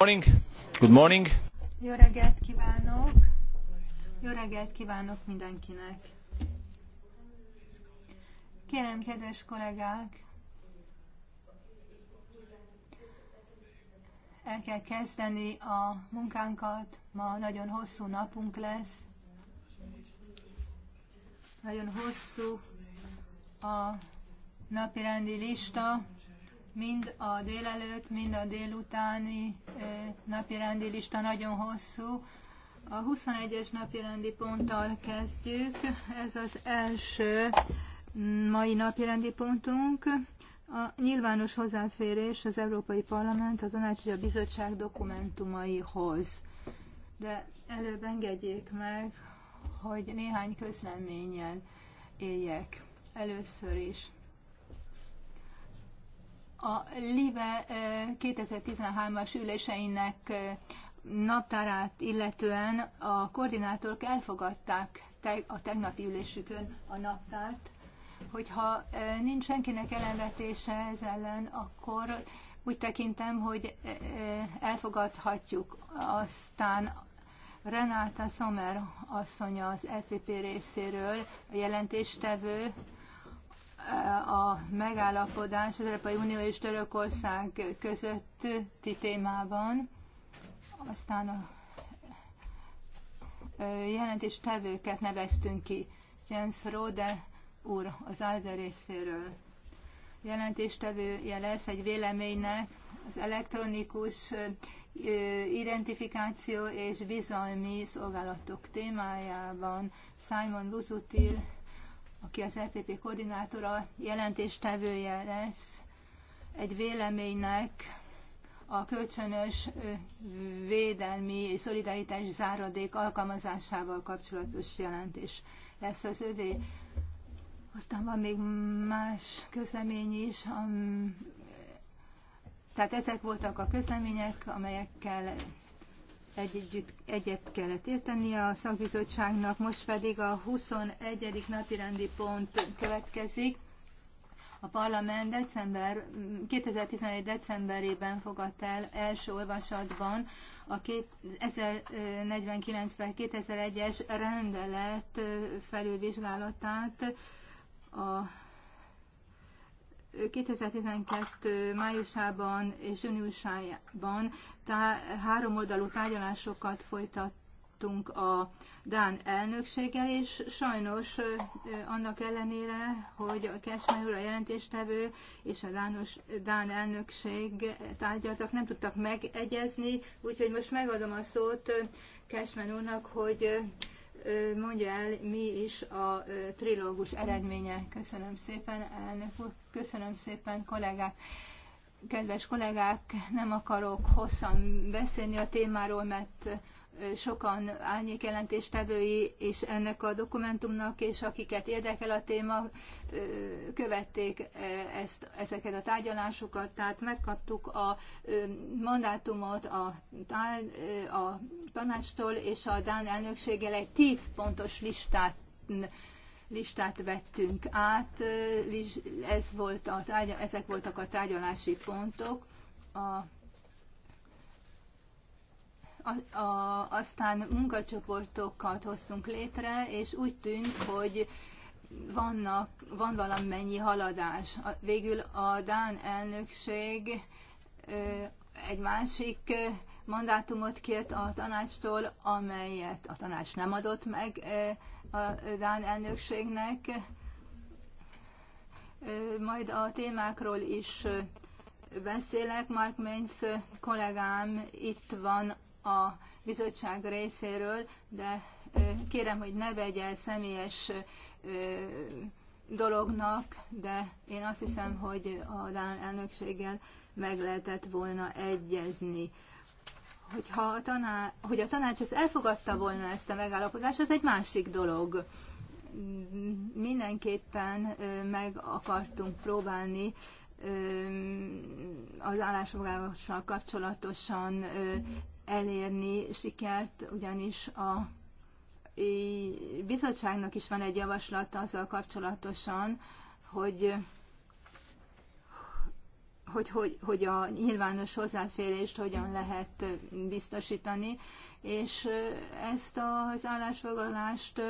morning. Good morning. Jó reggelt kívánok. Jó reggelt kívánok mindenkinek. Kérem, kedves kollégák, el kell kezdeni a munkánkat. Ma nagyon hosszú napunk lesz. Nagyon hosszú a napirendi lista mind a délelőtt, mind a délutáni eh, napirendi lista nagyon hosszú. A 21-es napirendi ponttal kezdjük. Ez az első mai napirendi pontunk. A nyilvános hozzáférés az Európai Parlament, a Tanács és a Bizottság dokumentumaihoz. De előbb engedjék meg, hogy néhány közleménnyel éljek. Először is a LIVE 2013-as eh, üléseinek eh, naptárát illetően a koordinátorok elfogadták a tegnapi ülésükön a naptárt, hogyha eh, nincs senkinek ellenvetése ez ellen, akkor úgy tekintem, hogy elfogadhatjuk. Aztán Renáta Szomer asszonya az EPP részéről, a jelentéstevő, a megállapodás az Európai Unió és Törökország közötti témában, aztán a jelentéstevőket neveztünk ki. Jens Rode úr az ALDE részéről jelentéstevője lesz egy véleménynek az elektronikus identifikáció és bizalmi szolgálatok témájában. Simon Luzutil aki az EPP koordinátora, jelentéstevője lesz egy véleménynek a kölcsönös védelmi és szolidaritás záradék alkalmazásával kapcsolatos jelentés lesz az övé. Aztán van még más közlemény is. tehát ezek voltak a közlemények, amelyekkel együtt, egyet kellett érteni a szakbizottságnak, most pedig a 21. napirendi pont következik. A parlament december, 2011. decemberében fogadta el első olvasatban a 2049 2001-es rendelet felülvizsgálatát a 2012 májusában és júniusában tá- oldalú tárgyalásokat folytattunk a Dán elnökséggel, és sajnos annak ellenére, hogy a Kesmer úr a jelentéstevő és a Dános, Dán elnökség tárgyaltak, nem tudtak megegyezni, úgyhogy most megadom a szót Kesmer úrnak, hogy mondja el, mi is a trilógus eredménye. Köszönöm szépen, elnök úr, köszönöm szépen, kollégák. Kedves kollégák, nem akarok hosszan beszélni a témáról, mert sokan árnyék jelentéstevői és ennek a dokumentumnak, és akiket érdekel a téma, követték ezt, ezeket a tárgyalásokat, tehát megkaptuk a mandátumot a, tár, a tanácstól, és a Dán elnökséggel egy tíz pontos listát listát vettünk át, ez volt a ezek voltak a tárgyalási pontok. A a, a, aztán munkacsoportokat hoztunk létre, és úgy tűnt, hogy vannak, van valamennyi haladás. Végül a Dán elnökség egy másik mandátumot kért a tanácstól, amelyet a tanács nem adott meg a Dán elnökségnek. Majd a témákról is beszélek. Mark Mainz kollégám itt van a bizottság részéről, de kérem, hogy ne vegye személyes dolognak, de én azt hiszem, hogy a Dán elnökséggel meg lehetett volna egyezni. Hogyha a tanács, hogy a tanács ezt elfogadta volna ezt a megállapodást, az egy másik dolog. Mindenképpen meg akartunk próbálni az állásfogással kapcsolatosan elérni sikert, ugyanis a bizottságnak is van egy javaslata azzal kapcsolatosan, hogy hogy, hogy, hogy a nyilvános hozzáférést hogyan lehet biztosítani, és ezt az állásfoglalást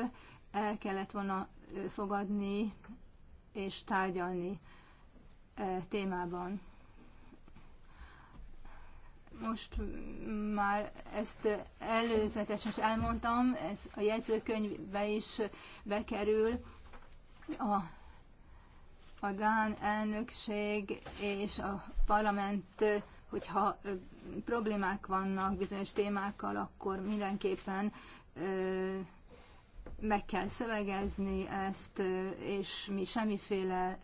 el kellett volna fogadni és tárgyalni e témában most már ezt előzetesen is elmondtam, ez a jegyzőkönyvbe is bekerül a, a Dán elnökség és a parlament, hogyha problémák vannak bizonyos témákkal, akkor mindenképpen meg kell szövegezni ezt, és mi semmiféle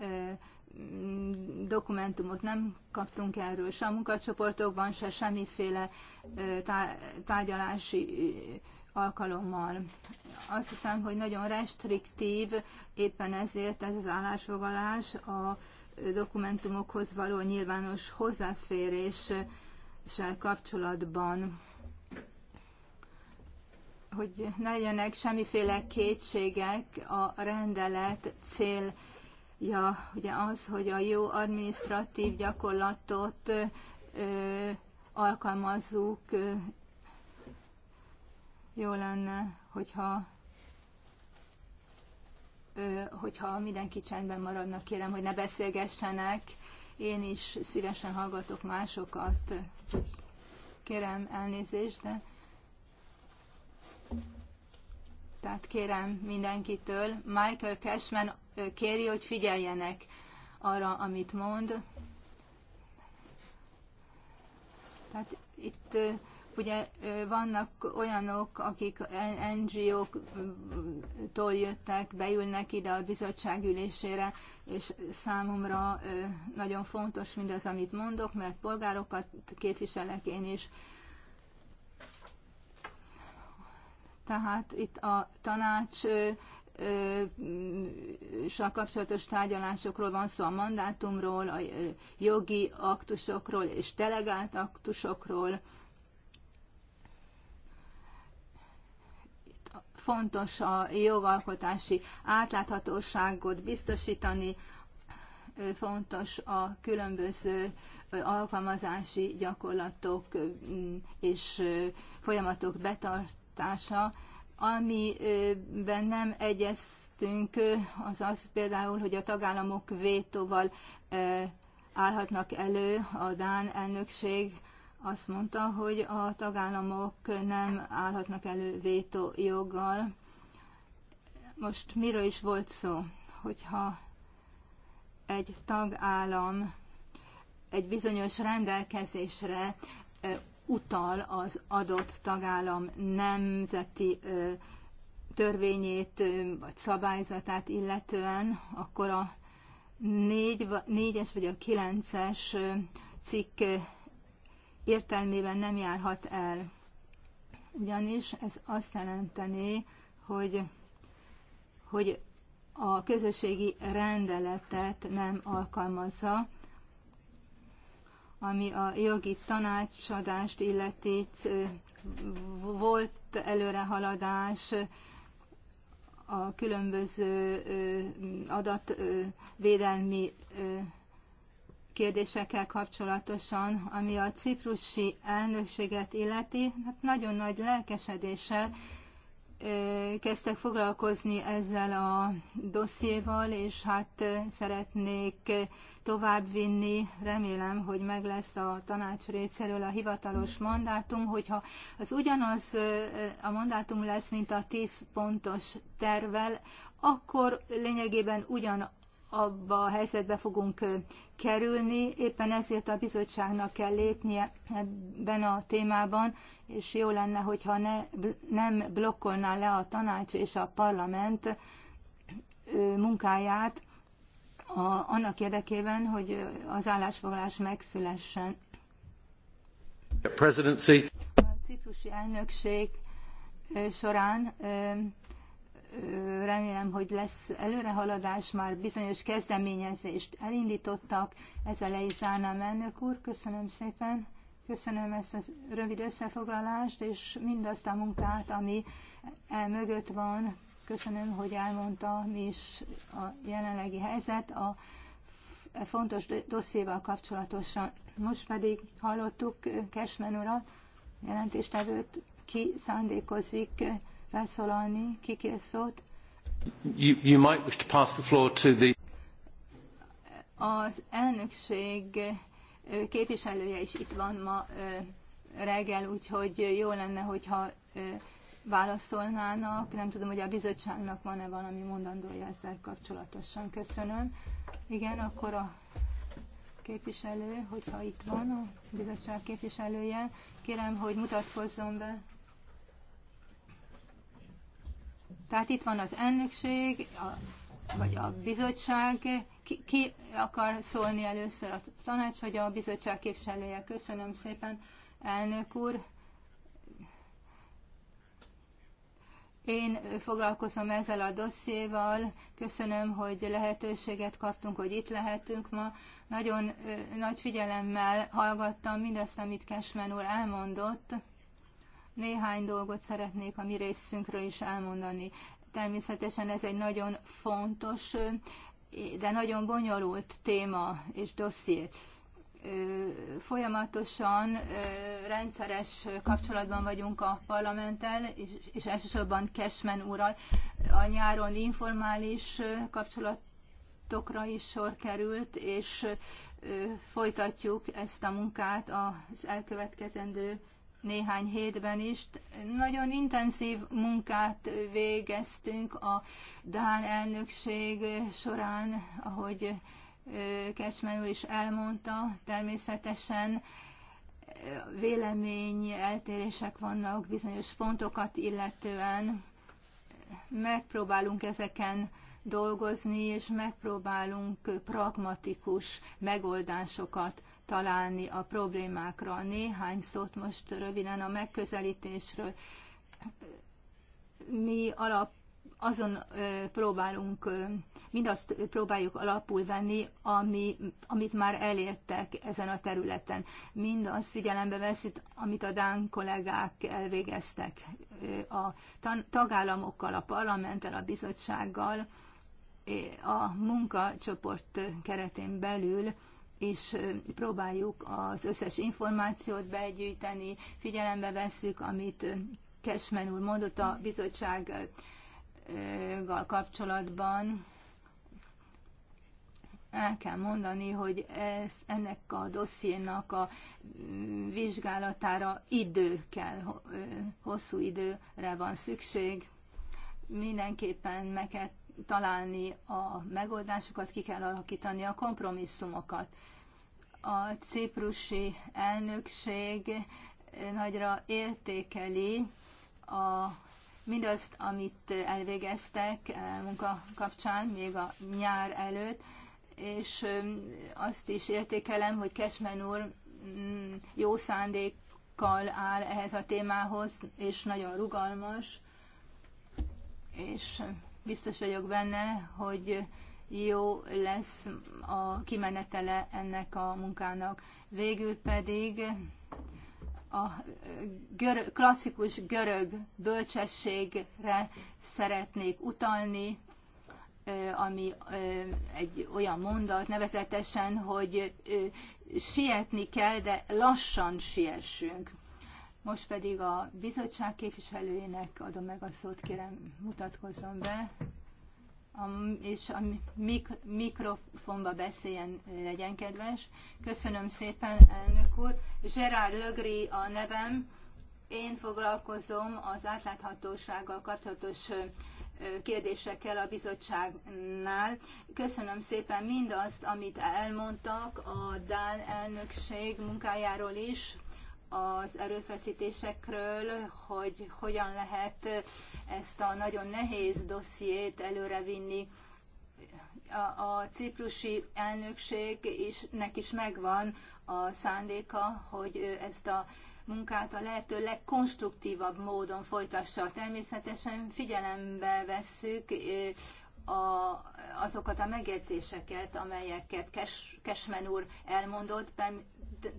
dokumentumot nem kaptunk erről, se a munkacsoportokban, se semmiféle tárgyalási alkalommal. Azt hiszem, hogy nagyon restriktív éppen ezért ez az állásfoglalás a dokumentumokhoz való nyilvános hozzáféréssel kapcsolatban hogy ne legyenek semmiféle kétségek a rendelet cél ja, ugye az, hogy a jó administratív gyakorlatot ö, alkalmazzuk, ö, jó lenne, hogyha ö, hogyha mindenki csendben maradnak, kérem, hogy ne beszélgessenek. Én is szívesen hallgatok másokat. Kérem elnézést, de tehát kérem mindenkitől. Michael Cashman kéri, hogy figyeljenek arra, amit mond. Tehát itt ugye vannak olyanok, akik ngo tól jöttek, beülnek ide a bizottság ülésére, és számomra nagyon fontos mindaz, amit mondok, mert polgárokat képviselek én is. Tehát itt a tanács kapcsolatos tárgyalásokról van szó, a mandátumról, a jogi aktusokról és delegált aktusokról. Fontos a jogalkotási átláthatóságot biztosítani, fontos a különböző alkalmazási gyakorlatok és folyamatok betartása, Amiben nem egyeztünk, az az például, hogy a tagállamok vétóval állhatnak elő. A Dán elnökség azt mondta, hogy a tagállamok nem állhatnak elő joggal Most miről is volt szó? Hogyha egy tagállam egy bizonyos rendelkezésre utal az adott tagállam nemzeti törvényét vagy szabályzatát illetően, akkor a négy, négyes vagy a kilences cikk értelmében nem járhat el. Ugyanis ez azt jelenteni, hogy, hogy a közösségi rendeletet nem alkalmazza, ami a jogi tanácsadást illeti, volt előrehaladás a különböző adatvédelmi kérdésekkel kapcsolatosan, ami a ciprusi elnökséget illeti, hát nagyon nagy lelkesedéssel kezdtek foglalkozni ezzel a dossziéval, és hát szeretnék továbbvinni, remélem, hogy meg lesz a tanács részéről a hivatalos mandátum, hogyha az ugyanaz a mandátum lesz, mint a 10 pontos tervel, akkor lényegében ugyan abba a helyzetbe fogunk kerülni, éppen ezért a bizottságnak kell lépnie ebben a témában, és jó lenne, hogyha ne, nem blokkolná le a tanács és a parlament munkáját a, annak érdekében, hogy az állásfoglalás megszülessen. A ciprusi elnökség során remélem, hogy lesz előrehaladás, már bizonyos kezdeményezést elindítottak. Ezzel a is zárnám, elnök úr. Köszönöm szépen. Köszönöm ezt a rövid összefoglalást, és mindazt a munkát, ami el mögött van. Köszönöm, hogy elmondta, mi is a jelenlegi helyzet a fontos dosszéval kapcsolatosan. Most pedig hallottuk Kesmen urat, jelentéstevőt, ki szándékozik You, you might wish to pass the floor to the... Az elnökség képviselője is itt van ma reggel, úgyhogy jó lenne, hogyha válaszolnának. Nem tudom, hogy a bizottságnak van-e valami mondandója ezzel kapcsolatosan. Köszönöm. Igen, akkor a képviselő, hogyha itt van a bizottság képviselője, kérem, hogy mutatkozzon be. Tehát itt van az elnökség, a, vagy a bizottság. Ki, ki akar szólni először a tanács, vagy a bizottság képviselője? Köszönöm szépen, elnök úr. Én foglalkozom ezzel a dossziéval. Köszönöm, hogy lehetőséget kaptunk, hogy itt lehetünk ma. Nagyon ö, nagy figyelemmel hallgattam mindazt, amit Kesmen úr elmondott. Néhány dolgot szeretnék a mi részünkről is elmondani. Természetesen ez egy nagyon fontos, de nagyon bonyolult téma és dosszié folyamatosan rendszeres kapcsolatban vagyunk a parlamenttel, és, elsősorban Kesmen úrral. A nyáron informális kapcsolatokra is sor került, és folytatjuk ezt a munkát az elkövetkezendő néhány hétben is. Nagyon intenzív munkát végeztünk a Dán elnökség során, ahogy Kecsmen úr is elmondta, természetesen vélemény eltérések vannak bizonyos pontokat illetően. Megpróbálunk ezeken dolgozni, és megpróbálunk pragmatikus megoldásokat találni a problémákra. Néhány szót most röviden a megközelítésről. Mi alap azon próbálunk, mindazt próbáljuk alapul venni, ami, amit már elértek ezen a területen. Mindazt figyelembe veszít, amit a Dán kollégák elvégeztek a tagállamokkal, a parlamenttel, a bizottsággal, a munkacsoport keretén belül és próbáljuk az összes információt begyűjteni, figyelembe vesszük, amit Kesmen úr mondott a bizottsággal kapcsolatban. El kell mondani, hogy ez, ennek a dossziénak a mm, vizsgálatára idő kell, hosszú időre van szükség. Mindenképpen meg kell találni a megoldásokat, ki kell alakítani a kompromisszumokat. A ciprusi elnökség nagyra értékeli a, mindazt, amit elvégeztek eh, munka kapcsán, még a nyár előtt, és eh, azt is értékelem, hogy Kesmen úr mm, jó szándékkal áll ehhez a témához, és nagyon rugalmas, és Biztos vagyok benne, hogy jó lesz a kimenetele ennek a munkának. Végül pedig a görög, klasszikus görög bölcsességre szeretnék utalni, ami egy olyan mondat nevezetesen, hogy sietni kell, de lassan siessünk. Most pedig a bizottság képviselőjének adom meg a szót, kérem mutatkozzon be, és a mik mikrofonba beszéljen, legyen kedves. Köszönöm szépen, elnök úr. Gerard Lögri a nevem. Én foglalkozom az átláthatósággal kapcsolatos kérdésekkel a bizottságnál. Köszönöm szépen mindazt, amit elmondtak a Dán elnökség munkájáról is, az erőfeszítésekről, hogy hogyan lehet ezt a nagyon nehéz dossziét előrevinni. A, a ciprusi elnökség is, nek is megvan a szándéka, hogy ezt a munkát a lehető legkonstruktívabb módon folytassa. Természetesen figyelembe vesszük a, azokat a megjegyzéseket, amelyeket Kesmen úr elmondott,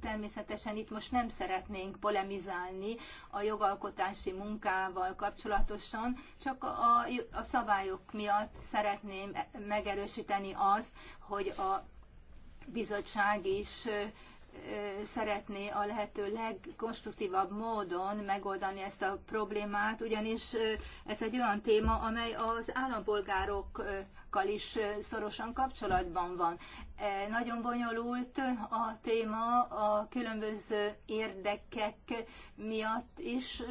természetesen itt most nem szeretnénk polemizálni a jogalkotási munkával kapcsolatosan, csak a, a szabályok miatt szeretném megerősíteni azt, hogy a bizottság is szeretné a lehető legkonstruktívabb módon megoldani ezt a problémát, ugyanis ez egy olyan téma, amely az állampolgárokkal is szorosan kapcsolatban van. E, nagyon bonyolult a téma a különböző érdekek miatt is.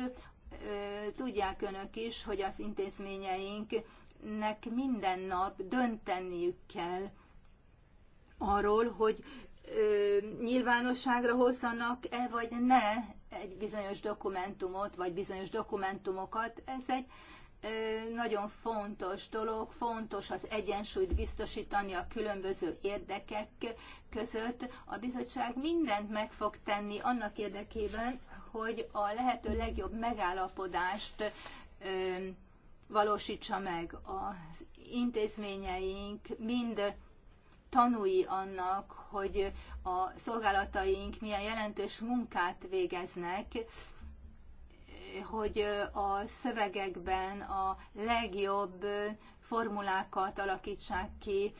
Tudják önök is, hogy az intézményeinknek minden nap dönteniük kell arról, hogy nyilvánosságra hozzanak-e vagy ne egy bizonyos dokumentumot, vagy bizonyos dokumentumokat. Ez egy nagyon fontos dolog, fontos az egyensúlyt biztosítani a különböző érdekek között. A bizottság mindent meg fog tenni annak érdekében, hogy a lehető legjobb megállapodást valósítsa meg az intézményeink, mind tanúi annak, hogy a szolgálataink milyen jelentős munkát végeznek, hogy a szövegekben a legjobb formulákat alakítsák ki.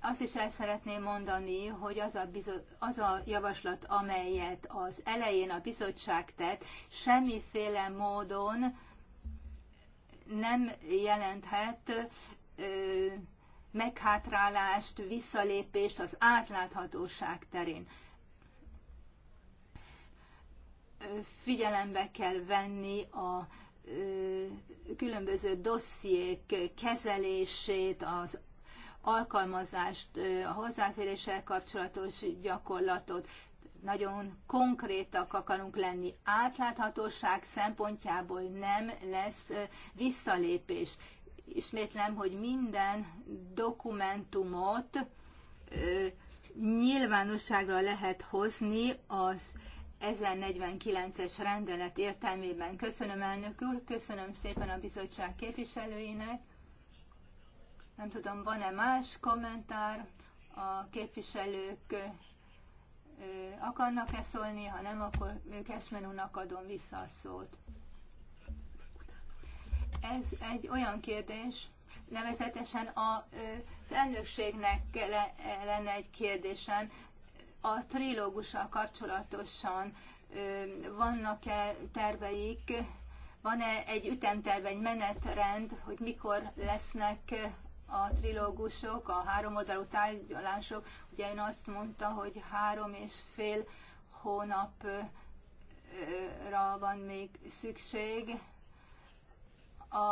Azt is el szeretném mondani, hogy az a, bizo- az a javaslat, amelyet az elején a bizottság tett, semmiféle módon nem jelenthet meghátrálást, visszalépést az átláthatóság terén. Figyelembe kell venni a különböző dossziék kezelését, az alkalmazást, a hozzáféréssel kapcsolatos gyakorlatot, nagyon konkrétak akarunk lenni. Átláthatóság szempontjából nem lesz visszalépés ismétlem, hogy minden dokumentumot nyilvánosságra lehet hozni az 1049-es rendelet értelmében. Köszönöm elnök úr, köszönöm szépen a bizottság képviselőinek. Nem tudom, van-e más kommentár? A képviselők akarnak-e szólni? Ha nem, akkor Kesmen adom vissza a szót. Ez egy olyan kérdés, nevezetesen a elnökségnek lenne egy kérdésem a trilógussal kapcsolatosan. Vannak-e terveik, van-e egy ütemterve, egy menetrend, hogy mikor lesznek a trilógusok, a háromoldalú tárgyalások? Ugye én azt mondta, hogy három és fél hónapra van még szükség,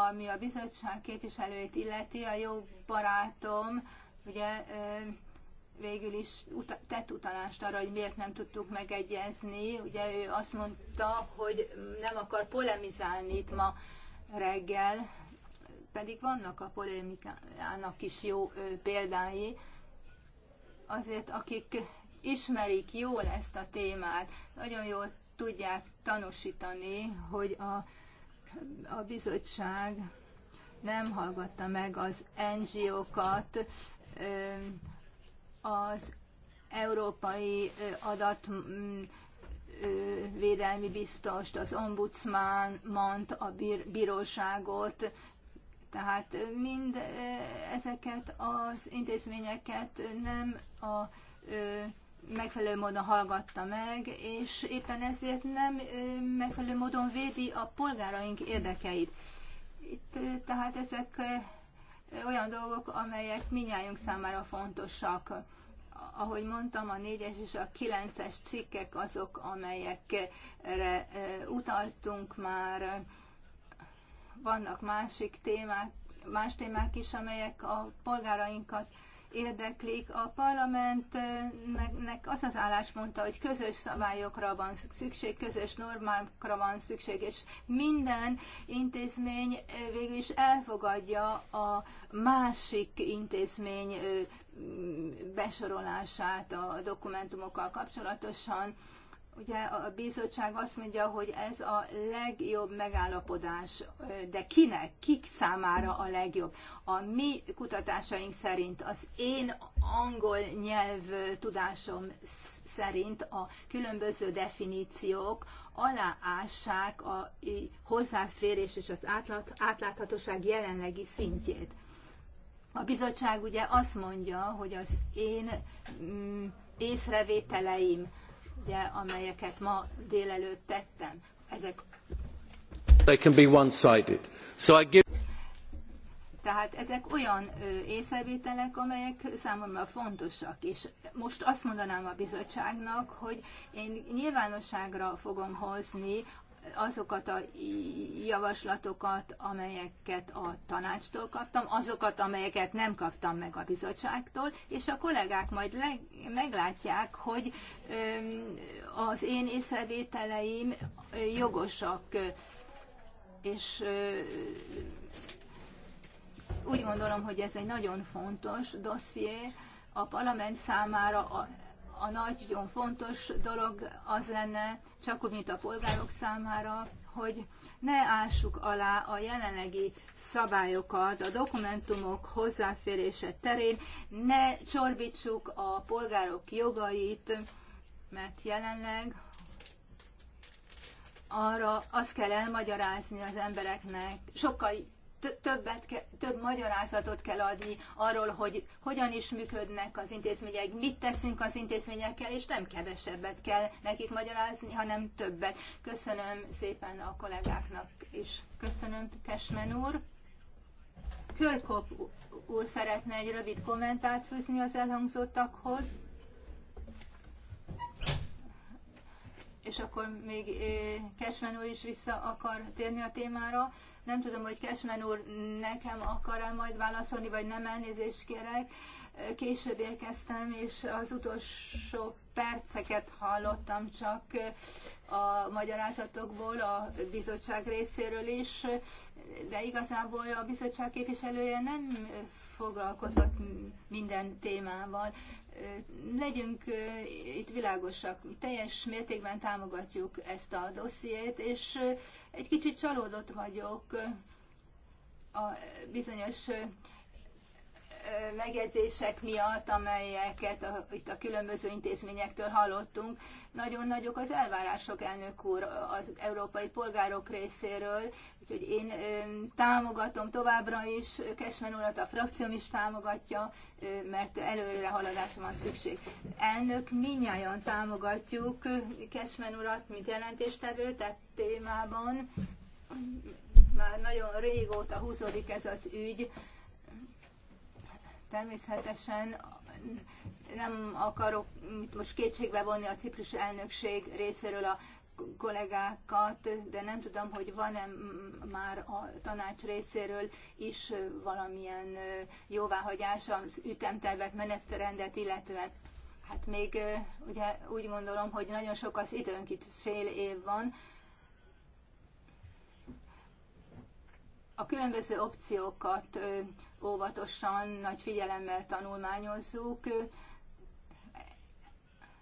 ami a bizottság képviselőit illeti, a jó barátom ugye végül is uta- tett utalást arra, hogy miért nem tudtuk megegyezni. Ugye ő azt mondta, hogy nem akar polemizálni itt ma reggel, pedig vannak a polémikának is jó példái. Azért, akik ismerik jól ezt a témát, nagyon jól tudják tanúsítani, hogy a a bizottság nem hallgatta meg az NGO-kat, az európai adatvédelmi biztost, az ombudsman, mant a bíróságot, tehát mind ezeket az intézményeket nem a megfelelő módon hallgatta meg, és éppen ezért nem megfelelő módon védi a polgáraink érdekeit. Itt tehát ezek olyan dolgok, amelyek minnyájunk számára fontosak. Ahogy mondtam, a 4-es és a 9-es cikkek azok, amelyekre utaltunk már. Vannak másik témák, más témák is, amelyek a polgárainkat érdeklik. A parlamentnek az az állás mondta, hogy közös szabályokra van szükség, közös normákra van szükség, és minden intézmény eh, végül is elfogadja a másik intézmény eh, besorolását a dokumentumokkal kapcsolatosan. Ugye a bizottság azt mondja, hogy ez a legjobb megállapodás, de kinek, kik számára a legjobb? A mi kutatásaink szerint, az én angol nyelv tudásom szerint a különböző definíciók aláássák a hozzáférés és az átláthatóság jelenlegi szintjét. A bizottság ugye azt mondja, hogy az én mm, észrevételeim, ugye, amelyeket ma délelőtt tettem. Ezek They can be one-sided. So I give... Tehát ezek olyan észrevételek, amelyek számomra fontosak, és most azt mondanám a bizottságnak, hogy én nyilvánosságra fogom hozni azokat a javaslatokat, amelyeket a tanácstól kaptam, azokat, amelyeket nem kaptam meg a bizottságtól, és a kollégák majd leg, meglátják, hogy ö, az én észrevételeim jogosak, és ö, úgy gondolom, hogy ez egy nagyon fontos dosszié a parlament számára, a a nagyon fontos dolog az lenne, csak úgy, mint a polgárok számára, hogy ne ássuk alá a jelenlegi szabályokat, a dokumentumok hozzáférése terén, ne csorbítsuk a polgárok jogait, mert jelenleg arra azt kell elmagyarázni az embereknek, sokkal többet, több magyarázatot kell adni arról, hogy hogyan is működnek az intézmények, mit teszünk az intézményekkel, és nem kevesebbet kell nekik magyarázni, hanem többet. Köszönöm szépen a kollégáknak, és köszönöm Kesmen úr. Körkop úr szeretne egy rövid kommentát fűzni az elhangzottakhoz. És akkor még Kesmen eh, úr is vissza akar térni a témára. Nem tudom, hogy Kesmen úr nekem akar -e majd válaszolni, vagy nem elnézést kérek. Később érkeztem, és az utolsó perceket hallottam csak a magyarázatokból, a bizottság részéről is, de igazából a bizottság képviselője nem foglalkozott minden témával legyünk itt világosak, teljes mértékben támogatjuk ezt a dossziét, és egy kicsit csalódott vagyok a bizonyos megjegyzések miatt, amelyeket a, itt a különböző intézményektől hallottunk. Nagyon nagyok az elvárások, elnök úr, az európai polgárok részéről, úgyhogy én támogatom továbbra is, Kesmen urat a frakcióm is támogatja, mert előre haladásra van szükség. Elnök, minnyáján támogatjuk Kesmen urat, mint jelentéstevő, tehát témában már nagyon régóta húzódik ez az ügy, Természetesen nem akarok mit most kétségbe vonni a ciprus elnökség részéről a kollégákat, de nem tudom, hogy van-e már a tanács részéről is valamilyen jóváhagyás az ütemtervet, menetrendet illetően. Hát még ugye úgy gondolom, hogy nagyon sok az időnk, itt fél év van. A különböző opciókat óvatosan, nagy figyelemmel tanulmányozzuk,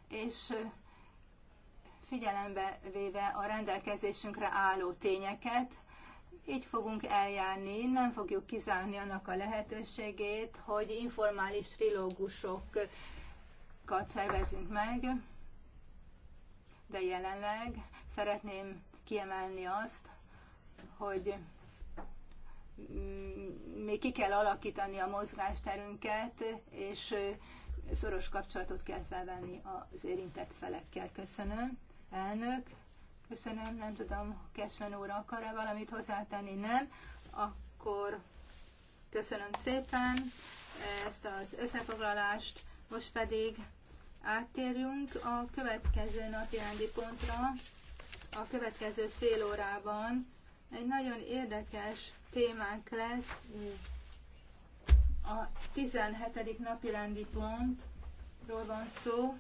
és figyelembe véve a rendelkezésünkre álló tényeket, így fogunk eljárni, nem fogjuk kizárni annak a lehetőségét, hogy informális trilógusokat szervezünk meg, de jelenleg szeretném kiemelni azt, hogy Mm, még ki kell alakítani a mozgásterünket, és szoros kapcsolatot kell felvenni az érintett felekkel. Köszönöm. Elnök, köszönöm, nem tudom, Kesven úr akar-e valamit hozzátenni, nem? Akkor köszönöm szépen ezt az összefoglalást, most pedig áttérjünk a következő napi rendi pontra. A következő fél órában egy nagyon érdekes témánk lesz a 17. napi rendi pontról van szó.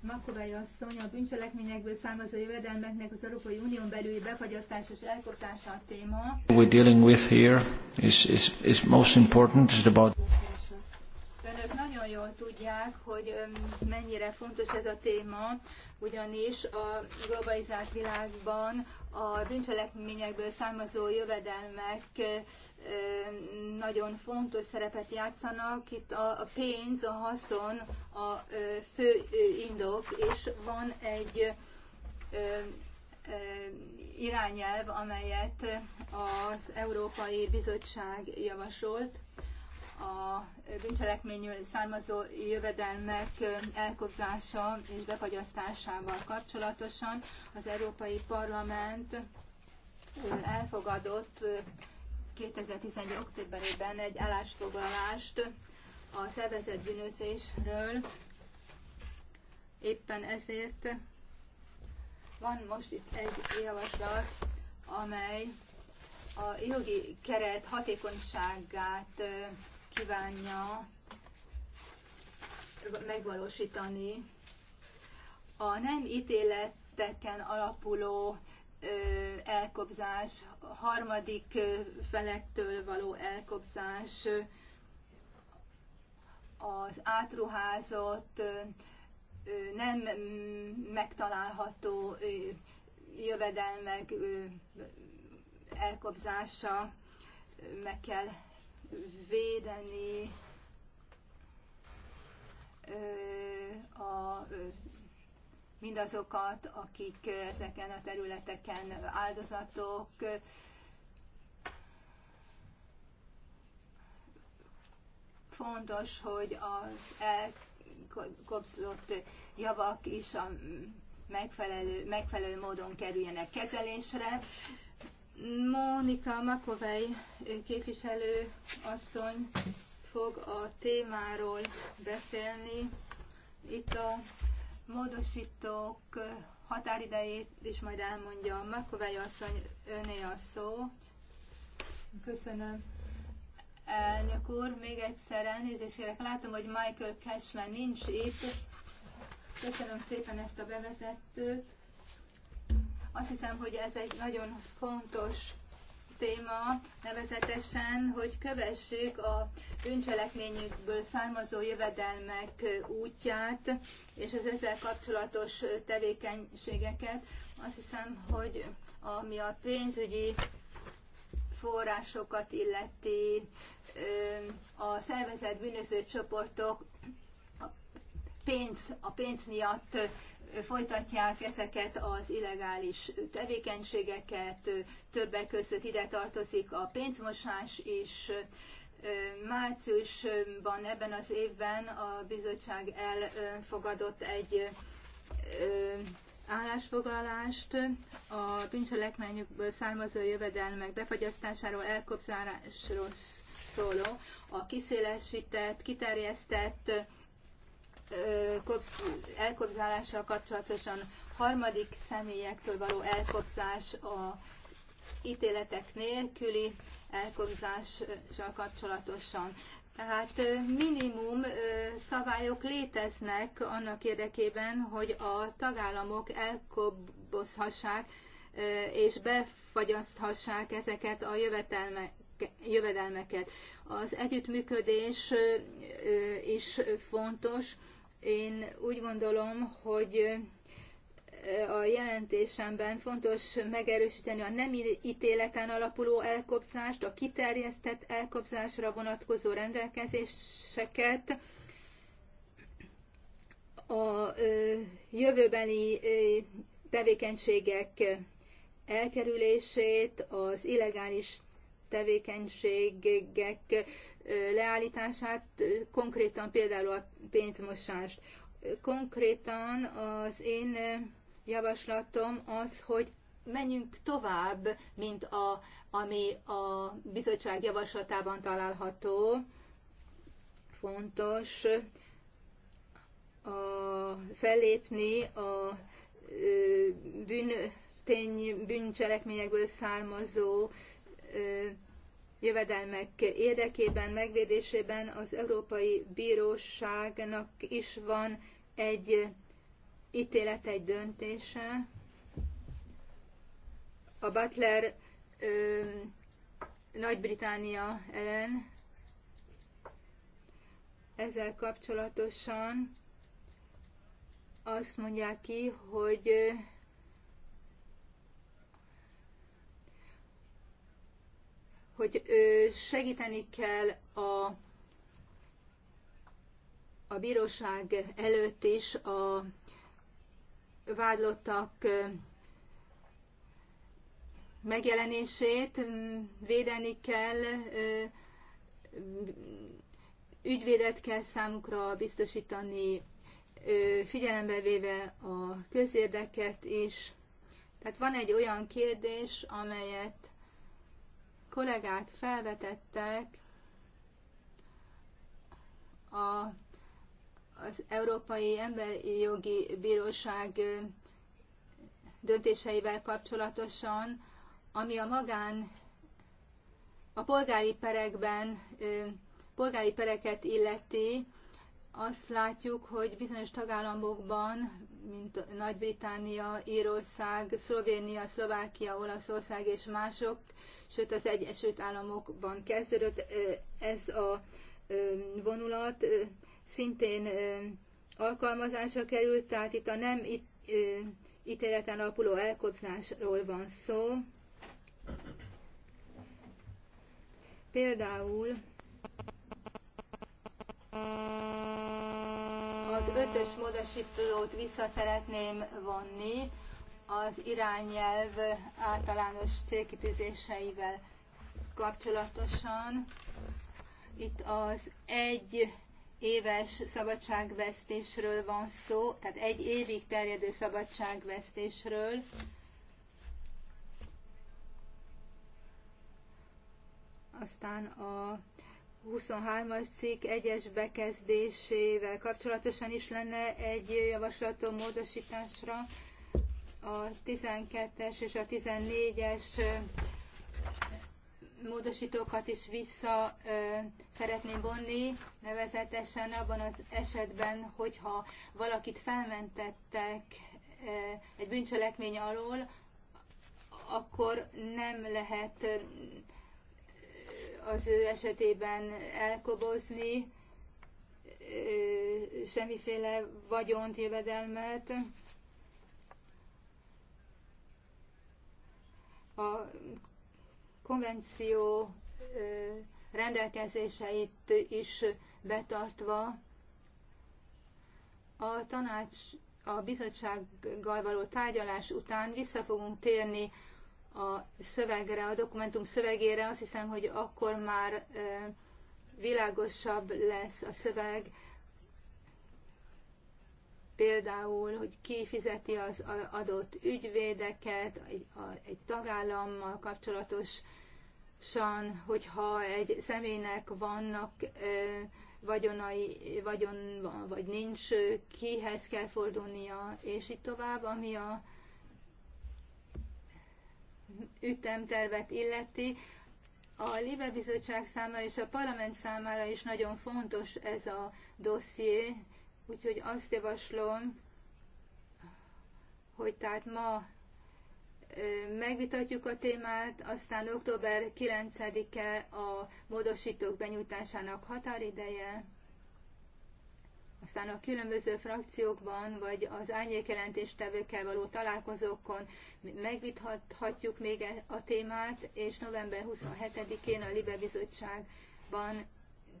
Makovely asszony a bűncselekményekből származó jövedelmeknek az Európai Unión belüli befagyasztás és elkoptása a téma. We're dealing with here is, is, is most important is about Önök nagyon jól tudják, hogy mennyire fontos ez a téma ugyanis a globalizált világban a bűncselekményekből származó jövedelmek nagyon fontos szerepet játszanak. Itt a pénz, a haszon a fő indok, és van egy irányelv, amelyet az Európai Bizottság javasolt a bűncselekményről származó jövedelmek elkobzása és befagyasztásával kapcsolatosan az Európai Parlament elfogadott 2011. októberében egy állásfoglalást a szervezett bűnözésről. Éppen ezért van most itt egy javaslat, amely a jogi keret hatékonyságát kívánja megvalósítani a nem ítéleteken alapuló elkobzás, harmadik felektől való elkobzás, az átruházott, nem mm, megtalálható jövedelmek elkobzása meg kell védeni a, mindazokat, akik ezeken a területeken áldozatok, fontos, hogy az elkobzott javak is a megfelelő, megfelelő módon kerüljenek kezelésre. Mónika Makovej képviselő asszony fog a témáról beszélni. Itt a módosítók határidejét is majd elmondja. Makovej asszony, öné a szó. Köszönöm. Elnök úr, még egyszer elnézést kérek. Látom, hogy Michael Cashman nincs itt. Köszönöm szépen ezt a bevezetőt. Azt hiszem, hogy ez egy nagyon fontos téma, nevezetesen, hogy kövessük a bűncselekményükből származó jövedelmek útját, és az ezzel kapcsolatos tevékenységeket. Azt hiszem, hogy ami a pénzügyi forrásokat illeti, a szervezett bűnöző csoportok a pénz, a pénz miatt folytatják ezeket az illegális tevékenységeket, többek között ide tartozik a pénzmosás is. Márciusban ebben az évben a bizottság elfogadott egy állásfoglalást a bűncselekményükből származó jövedelmek befagyasztásáról, elkobzásról szóló, a kiszélesített, kiterjesztett elkobzálással kapcsolatosan harmadik személyektől való elkobzás a ítéletek nélküli elkobzással kapcsolatosan. Tehát minimum szabályok léteznek annak érdekében, hogy a tagállamok elkobozhassák és befagyaszthassák ezeket a jövedelmeket. Az együttműködés is fontos, én úgy gondolom, hogy eh, a jelentésemben fontos megerősíteni a nem ítéleten alapuló elkobzást, a kiterjesztett elkobzásra vonatkozó rendelkezéseket, a jövőbeni tevékenységek elkerülését, az illegális tevékenységek leállítását, konkrétan például a pénzmosást. Konkrétan az én javaslatom az, hogy menjünk tovább, mint a, ami a bizottság javaslatában található. Fontos a, fellépni a bűn, tény, bűncselekményekből származó jövedelmek érdekében, megvédésében az Európai Bíróságnak is van egy ítélet, egy döntése. A Butler nagy britannia ellen ezzel kapcsolatosan azt mondják ki, hogy hogy segíteni kell a, a bíróság előtt is a vádlottak megjelenését, védeni kell, ügyvédet kell számukra biztosítani, figyelembe véve a közérdeket is. Tehát van egy olyan kérdés, amelyet kollégák felvetettek a, az Európai Emberi Jogi Bíróság döntéseivel kapcsolatosan, ami a magán, a polgári perekben, polgári pereket illeti, azt látjuk, hogy bizonyos tagállamokban mint Nagy-Britannia, Írország, Szlovénia, Szlovákia, Olaszország és mások, sőt az Egyesült Államokban kezdődött ez a vonulat, szintén alkalmazásra került, tehát itt a nem ítéleten alapuló elkobzásról van szó. Például az ötös módosítót vissza szeretném vonni az irányelv általános célkitűzéseivel kapcsolatosan. Itt az egy éves szabadságvesztésről van szó, tehát egy évig terjedő szabadságvesztésről. Aztán a 23-as cikk egyes bekezdésével kapcsolatosan is lenne egy javaslatom módosításra. A 12-es és a 14-es módosítókat is vissza ö, szeretném vonni, nevezetesen abban az esetben, hogyha valakit felmentettek ö, egy bűncselekmény alól, akkor nem lehet ö, az ő esetében elkobozni semmiféle vagyont, jövedelmet. A konvenció rendelkezéseit is betartva a tanács a bizottsággal való tárgyalás után vissza fogunk térni a szövegre, a dokumentum szövegére, azt hiszem, hogy akkor már világosabb lesz a szöveg, például, hogy ki fizeti az adott ügyvédeket egy, a, egy tagállammal kapcsolatosan, hogyha egy személynek vannak ö, vagyonai, vagyon, vagy nincs, kihez kell fordulnia, és így tovább, ami a ütemtervet illeti, a Libe Bizottság számára és a parlament számára is nagyon fontos ez a dosszié, úgyhogy azt javaslom, hogy tehát ma megvitatjuk a témát, aztán október 9-e a módosítók benyújtásának határideje, aztán a különböző frakciókban, vagy az árnyékjelentéstevőkkel való találkozókon megvitathatjuk még e- a témát, és november 27-én a Libe Bizottságban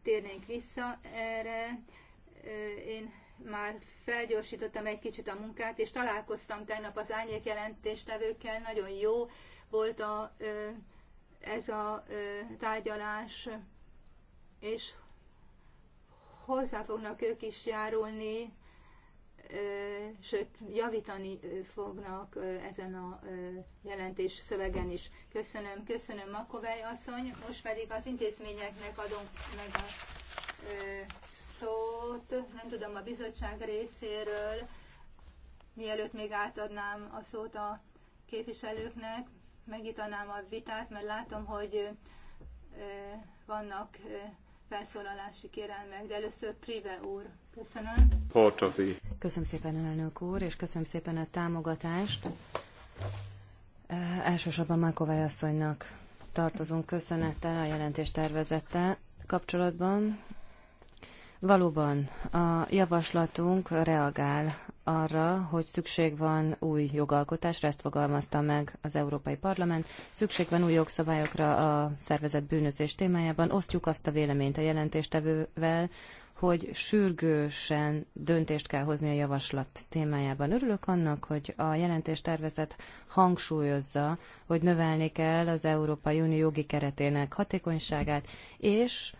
térnénk vissza erre. Én már felgyorsítottam egy kicsit a munkát, és találkoztam tegnap az árnyék nagyon jó volt a, ez a tárgyalás, és hozzá fognak ők is járulni, sőt, javítani fognak ezen a jelentés szövegen is. Köszönöm, köszönöm Makovej asszony, most pedig az intézményeknek adom meg a szót, nem tudom, a bizottság részéről, mielőtt még átadnám a szót a képviselőknek, megítanám a vitát, mert látom, hogy vannak felszólalási kérelmek, de először Prive úr. Köszönöm. Portofi. Köszönöm szépen, elnök úr, és köszönöm szépen a támogatást. Elsősorban Mákovály asszonynak tartozunk köszönettel a jelentés kapcsolatban. Valóban a javaslatunk reagál arra, hogy szükség van új jogalkotásra, ezt fogalmazta meg az Európai Parlament, szükség van új jogszabályokra a szervezet bűnözés témájában. Osztjuk azt a véleményt a jelentéstevővel, hogy sürgősen döntést kell hozni a javaslat témájában. Örülök annak, hogy a jelentéstervezet hangsúlyozza, hogy növelni kell az Európai Unió jogi keretének hatékonyságát, és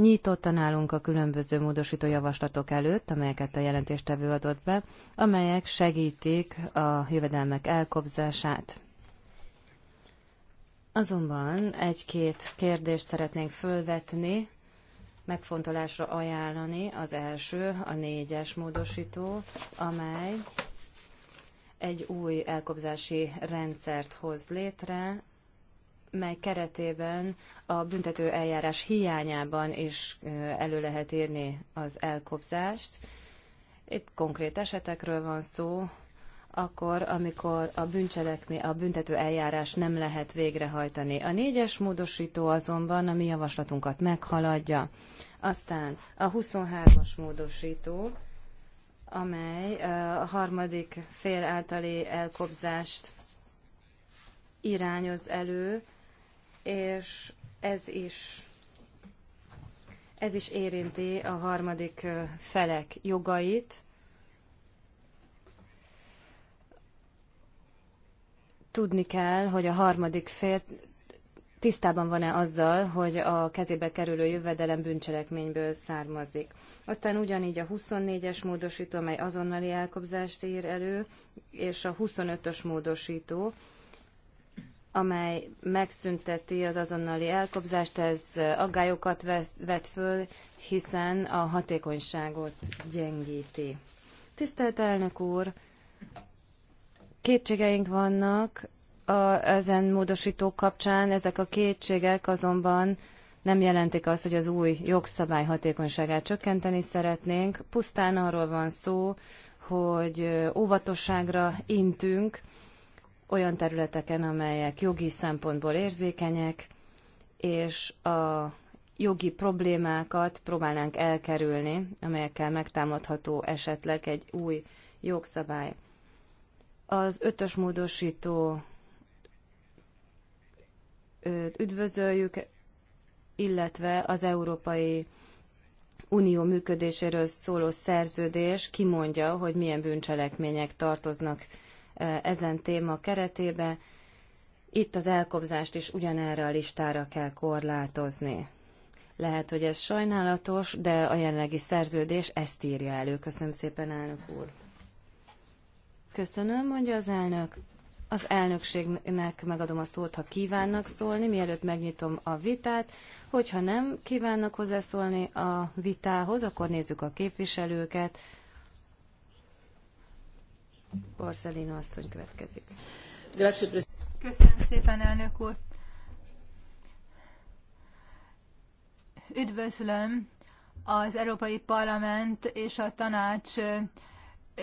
Nyitottan állunk a különböző módosító javaslatok előtt, amelyeket a jelentéstevő adott be, amelyek segítik a jövedelmek elkobzását. Azonban egy-két kérdést szeretnénk fölvetni, megfontolásra ajánlani. Az első, a négyes módosító, amely egy új elkobzási rendszert hoz létre, mely keretében a büntető eljárás hiányában is elő lehet írni az elkobzást. Itt konkrét esetekről van szó, akkor, amikor a bűncselekmény a büntető eljárás nem lehet végrehajtani. A négyes módosító azonban a mi javaslatunkat meghaladja. Aztán a 23-as módosító, amely a harmadik fél általi elkobzást irányoz elő, és ez is ez is érinti a harmadik felek jogait. Tudni kell, hogy a harmadik fél tisztában van-e azzal, hogy a kezébe kerülő jövedelem bűncselekményből származik. Aztán ugyanígy a 24-es módosító, amely azonnali elkobzást ír elő, és a 25-ös módosító, amely megszünteti az azonnali elkobzást, ez aggályokat vet föl, hiszen a hatékonyságot gyengíti. Tisztelt elnök úr, kétségeink vannak a, ezen módosítók kapcsán, ezek a kétségek azonban nem jelentik azt, hogy az új jogszabály hatékonyságát csökkenteni szeretnénk. Pusztán arról van szó, hogy óvatosságra intünk, olyan területeken, amelyek jogi szempontból érzékenyek, és a jogi problémákat próbálnánk elkerülni, amelyekkel megtámadható esetleg egy új jogszabály. Az ötös módosító üdvözöljük, illetve az Európai Unió működéséről szóló szerződés kimondja, hogy milyen bűncselekmények tartoznak ezen téma keretébe. Itt az elkobzást is ugyanerre a listára kell korlátozni. Lehet, hogy ez sajnálatos, de a jelenlegi szerződés ezt írja elő. Köszönöm szépen, elnök úr. Köszönöm, mondja az elnök. Az elnökségnek megadom a szót, ha kívánnak szólni, mielőtt megnyitom a vitát. Hogyha nem kívánnak hozzászólni a vitához, akkor nézzük a képviselőket. Borzalino asszony következik. Köszönöm szépen, elnök úr. Üdvözlöm az Európai Parlament és a Tanács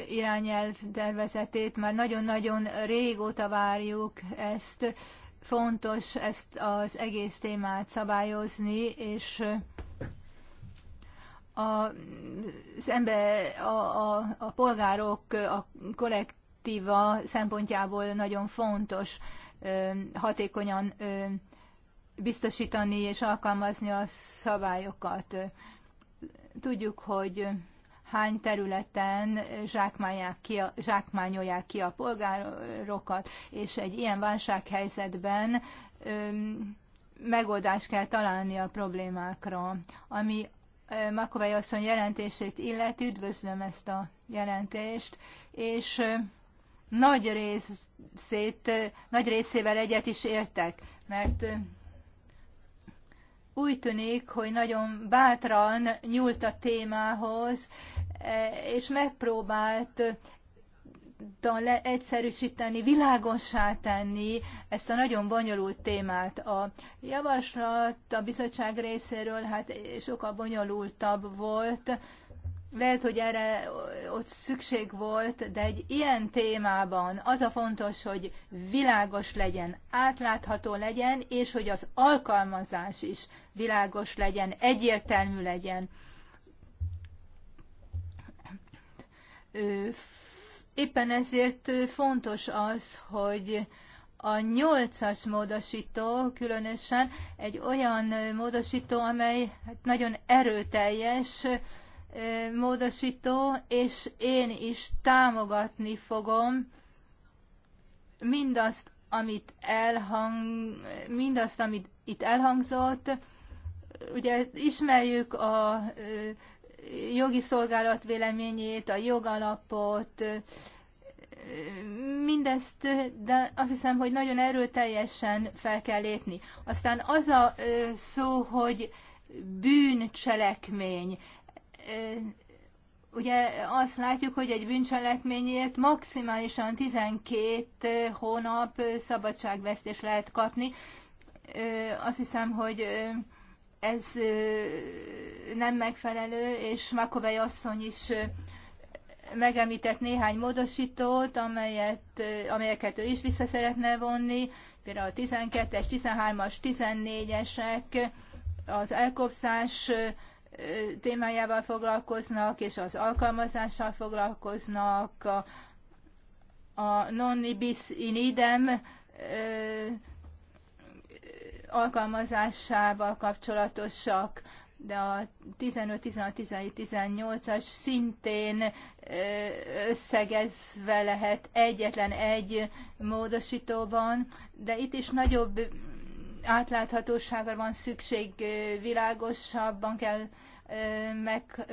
irányelv tervezetét. Már nagyon-nagyon régóta várjuk ezt. Fontos ezt az egész témát szabályozni, és az ember, a, a, a polgárok, a kollektíva szempontjából nagyon fontos hatékonyan biztosítani és alkalmazni a szabályokat. Tudjuk, hogy hány területen zsákmányolják ki, a, zsákmányolják ki a polgárokat, és egy ilyen válsághelyzetben ö, megoldást kell találni a problémákra, ami Makovely asszony jelentését illeti, üdvözlöm ezt a jelentést, és nagy részét, nagy részével egyet is értek, mert úgy tűnik, hogy nagyon bátran nyúlt a témához, és megpróbált tudtam egyszerűsíteni, világossá tenni ezt a nagyon bonyolult témát. A javaslat a bizottság részéről hát sokkal bonyolultabb volt, lehet, hogy erre ott szükség volt, de egy ilyen témában az a fontos, hogy világos legyen, átlátható legyen, és hogy az alkalmazás is világos legyen, egyértelmű legyen Éppen ezért fontos az, hogy a nyolcas módosító különösen egy olyan módosító, amely hát nagyon erőteljes módosító, és én is támogatni fogom mindazt, amit, elhang, mindazt, amit itt elhangzott. Ugye ismerjük a jogi szolgálat véleményét, a jogalapot, mindezt, de azt hiszem, hogy nagyon erőteljesen fel kell lépni. Aztán az a szó, hogy bűncselekmény. Ugye azt látjuk, hogy egy bűncselekményért maximálisan 12 hónap szabadságvesztés lehet kapni. Azt hiszem, hogy ez nem megfelelő, és Makovej asszony is megemlített néhány módosítót, amelyet, amelyeket ő is vissza szeretne vonni, például a 12-es, 13-as, 14-esek az elkopszás témájával foglalkoznak, és az alkalmazással foglalkoznak, a, a non ibis in idem alkalmazásával kapcsolatosak, de a 15, 16, 17, 18-as szintén összegezve lehet egyetlen egy módosítóban, de itt is nagyobb átláthatóságra van szükség, világosabban kell meg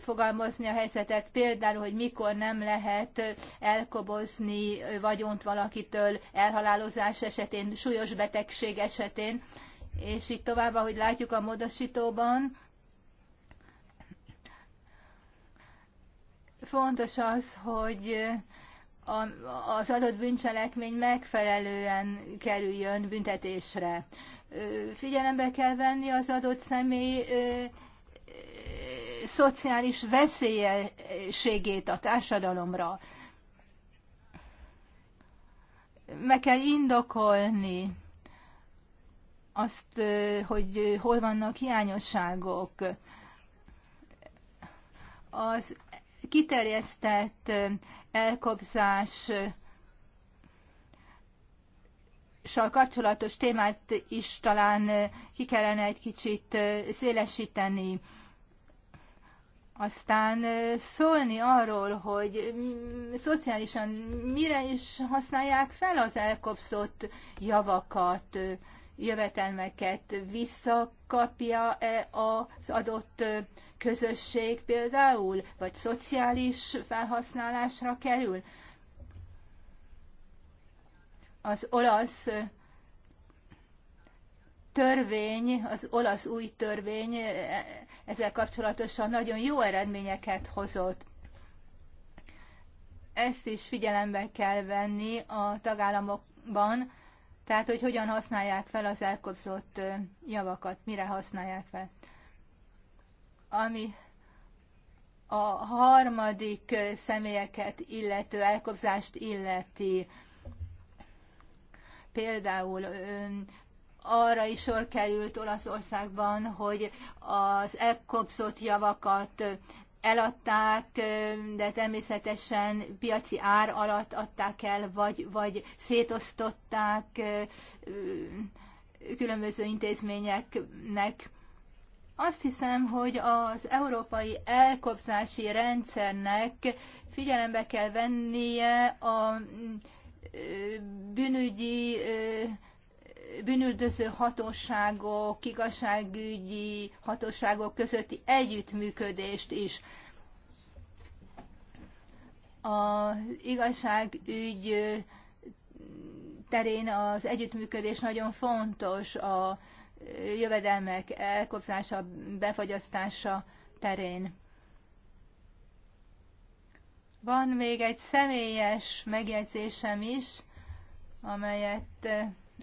fogalmazni a helyzetet, például, hogy mikor nem lehet elkobozni vagyont valakitől elhalálozás esetén, súlyos betegség esetén, és itt tovább, ahogy látjuk a módosítóban, fontos az, hogy a, az adott bűncselekmény megfelelően kerüljön büntetésre. Figyelembe kell venni az adott személy szociális veszélyeségét a társadalomra. Meg kell indokolni azt, hogy hol vannak hiányosságok. Az kiterjesztett elkobzás sal kapcsolatos témát is talán ki kellene egy kicsit szélesíteni aztán szólni arról, hogy szociálisan mire is használják fel az elkopszott javakat, jövetelmeket, visszakapja-e az adott közösség például, vagy szociális felhasználásra kerül. Az olasz törvény, az olasz új törvény ezzel kapcsolatosan nagyon jó eredményeket hozott. Ezt is figyelembe kell venni a tagállamokban, tehát hogy hogyan használják fel az elkobzott javakat, mire használják fel. Ami a harmadik személyeket illető elkobzást illeti, például arra is sor került Olaszországban, hogy az elkopszott javakat eladták, de természetesen piaci ár alatt adták el, vagy, vagy szétosztották különböző intézményeknek. Azt hiszem, hogy az európai elkobzási rendszernek figyelembe kell vennie a bűnügyi bűnüldöző hatóságok, igazságügyi hatóságok közötti együttműködést is. Az igazságügy terén az együttműködés nagyon fontos a jövedelmek elkobzása, befagyasztása terén. Van még egy személyes megjegyzésem is, amelyet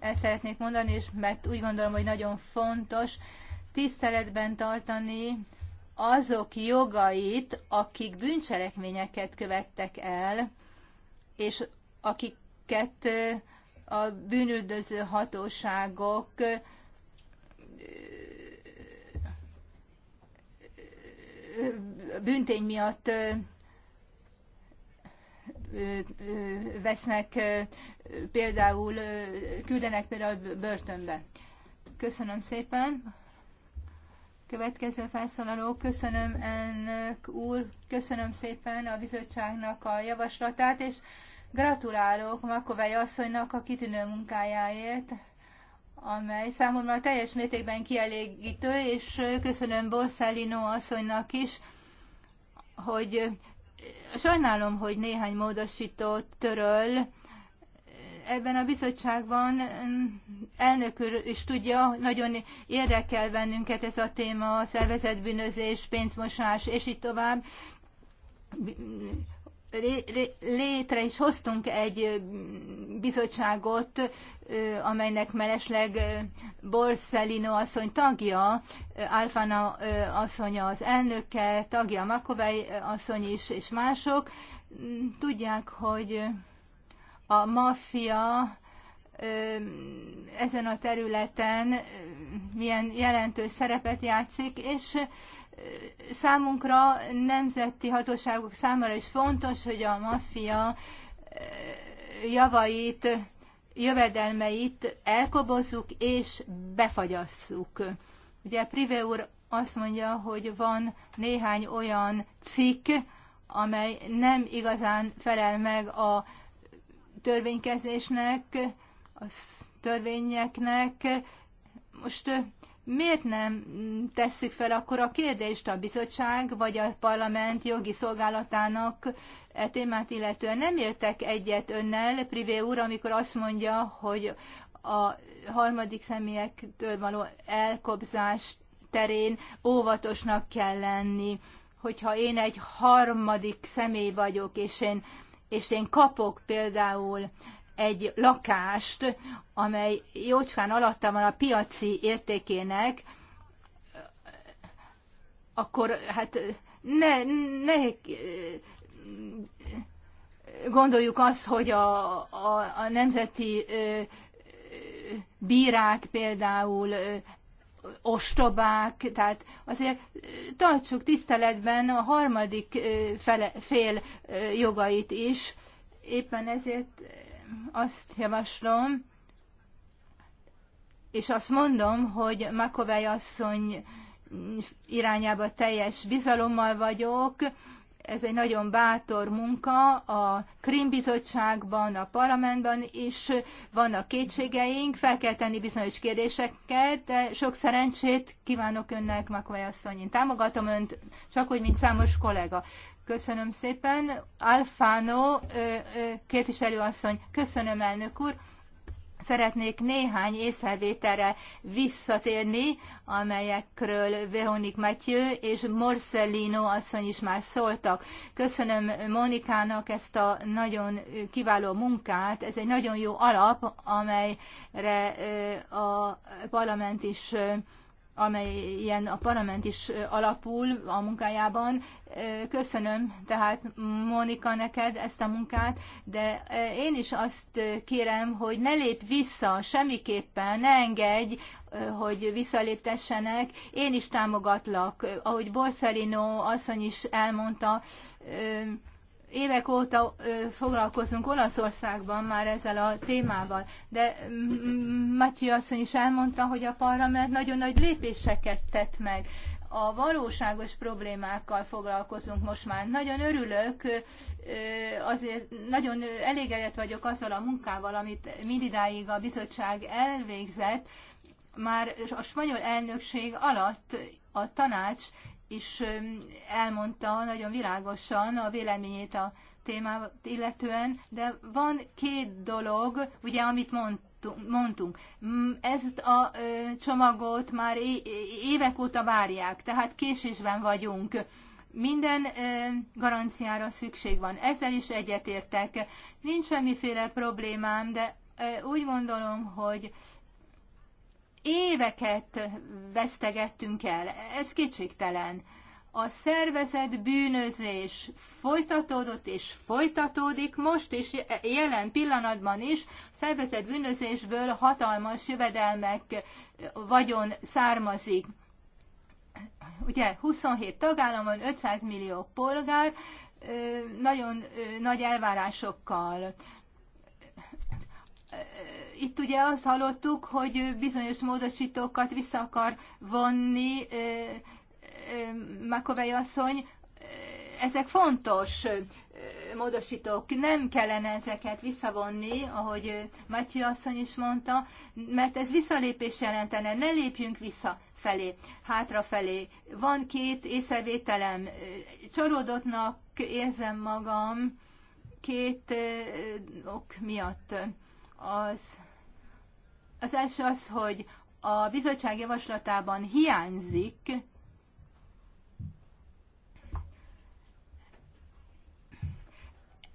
ezt szeretnék mondani, és mert úgy gondolom, hogy nagyon fontos tiszteletben tartani azok jogait, akik bűncselekményeket követtek el, és akiket a bűnüldöző hatóságok büntény miatt vesznek például, küldenek például börtönbe. Köszönöm szépen. Következő felszólaló, köszönöm ennek úr, köszönöm szépen a bizottságnak a javaslatát, és gratulálok Makovei asszonynak a kitűnő munkájáért, amely számomra teljes mértékben kielégítő, és köszönöm Borszálino asszonynak is, hogy Sajnálom, hogy néhány módosítót töröl. Ebben a bizottságban mm, elnök úr is tudja, nagyon érdekel bennünket ez a téma, szervezetbűnözés, pénzmosás, és így tovább létre is hoztunk egy bizottságot, amelynek mellesleg Borsellino asszony tagja, Alfana asszony az elnöke, tagja Makovei asszony is, és mások. Mm, tudják, hogy a maffia ezen a területen milyen jelentős szerepet játszik, és számunkra, nemzeti hatóságok számára is fontos, hogy a maffia eh, javait, jövedelmeit elkobozzuk és befagyasszuk. Ugye Privé úr azt mondja, hogy van néhány olyan cikk, amely nem igazán felel meg a törvénykezésnek, a törvényeknek. Most eh, miért nem tesszük fel akkor a kérdést a bizottság vagy a parlament jogi szolgálatának e témát illetően? Nem értek egyet önnel, Privé úr, amikor azt mondja, hogy a harmadik személyektől való elkobzás terén óvatosnak kell lenni, hogyha én egy harmadik személy vagyok, és én, és én kapok például egy lakást, amely jócskán alatta van a piaci értékének, akkor hát ne, ne gondoljuk azt, hogy a, a, a nemzeti bírák például ostobák, tehát azért tartsuk tiszteletben a harmadik fele, fél jogait is, éppen ezért azt javaslom, és azt mondom, hogy Makovej asszony irányába teljes bizalommal vagyok. Ez egy nagyon bátor munka. A Krimbizottságban, a parlamentben is vannak kétségeink, fel kell tenni bizonyos kérdéseket, de sok szerencsét kívánok önnek, Makovej asszony. Én támogatom önt, csak úgy, mint számos kollega. Köszönöm szépen. Alfano képviselőasszony, köszönöm elnök úr. Szeretnék néhány észrevételre visszatérni, amelyekről Veronik Mathieu és Morcellino asszony is már szóltak. Köszönöm Monikának ezt a nagyon kiváló munkát. Ez egy nagyon jó alap, amelyre a parlament is amely ilyen a parlament is alapul a munkájában. Köszönöm tehát Monika neked ezt a munkát, de én is azt kérem, hogy ne lép vissza semmiképpen, ne engedj, hogy visszaléptessenek. Én is támogatlak, ahogy Borsellino asszony is elmondta, évek óta foglalkozunk Olaszországban már ezzel a témával, de mm, mm, Matyi asszony is elmondta, hogy a parlament nagyon nagy lépéseket tett meg. A valóságos problémákkal foglalkozunk most már. Nagyon örülök, azért nagyon elégedett vagyok azzal a munkával, amit mindidáig a bizottság elvégzett, már a spanyol elnökség alatt a tanács is elmondta nagyon világosan a véleményét a témát illetően, de van két dolog, ugye, amit mondtunk. Ezt a csomagot már évek óta várják, tehát késésben vagyunk. Minden garanciára szükség van. Ezzel is egyetértek. Nincs semmiféle problémám, de úgy gondolom, hogy éveket vesztegettünk el, ez kétségtelen. A szervezet bűnözés folytatódott és folytatódik most és jelen pillanatban is. Szervezet bűnözésből hatalmas jövedelmek vagyon származik. Ugye 27 tagállamon 500 millió polgár, nagyon nagy elvárásokkal itt ugye azt hallottuk, hogy bizonyos módosítókat vissza akar vonni Makovei asszony. Ezek fontos módosítók, nem kellene ezeket visszavonni, ahogy Matyi asszony is mondta, mert ez visszalépés jelentene, ne lépjünk vissza felé, hátrafelé. Van két észrevételem, csalódottnak érzem magam két ok miatt. Az az első az, hogy a bizottság javaslatában hiányzik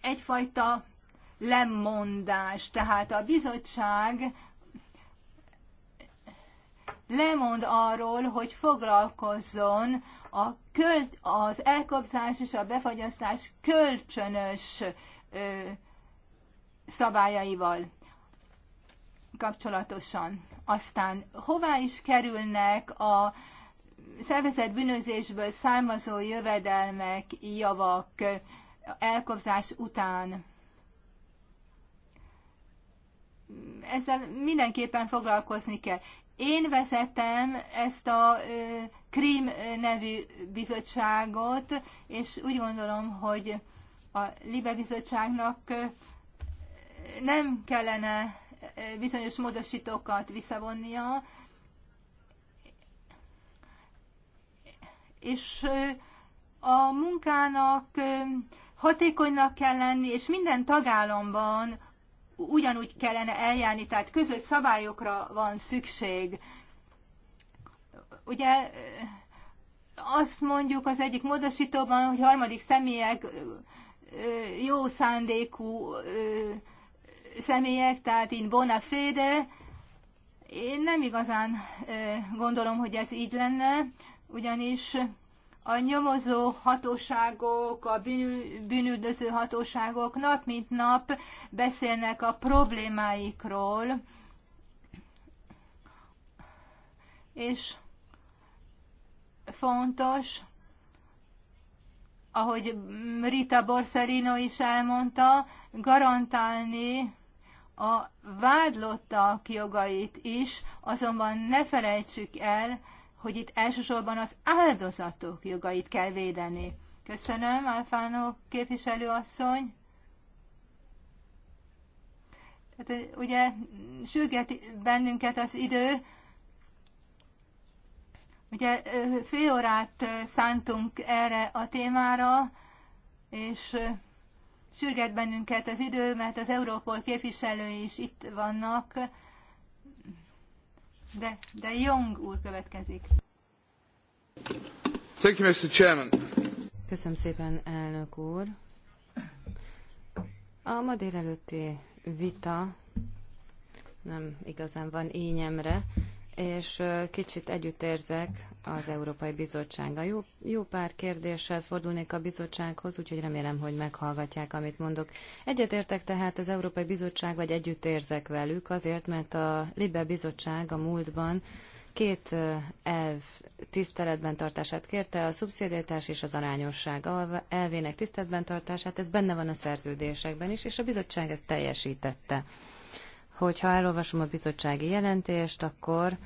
egyfajta lemondás. Tehát a bizottság lemond arról, hogy foglalkozzon a költ, az elkobzás és a befagyasztás kölcsönös ö, szabályaival kapcsolatosan. Aztán hová is kerülnek a szervezett bűnözésből származó jövedelmek, javak elkobzás után? Ezzel mindenképpen foglalkozni kell. Én vezetem ezt a Krím nevű bizottságot, és úgy gondolom, hogy a Libe bizottságnak nem kellene bizonyos módosítókat visszavonnia, és a munkának hatékonynak kell lenni, és minden tagállamban ugyanúgy kellene eljárni, tehát közös szabályokra van szükség. Ugye azt mondjuk az egyik módosítóban, hogy harmadik személyek jó szándékú személyek, tehát in bona fide, én nem igazán gondolom, hogy ez így lenne, ugyanis a nyomozó hatóságok, a bűnüldöző hatóságok nap mint nap beszélnek a problémáikról, és fontos, ahogy Rita Borsellino is elmondta, garantálni a vádlottak jogait is, azonban ne felejtsük el, hogy itt elsősorban az áldozatok jogait kell védeni. Köszönöm, Alfánó képviselőasszony. Tehát, ugye sürget bennünket az idő, Ugye fél órát szántunk erre a témára, és sürget bennünket az idő, mert az Európol képviselői is itt vannak. De, de Jong úr következik. Thank you, Mr. Chairman. Köszönöm szépen, elnök úr. A ma délelőtti vita nem igazán van ényemre, és kicsit érzek az Európai Bizottsággal. Jó, jó pár kérdéssel fordulnék a bizottsághoz, úgyhogy remélem, hogy meghallgatják, amit mondok. Egyetértek tehát az Európai Bizottság, vagy érzek velük, azért, mert a Libe Bizottság a múltban két elv tiszteletben tartását kérte, a szubszidiatás és az arányosság elvének tiszteletben tartását, ez benne van a szerződésekben is, és a bizottság ezt teljesítette. Hogyha elolvasom a bizottsági jelentést, akkor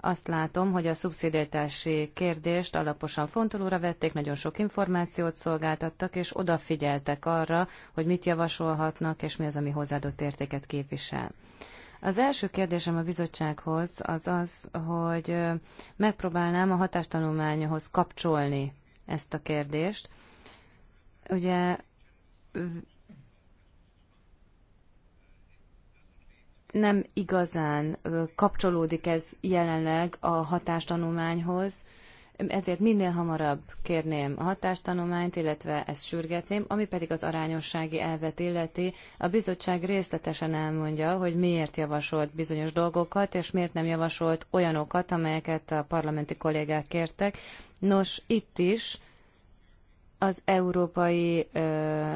azt látom, hogy a szubszidiátási kérdést alaposan fontolóra vették, nagyon sok információt szolgáltattak, és odafigyeltek arra, hogy mit javasolhatnak, és mi az, ami hozzáadott értéket képvisel. Az első kérdésem a bizottsághoz az az, hogy megpróbálnám a hatástanulmányhoz kapcsolni ezt a kérdést. Ugye nem igazán kapcsolódik ez jelenleg a hatástanulmányhoz, ezért minél hamarabb kérném a hatástanulmányt, illetve ezt sürgetném, ami pedig az arányossági elvet illeti. A bizottság részletesen elmondja, hogy miért javasolt bizonyos dolgokat, és miért nem javasolt olyanokat, amelyeket a parlamenti kollégák kértek. Nos, itt is az Európai ö,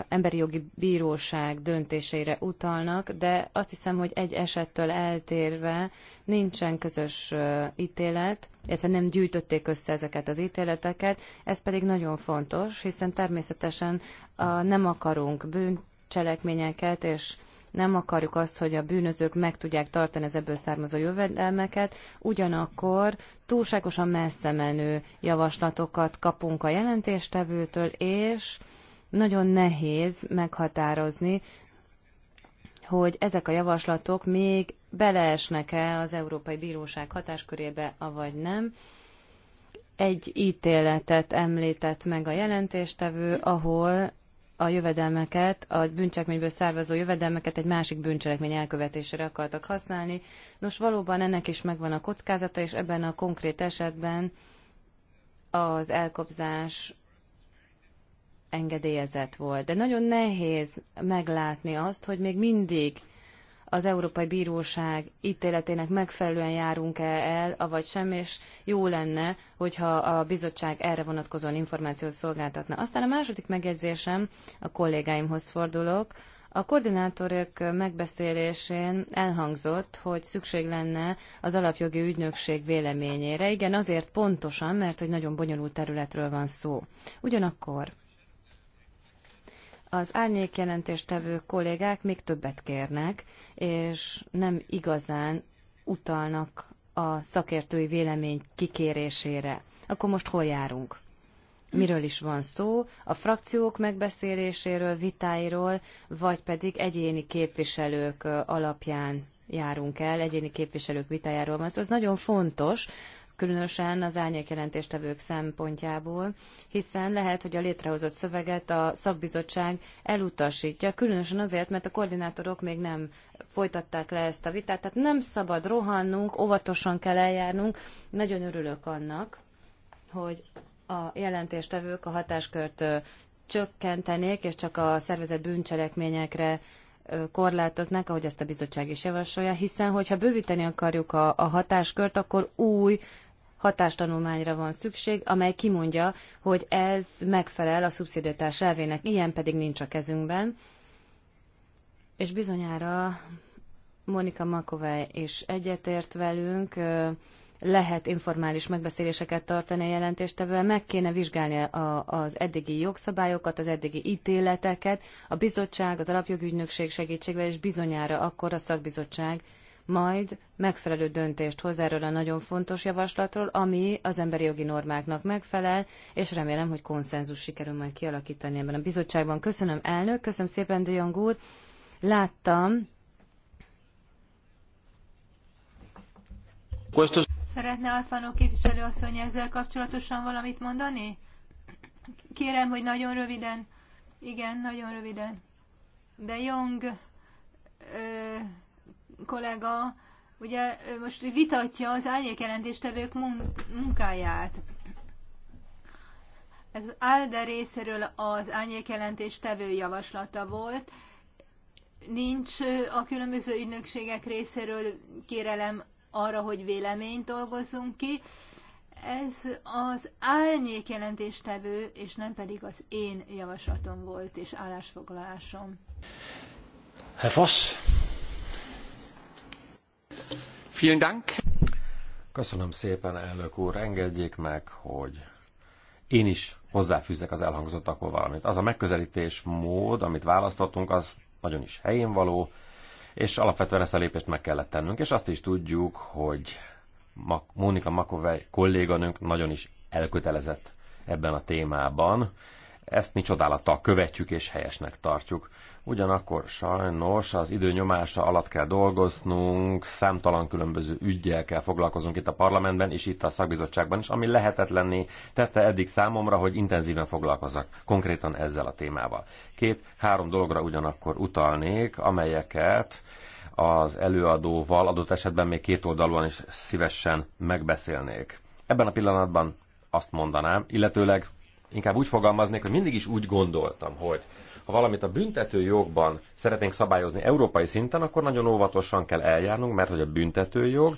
Emberi Jogi Bíróság döntéseire utalnak, de azt hiszem, hogy egy esettől eltérve nincsen közös ö, ítélet, illetve nem gyűjtötték össze ezeket az ítéleteket. Ez pedig nagyon fontos, hiszen természetesen a, nem akarunk bűncselekményeket és nem akarjuk azt, hogy a bűnözők meg tudják tartani az ebből származó jövedelmeket, ugyanakkor túlságosan messze menő javaslatokat kapunk a jelentéstevőtől, és nagyon nehéz meghatározni, hogy ezek a javaslatok még beleesnek-e az Európai Bíróság hatáskörébe, avagy nem. Egy ítéletet említett meg a jelentéstevő, ahol a jövedelmeket, a bűncselekményből származó jövedelmeket egy másik bűncselekmény elkövetésére akartak használni. Nos, valóban ennek is megvan a kockázata, és ebben a konkrét esetben az elkobzás engedélyezett volt. De nagyon nehéz meglátni azt, hogy még mindig az Európai Bíróság ítéletének megfelelően járunk-e el, avagy sem, és jó lenne, hogyha a bizottság erre vonatkozóan információt szolgáltatna. Aztán a második megjegyzésem, a kollégáimhoz fordulok, a koordinátorok megbeszélésén elhangzott, hogy szükség lenne az alapjogi ügynökség véleményére. Igen, azért pontosan, mert hogy nagyon bonyolult területről van szó. Ugyanakkor az árnyék jelentéstevő kollégák még többet kérnek, és nem igazán utalnak a szakértői vélemény kikérésére. Akkor most hol járunk? Miről is van szó? A frakciók megbeszéléséről, vitáiról, vagy pedig egyéni képviselők alapján járunk el, egyéni képviselők vitájáról van szó. Ez nagyon fontos, különösen az árnyékjelentéstevők szempontjából, hiszen lehet, hogy a létrehozott szöveget a szakbizottság elutasítja, különösen azért, mert a koordinátorok még nem folytatták le ezt a vitát, tehát nem szabad rohannunk, óvatosan kell eljárnunk. Nagyon örülök annak, hogy a jelentéstevők a hatáskört csökkentenék, és csak a szervezet bűncselekményekre korlátoznak, ahogy ezt a bizottság is javasolja, hiszen hogyha bővíteni akarjuk a, a hatáskört, akkor új hatástanulmányra van szükség, amely kimondja, hogy ez megfelel a szubszidiatás elvének, ilyen pedig nincs a kezünkben. És bizonyára Monika Makovej is egyetért velünk, lehet informális megbeszéléseket tartani a jelentéstevővel, meg kéne vizsgálni a, az eddigi jogszabályokat, az eddigi ítéleteket, a bizottság, az alapjogügynökség segítségével, és bizonyára akkor a szakbizottság majd megfelelő döntést hoz erről a nagyon fontos javaslatról, ami az emberi jogi normáknak megfelel, és remélem, hogy konszenzus sikerül majd kialakítani ebben a bizottságban. Köszönöm, elnök, köszönöm szépen, De Jong úr. Láttam. Szeretne Alfano képviselő asszony ezzel kapcsolatosan valamit mondani? Kérem, hogy nagyon röviden. Igen, nagyon röviden. De Jong ö, kollega ugye most vitatja az árnyékjelentéstevők munkáját. Ez Alde részéről az árnyékjelentéstevő javaslata volt. Nincs a különböző ügynökségek részéről kérelem arra, hogy véleményt dolgozzunk ki. Ez az árnyékjelentéstevő, és nem pedig az én javaslatom volt és állásfoglalásom. Herr Voss, Köszönöm szépen, elnök úr. Engedjék meg, hogy én is hozzáfűzzek az elhangzottakhoz valamit. Az a megközelítés mód, amit választottunk, az nagyon is helyén való, és alapvetően ezt a lépést meg kellett tennünk, és azt is tudjuk, hogy Mónika Makovej kolléganőnk nagyon is elkötelezett ebben a témában, ezt mi csodálattal követjük és helyesnek tartjuk. Ugyanakkor sajnos az idő nyomása alatt kell dolgoznunk, számtalan különböző ügyel kell foglalkozunk itt a parlamentben és itt a szakbizottságban is, ami lehetetlenné tette eddig számomra, hogy intenzíven foglalkozzak konkrétan ezzel a témával. Két-három dologra ugyanakkor utalnék, amelyeket az előadóval adott esetben még két oldalon is szívesen megbeszélnék. Ebben a pillanatban azt mondanám, illetőleg inkább úgy fogalmaznék, hogy mindig is úgy gondoltam, hogy ha valamit a büntető jogban szeretnénk szabályozni európai szinten, akkor nagyon óvatosan kell eljárnunk, mert hogy a büntető jog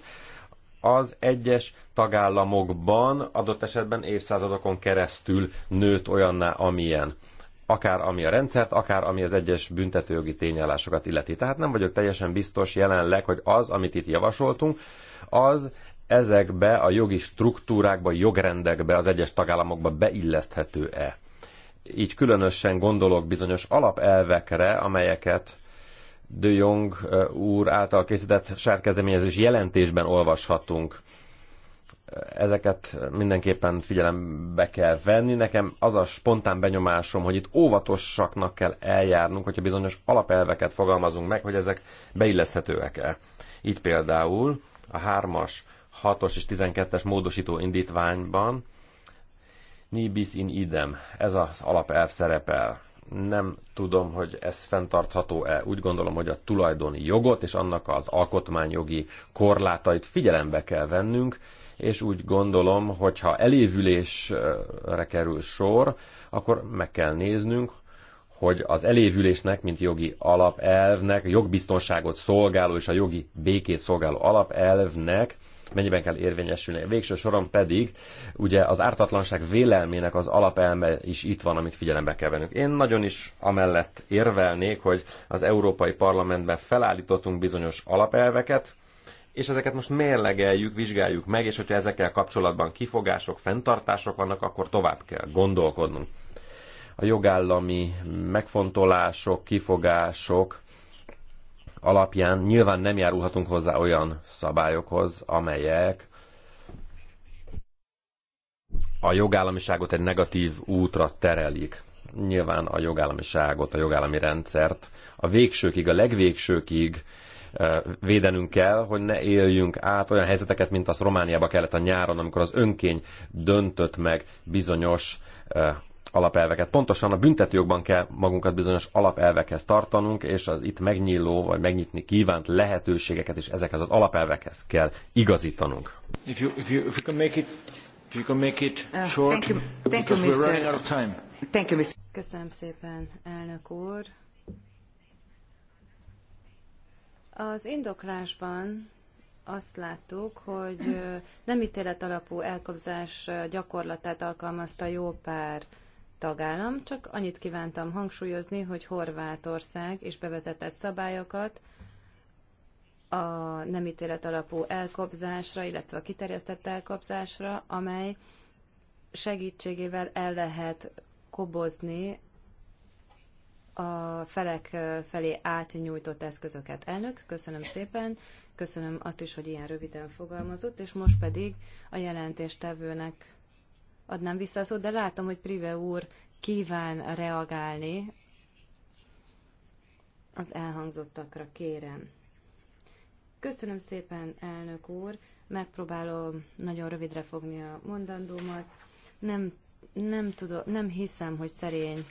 az egyes tagállamokban adott esetben évszázadokon keresztül nőtt olyanná, amilyen akár ami a rendszert, akár ami az egyes büntetőjogi tényállásokat illeti. Tehát nem vagyok teljesen biztos jelenleg, hogy az, amit itt javasoltunk, az ezekbe a jogi struktúrákba, jogrendekbe, az egyes tagállamokba beilleszthető-e. Így különösen gondolok bizonyos alapelvekre, amelyeket De Jong úr által készített sárkezdeményezés jelentésben olvashatunk. Ezeket mindenképpen figyelembe kell venni. Nekem az a spontán benyomásom, hogy itt óvatosaknak kell eljárnunk, hogyha bizonyos alapelveket fogalmazunk meg, hogy ezek beilleszthetőek-e. Így például a hármas 6-os és 12-es módosító indítványban nibis in idem, ez az alapelv szerepel. Nem tudom, hogy ez fenntartható-e. Úgy gondolom, hogy a tulajdoni jogot és annak az alkotmányjogi korlátait figyelembe kell vennünk, és úgy gondolom, hogy ha elévülésre kerül sor, akkor meg kell néznünk, hogy az elévülésnek, mint jogi alapelvnek, jogbiztonságot szolgáló és a jogi békét szolgáló alapelvnek mennyiben kell érvényesülni. Végső soron pedig ugye az ártatlanság vélelmének az alapelme is itt van, amit figyelembe kell vennünk. Én nagyon is amellett érvelnék, hogy az Európai Parlamentben felállítottunk bizonyos alapelveket, és ezeket most mérlegeljük, vizsgáljuk meg, és hogyha ezekkel kapcsolatban kifogások, fenntartások vannak, akkor tovább kell gondolkodnunk. A jogállami megfontolások, kifogások alapján nyilván nem járulhatunk hozzá olyan szabályokhoz, amelyek a jogállamiságot egy negatív útra terelik. Nyilván a jogállamiságot, a jogállami rendszert a végsőkig, a legvégsőkig védenünk kell, hogy ne éljünk át olyan helyzeteket, mint az Romániába kellett a nyáron, amikor az önkény döntött meg bizonyos alapelveket. Pontosan a büntetőjogban kell magunkat bizonyos alapelvekhez tartanunk, és az itt megnyíló vagy megnyitni kívánt lehetőségeket is ezekhez az alapelvekhez kell igazítanunk. If you, if you, if you can make it, uh, Köszönöm szépen, elnök úr. Az indoklásban azt láttuk, hogy nem ítélet alapú elkobzás gyakorlatát alkalmazta jó pár tagállam, csak annyit kívántam hangsúlyozni, hogy Horvátország is bevezetett szabályokat a nem ítélet alapú elkobzásra, illetve a kiterjesztett elkobzásra, amely segítségével el lehet kobozni a felek felé átnyújtott eszközöket. Elnök, köszönöm szépen, köszönöm azt is, hogy ilyen röviden fogalmazott, és most pedig a jelentéstevőnek adnám vissza a szót, de látom, hogy Prive úr kíván reagálni az elhangzottakra, kérem. Köszönöm szépen, elnök úr. Megpróbálom nagyon rövidre fogni a mondandómat. Nem, nem, tudom, nem hiszem, hogy szerény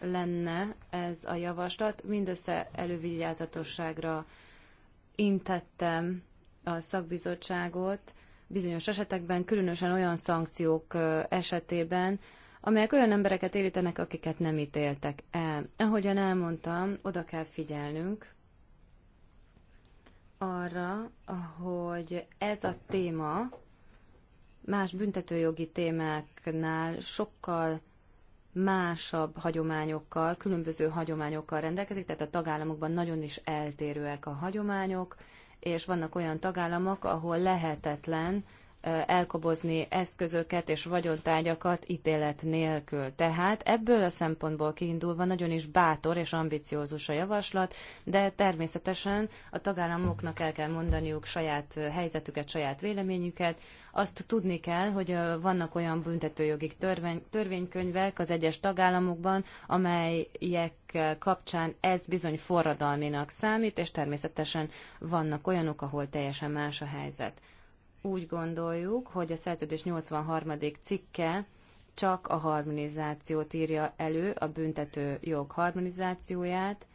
lenne ez a javaslat. Mindössze elővigyázatosságra intettem a szakbizottságot, bizonyos esetekben, különösen olyan szankciók esetében, amelyek olyan embereket érítenek, akiket nem ítéltek el. Ahogyan elmondtam, oda kell figyelnünk arra, hogy ez a téma más büntetőjogi témáknál sokkal másabb hagyományokkal, különböző hagyományokkal rendelkezik, tehát a tagállamokban nagyon is eltérőek a hagyományok, és vannak olyan tagállamok, ahol lehetetlen elkobozni eszközöket és vagyontárgyakat ítélet nélkül. Tehát ebből a szempontból kiindulva nagyon is bátor és ambiciózus a javaslat, de természetesen a tagállamoknak el kell mondaniuk saját helyzetüket, saját véleményüket. Azt tudni kell, hogy vannak olyan büntetőjogi törvény, törvénykönyvek az egyes tagállamokban, amelyek kapcsán ez bizony forradalminak számít, és természetesen vannak olyanok, ahol teljesen más a helyzet úgy gondoljuk, hogy a szerződés 83. cikke csak a harmonizációt írja elő, a büntető jog harmonizációját,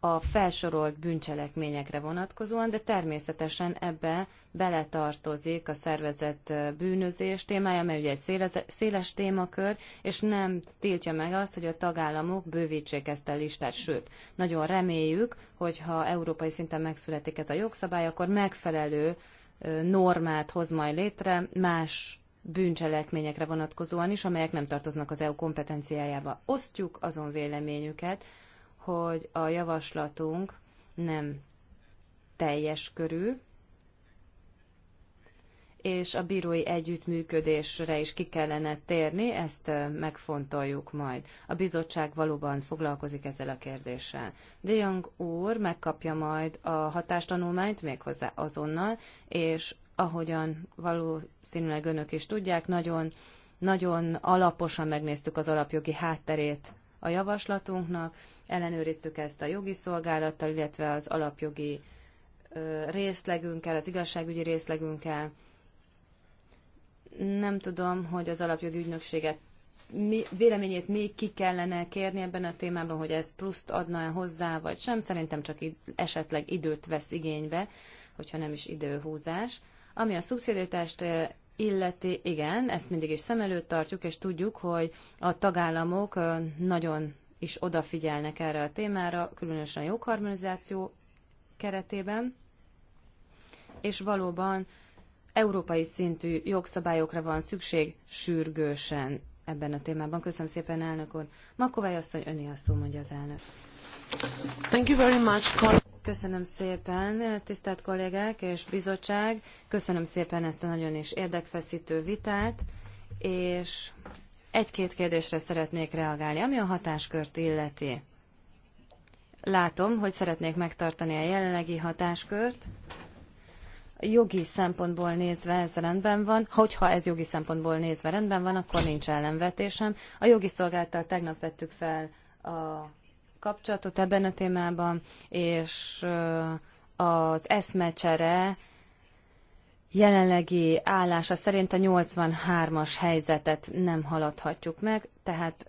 a felsorolt bűncselekményekre vonatkozóan, de természetesen ebbe beletartozik a szervezett bűnözés témája, mert ugye egy széles, széles témakör, és nem tiltja meg azt, hogy a tagállamok bővítsék ezt a listát, sőt, nagyon reméljük, hogy ha európai szinten megszületik ez a jogszabály, akkor megfelelő normát hoz majd létre más bűncselekményekre vonatkozóan is, amelyek nem tartoznak az EU kompetenciájába. Osztjuk azon véleményüket, hogy a javaslatunk nem teljes körű, és a bírói együttműködésre is ki kellene térni, ezt megfontoljuk majd. A bizottság valóban foglalkozik ezzel a kérdéssel. De Young úr megkapja majd a hatástanulmányt méghozzá azonnal, és ahogyan valószínűleg önök is tudják, nagyon, nagyon alaposan megnéztük az alapjogi hátterét a javaslatunknak, ellenőriztük ezt a jogi szolgálattal, illetve az alapjogi részlegünkkel, az igazságügyi részlegünkkel, nem tudom, hogy az alapjogi ügynökséget mi, véleményét még ki kellene kérni ebben a témában, hogy ez pluszt adna -e hozzá, vagy sem. Szerintem csak id- esetleg időt vesz igénybe, hogyha nem is időhúzás. Ami a szubszidiatást eh, illeti, igen, ezt mindig is szem előtt tartjuk, és tudjuk, hogy a tagállamok eh, nagyon is odafigyelnek erre a témára, különösen a jogharmonizáció keretében. És valóban európai szintű jogszabályokra van szükség sürgősen ebben a témában. Köszönöm szépen, elnök úr. Makovály asszony, öné a szó, mondja az elnök. Thank you very much. Köszönöm szépen, tisztelt kollégák és bizottság. Köszönöm szépen ezt a nagyon is érdekfeszítő vitát, és egy-két kérdésre szeretnék reagálni, ami a hatáskört illeti. Látom, hogy szeretnék megtartani a jelenlegi hatáskört, jogi szempontból nézve ez rendben van, hogyha ez jogi szempontból nézve rendben van, akkor nincs ellenvetésem. A jogi szolgáltal tegnap vettük fel a kapcsolatot ebben a témában, és az eszmecsere jelenlegi állása szerint a 83-as helyzetet nem haladhatjuk meg, tehát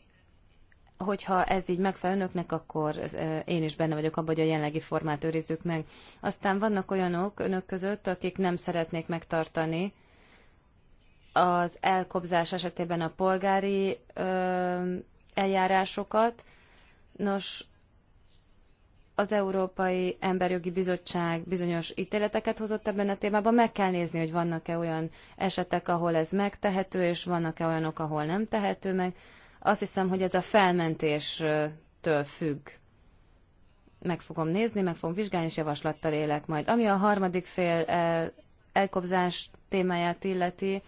hogyha ez így megfelel önöknek, akkor én is benne vagyok abban, hogy a jelenlegi formát őrizzük meg. Aztán vannak olyanok önök között, akik nem szeretnék megtartani az elkobzás esetében a polgári ö, eljárásokat. Nos, az Európai Emberjogi Bizottság bizonyos ítéleteket hozott ebben a témában. Meg kell nézni, hogy vannak-e olyan esetek, ahol ez megtehető, és vannak-e olyanok, ahol nem tehető meg azt hiszem, hogy ez a felmentéstől függ. Meg fogom nézni, meg fogom vizsgálni, és javaslattal élek majd. Ami a harmadik fél elkobzás témáját illeti,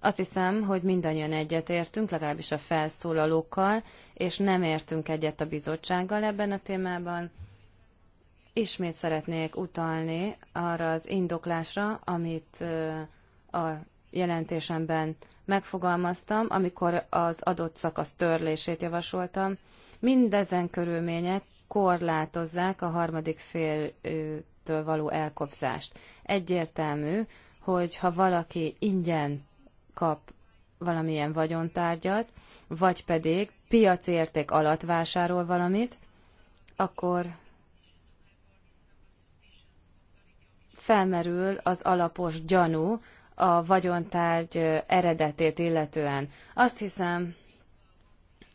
azt hiszem, hogy mindannyian egyetértünk, legalábbis a felszólalókkal, és nem értünk egyet a bizottsággal ebben a témában. Ismét szeretnék utalni arra az indoklásra, amit a jelentésemben megfogalmaztam, amikor az adott szakasz törlését javasoltam. Mindezen körülmények korlátozzák a harmadik féltől való elkobzást. Egyértelmű, hogy ha valaki ingyen kap valamilyen vagyontárgyat, vagy pedig piaci érték alatt vásárol valamit, akkor felmerül az alapos gyanú, a vagyontárgy eredetét illetően. Azt hiszem,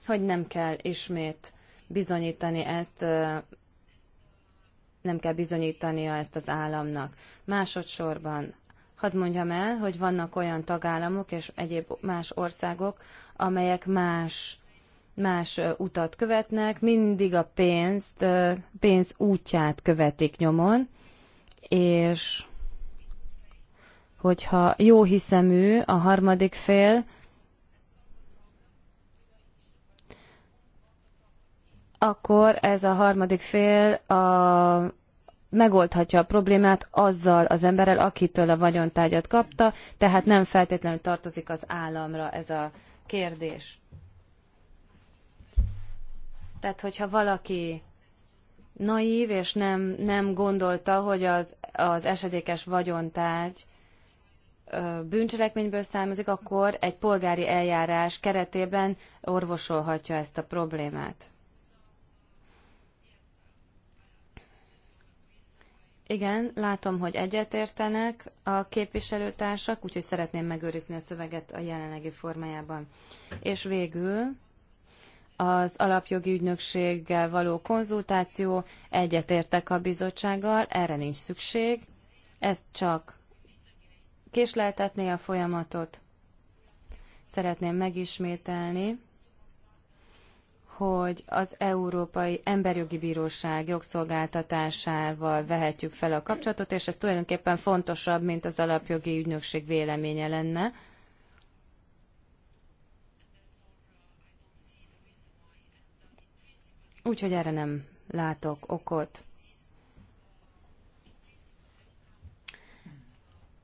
hogy nem kell ismét bizonyítani ezt, nem kell bizonyítania ezt az államnak. Másodszorban hadd mondjam el, hogy vannak olyan tagállamok és egyéb más országok, amelyek más más utat követnek, mindig a pénzt, pénz útját követik nyomon, és hogyha jó hiszemű a harmadik fél, akkor ez a harmadik fél a, megoldhatja a problémát azzal az emberrel, akitől a vagyontárgyat kapta, tehát nem feltétlenül tartozik az államra ez a kérdés. Tehát, hogyha valaki naív, és nem, nem gondolta, hogy az, az esedékes vagyontárgy bűncselekményből származik, akkor egy polgári eljárás keretében orvosolhatja ezt a problémát. Igen, látom, hogy egyetértenek a képviselőtársak, úgyhogy szeretném megőrizni a szöveget a jelenlegi formájában. És végül az alapjogi ügynökséggel való konzultáció, egyetértek a bizottsággal, erre nincs szükség, ez csak késleltetné a folyamatot. Szeretném megismételni, hogy az Európai Emberjogi Bíróság jogszolgáltatásával vehetjük fel a kapcsolatot, és ez tulajdonképpen fontosabb, mint az alapjogi ügynökség véleménye lenne. Úgyhogy erre nem látok okot.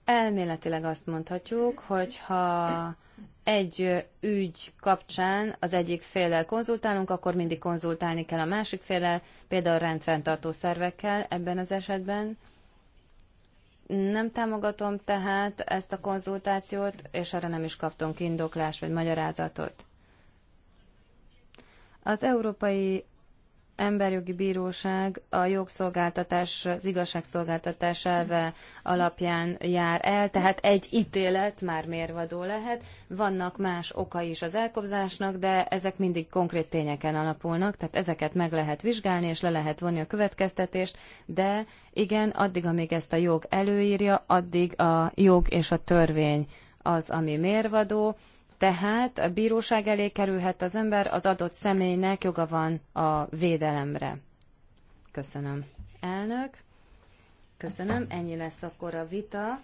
Elméletileg azt mondhatjuk, hogy ha egy ügy kapcsán az egyik féllel konzultálunk, akkor mindig konzultálni kell a másik féllel, például rendfenntartó szervekkel ebben az esetben. Nem támogatom tehát ezt a konzultációt, és arra nem is kaptunk indoklás vagy magyarázatot. Az Európai emberjogi bíróság a jogszolgáltatás, az igazságszolgáltatás elve alapján jár el, tehát egy ítélet már mérvadó lehet. Vannak más okai is az elkobzásnak, de ezek mindig konkrét tényeken alapulnak, tehát ezeket meg lehet vizsgálni, és le lehet vonni a következtetést, de igen, addig, amíg ezt a jog előírja, addig a jog és a törvény az, ami mérvadó tehát a bíróság elé kerülhet az ember, az adott személynek joga van a védelemre. Köszönöm. Elnök, köszönöm, ennyi lesz akkor a vita.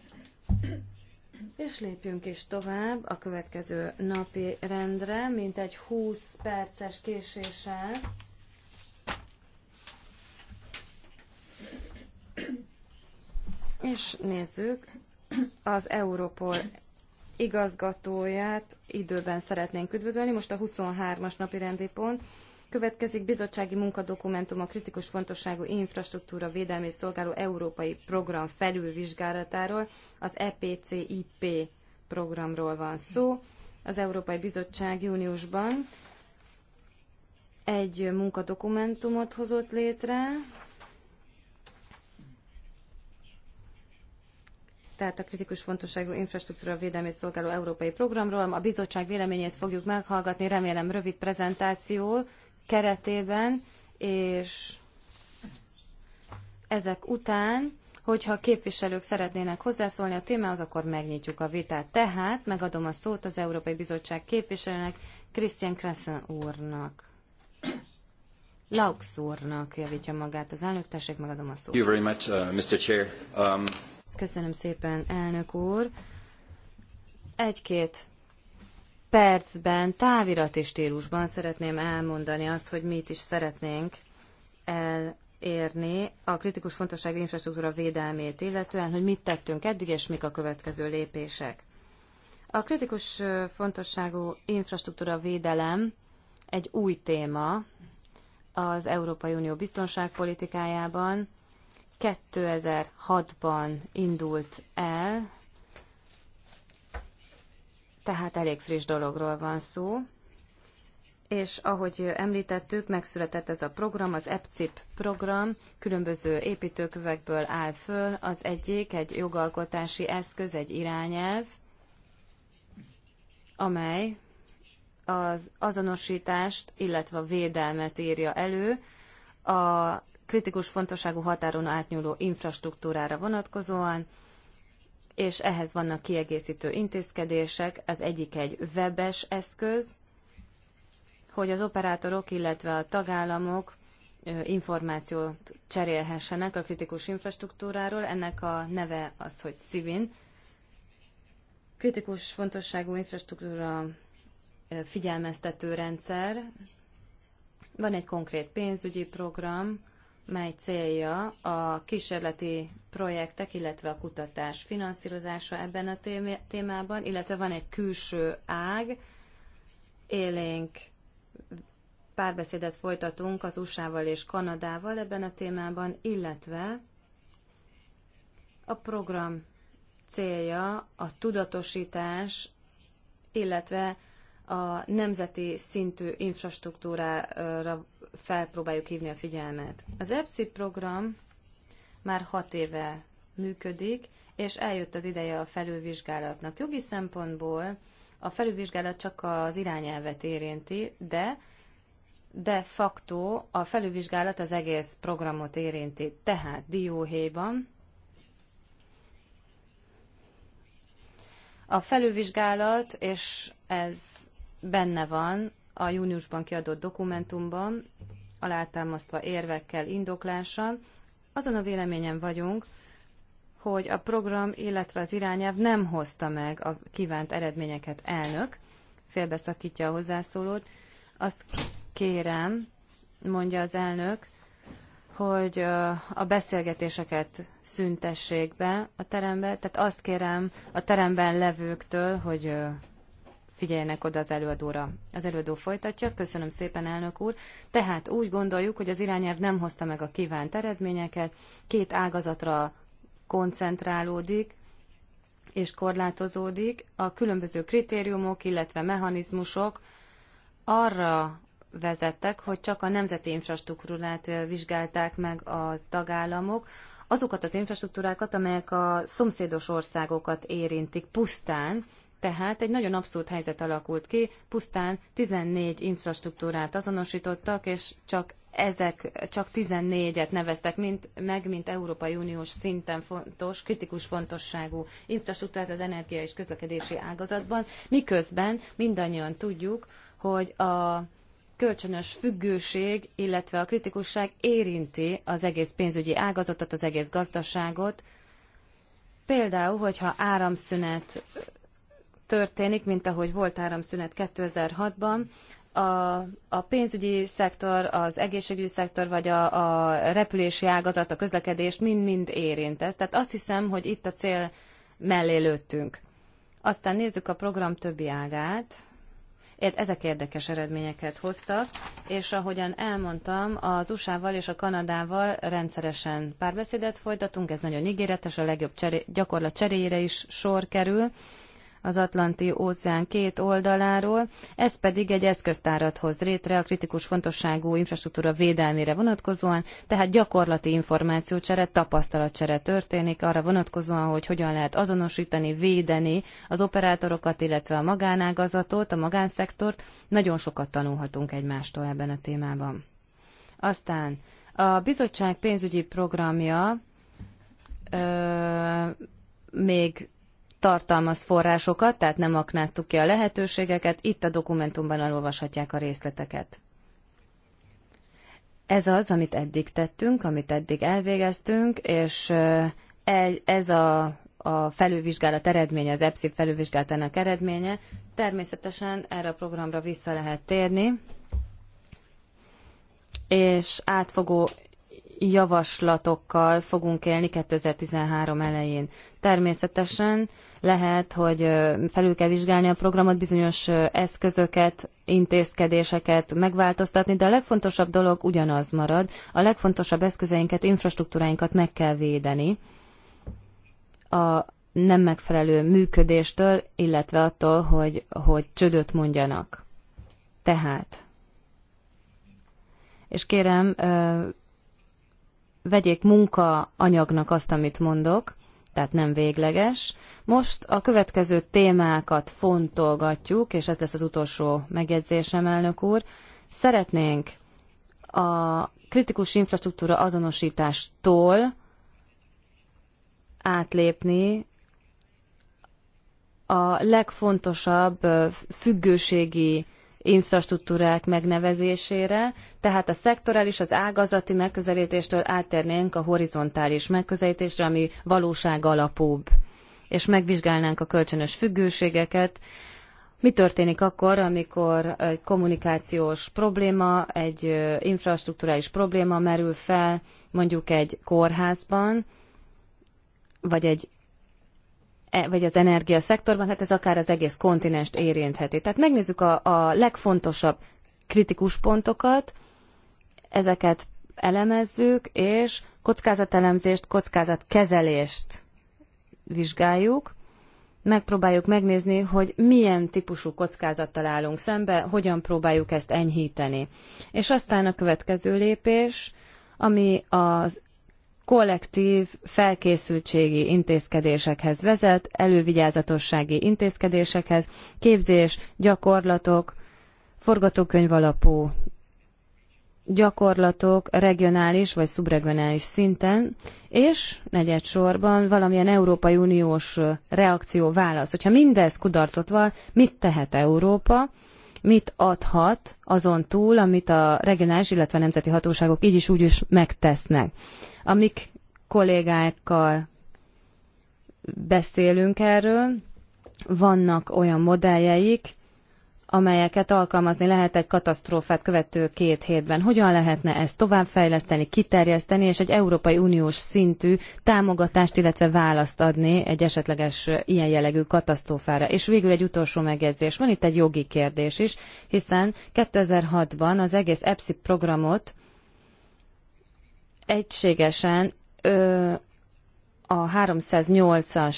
És lépjünk is tovább a következő napi rendre, mint egy 20 perces késéssel. És nézzük az Europol igazgatóját időben szeretnénk üdvözölni. Most a 23-as napi rendi pont. Következik bizottsági munkadokumentum a kritikus fontosságú infrastruktúra védelmi szolgáló európai program felülvizsgálatáról, az EPCIP programról van szó. Az Európai Bizottság júniusban egy munkadokumentumot hozott létre, tehát a kritikus fontosságú infrastruktúra védelmét szolgáló európai programról. A bizottság véleményét fogjuk meghallgatni, remélem rövid prezentáció keretében, és ezek után, hogyha képviselők szeretnének hozzászólni a témához, akkor megnyitjuk a vitát. Tehát megadom a szót az Európai Bizottság képviselőnek, Christian Kressen úrnak. Laux úrnak javítja magát az elnök, tessék, megadom a szót. Thank you very much, uh, Mr. Chair. Um... Köszönöm szépen, elnök úr. Egy-két percben, távirati stílusban szeretném elmondani azt, hogy mit is szeretnénk elérni a kritikus fontosságú infrastruktúra védelmét, illetően, hogy mit tettünk eddig, és mik a következő lépések. A kritikus fontosságú infrastruktúra védelem egy új téma az Európai Unió biztonságpolitikájában, 2006-ban indult el, tehát elég friss dologról van szó. És ahogy említettük, megszületett ez a program, az EPCIP program, különböző építőkövekből áll föl. Az egyik egy jogalkotási eszköz, egy irányelv, amely az azonosítást, illetve a védelmet írja elő, a kritikus fontosságú határon átnyúló infrastruktúrára vonatkozóan, és ehhez vannak kiegészítő intézkedések. Az egyik egy webes eszköz, hogy az operátorok, illetve a tagállamok információt cserélhessenek a kritikus infrastruktúráról. Ennek a neve az, hogy SIVIN. Kritikus fontosságú infrastruktúra figyelmeztető rendszer. Van egy konkrét pénzügyi program, mely célja a kísérleti projektek, illetve a kutatás finanszírozása ebben a témában, illetve van egy külső ág, élénk párbeszédet folytatunk az USA-val és Kanadával ebben a témában, illetve a program célja a tudatosítás, illetve a nemzeti szintű infrastruktúrára felpróbáljuk hívni a figyelmet. Az EPSI program már hat éve működik, és eljött az ideje a felülvizsgálatnak. Jogi szempontból a felülvizsgálat csak az irányelvet érinti, de de facto a felülvizsgálat az egész programot érinti. Tehát dióhéjban a felülvizsgálat, és ez benne van a júniusban kiadott dokumentumban, alátámasztva érvekkel, indoklással. Azon a véleményen vagyunk, hogy a program, illetve az irányelv nem hozta meg a kívánt eredményeket elnök, félbeszakítja a hozzászólót. Azt kérem, mondja az elnök, hogy a beszélgetéseket szüntessék be a teremben. tehát azt kérem a teremben levőktől, hogy figyeljenek oda az előadóra. Az előadó folytatja, köszönöm szépen, elnök úr. Tehát úgy gondoljuk, hogy az irányelv nem hozta meg a kívánt eredményeket, két ágazatra koncentrálódik, és korlátozódik, a különböző kritériumok, illetve mechanizmusok arra vezettek, hogy csak a nemzeti infrastruktúrát vizsgálták meg a tagállamok, azokat az infrastruktúrákat, amelyek a szomszédos országokat érintik pusztán, tehát egy nagyon abszurd helyzet alakult ki, pusztán 14 infrastruktúrát azonosítottak, és csak ezek csak 14-et neveztek mint, meg, mint Európai Uniós szinten fontos, kritikus fontosságú infrastruktúrát az energia és közlekedési ágazatban, miközben mindannyian tudjuk, hogy a kölcsönös függőség, illetve a kritikusság érinti az egész pénzügyi ágazatot, az egész gazdaságot. Például, hogyha áramszünet történik, mint ahogy volt áramszünet 2006-ban, a, a pénzügyi szektor, az egészségügyi szektor, vagy a, a repülési ágazat, a közlekedés mind-mind érint ez. Tehát azt hiszem, hogy itt a cél mellé lőttünk. Aztán nézzük a program többi ágát. Ezek érdekes eredményeket hoztak, és ahogyan elmondtam, az USA-val és a Kanadával rendszeresen párbeszédet folytatunk, ez nagyon ígéretes, a legjobb cseré, gyakorlat cseréjére is sor kerül az Atlanti óceán két oldaláról, ez pedig egy eszköztárat hoz létre a kritikus fontosságú infrastruktúra védelmére vonatkozóan, tehát gyakorlati információcsere, tapasztalatcsere történik arra vonatkozóan, hogy hogyan lehet azonosítani, védeni az operátorokat, illetve a magánágazatot, a magánszektort. Nagyon sokat tanulhatunk egymástól ebben a témában. Aztán a bizottság pénzügyi programja ö, még tartalmaz forrásokat, tehát nem aknáztuk ki a lehetőségeket, itt a dokumentumban elolvashatják a részleteket. Ez az, amit eddig tettünk, amit eddig elvégeztünk, és ez a a felülvizsgálat eredménye, az EPSZI felülvizsgálatának eredménye. Természetesen erre a programra vissza lehet térni, és átfogó javaslatokkal fogunk élni 2013 elején. Természetesen lehet, hogy felül kell vizsgálni a programot, bizonyos eszközöket, intézkedéseket megváltoztatni, de a legfontosabb dolog ugyanaz marad. A legfontosabb eszközeinket, infrastruktúráinkat meg kell védeni a nem megfelelő működéstől, illetve attól, hogy, hogy csödöt mondjanak. Tehát. És kérem, vegyék anyagnak azt, amit mondok, tehát nem végleges. Most a következő témákat fontolgatjuk, és ez lesz az utolsó megjegyzésem, elnök úr. Szeretnénk a kritikus infrastruktúra azonosítástól átlépni a legfontosabb függőségi infrastruktúrák megnevezésére, tehát a szektorális, az ágazati megközelítéstől áttérnénk a horizontális megközelítésre, ami valóság alapúbb, és megvizsgálnánk a kölcsönös függőségeket, mi történik akkor, amikor egy kommunikációs probléma, egy infrastruktúrális probléma merül fel mondjuk egy kórházban, vagy egy E, vagy az energiaszektorban, hát ez akár az egész kontinest érintheti. Tehát megnézzük a, a legfontosabb kritikus pontokat, ezeket elemezzük, és kockázatelemzést, kockázatkezelést vizsgáljuk. Megpróbáljuk megnézni, hogy milyen típusú kockázattal állunk szembe, hogyan próbáljuk ezt enyhíteni. És aztán a következő lépés, ami az kollektív felkészültségi intézkedésekhez vezet, elővigyázatossági intézkedésekhez, képzés, gyakorlatok, forgatókönyv alapú gyakorlatok regionális vagy szubregionális szinten, és negyed sorban valamilyen Európai Uniós reakció válasz. Hogyha mindez kudarcot val, mit tehet Európa, mit adhat azon túl, amit a regionális, illetve nemzeti hatóságok így is úgy is megtesznek. A mik kollégákkal beszélünk erről, vannak olyan modelljeik, amelyeket alkalmazni lehet egy katasztrófát követő két hétben. Hogyan lehetne ezt továbbfejleszteni, kiterjeszteni, és egy Európai Uniós szintű támogatást, illetve választ adni egy esetleges ilyen jellegű katasztrófára. És végül egy utolsó megjegyzés. Van itt egy jogi kérdés is, hiszen 2006-ban az egész EPSI programot egységesen ö, a 308-as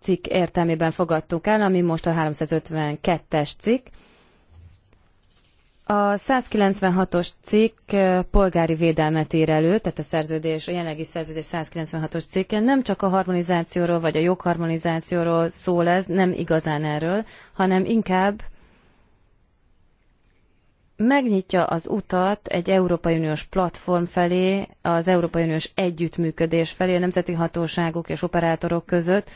cikk értelmében fogadtuk el, ami most a 352-es cikk. A 196-os cikk polgári védelmet ír elő, tehát a szerződés, a jelenlegi szerződés 196-os cikke nem csak a harmonizációról vagy a jogharmonizációról szól ez, nem igazán erről, hanem inkább megnyitja az utat egy Európai Uniós platform felé, az Európai Uniós együttműködés felé, a nemzeti hatóságok és operátorok között,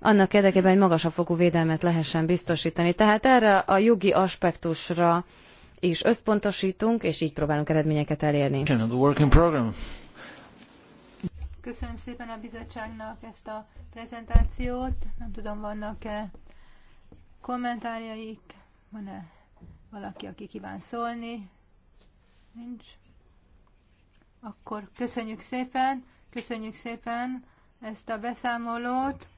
annak érdekében, egy magasabb fokú védelmet lehessen biztosítani. Tehát erre a jogi aspektusra is összpontosítunk, és így próbálunk eredményeket elérni. Köszönöm szépen a bizottságnak ezt a prezentációt. Nem tudom, vannak-e kommentárjaik? Van-e valaki, aki kíván szólni? Nincs? Akkor köszönjük szépen, köszönjük szépen ezt a beszámolót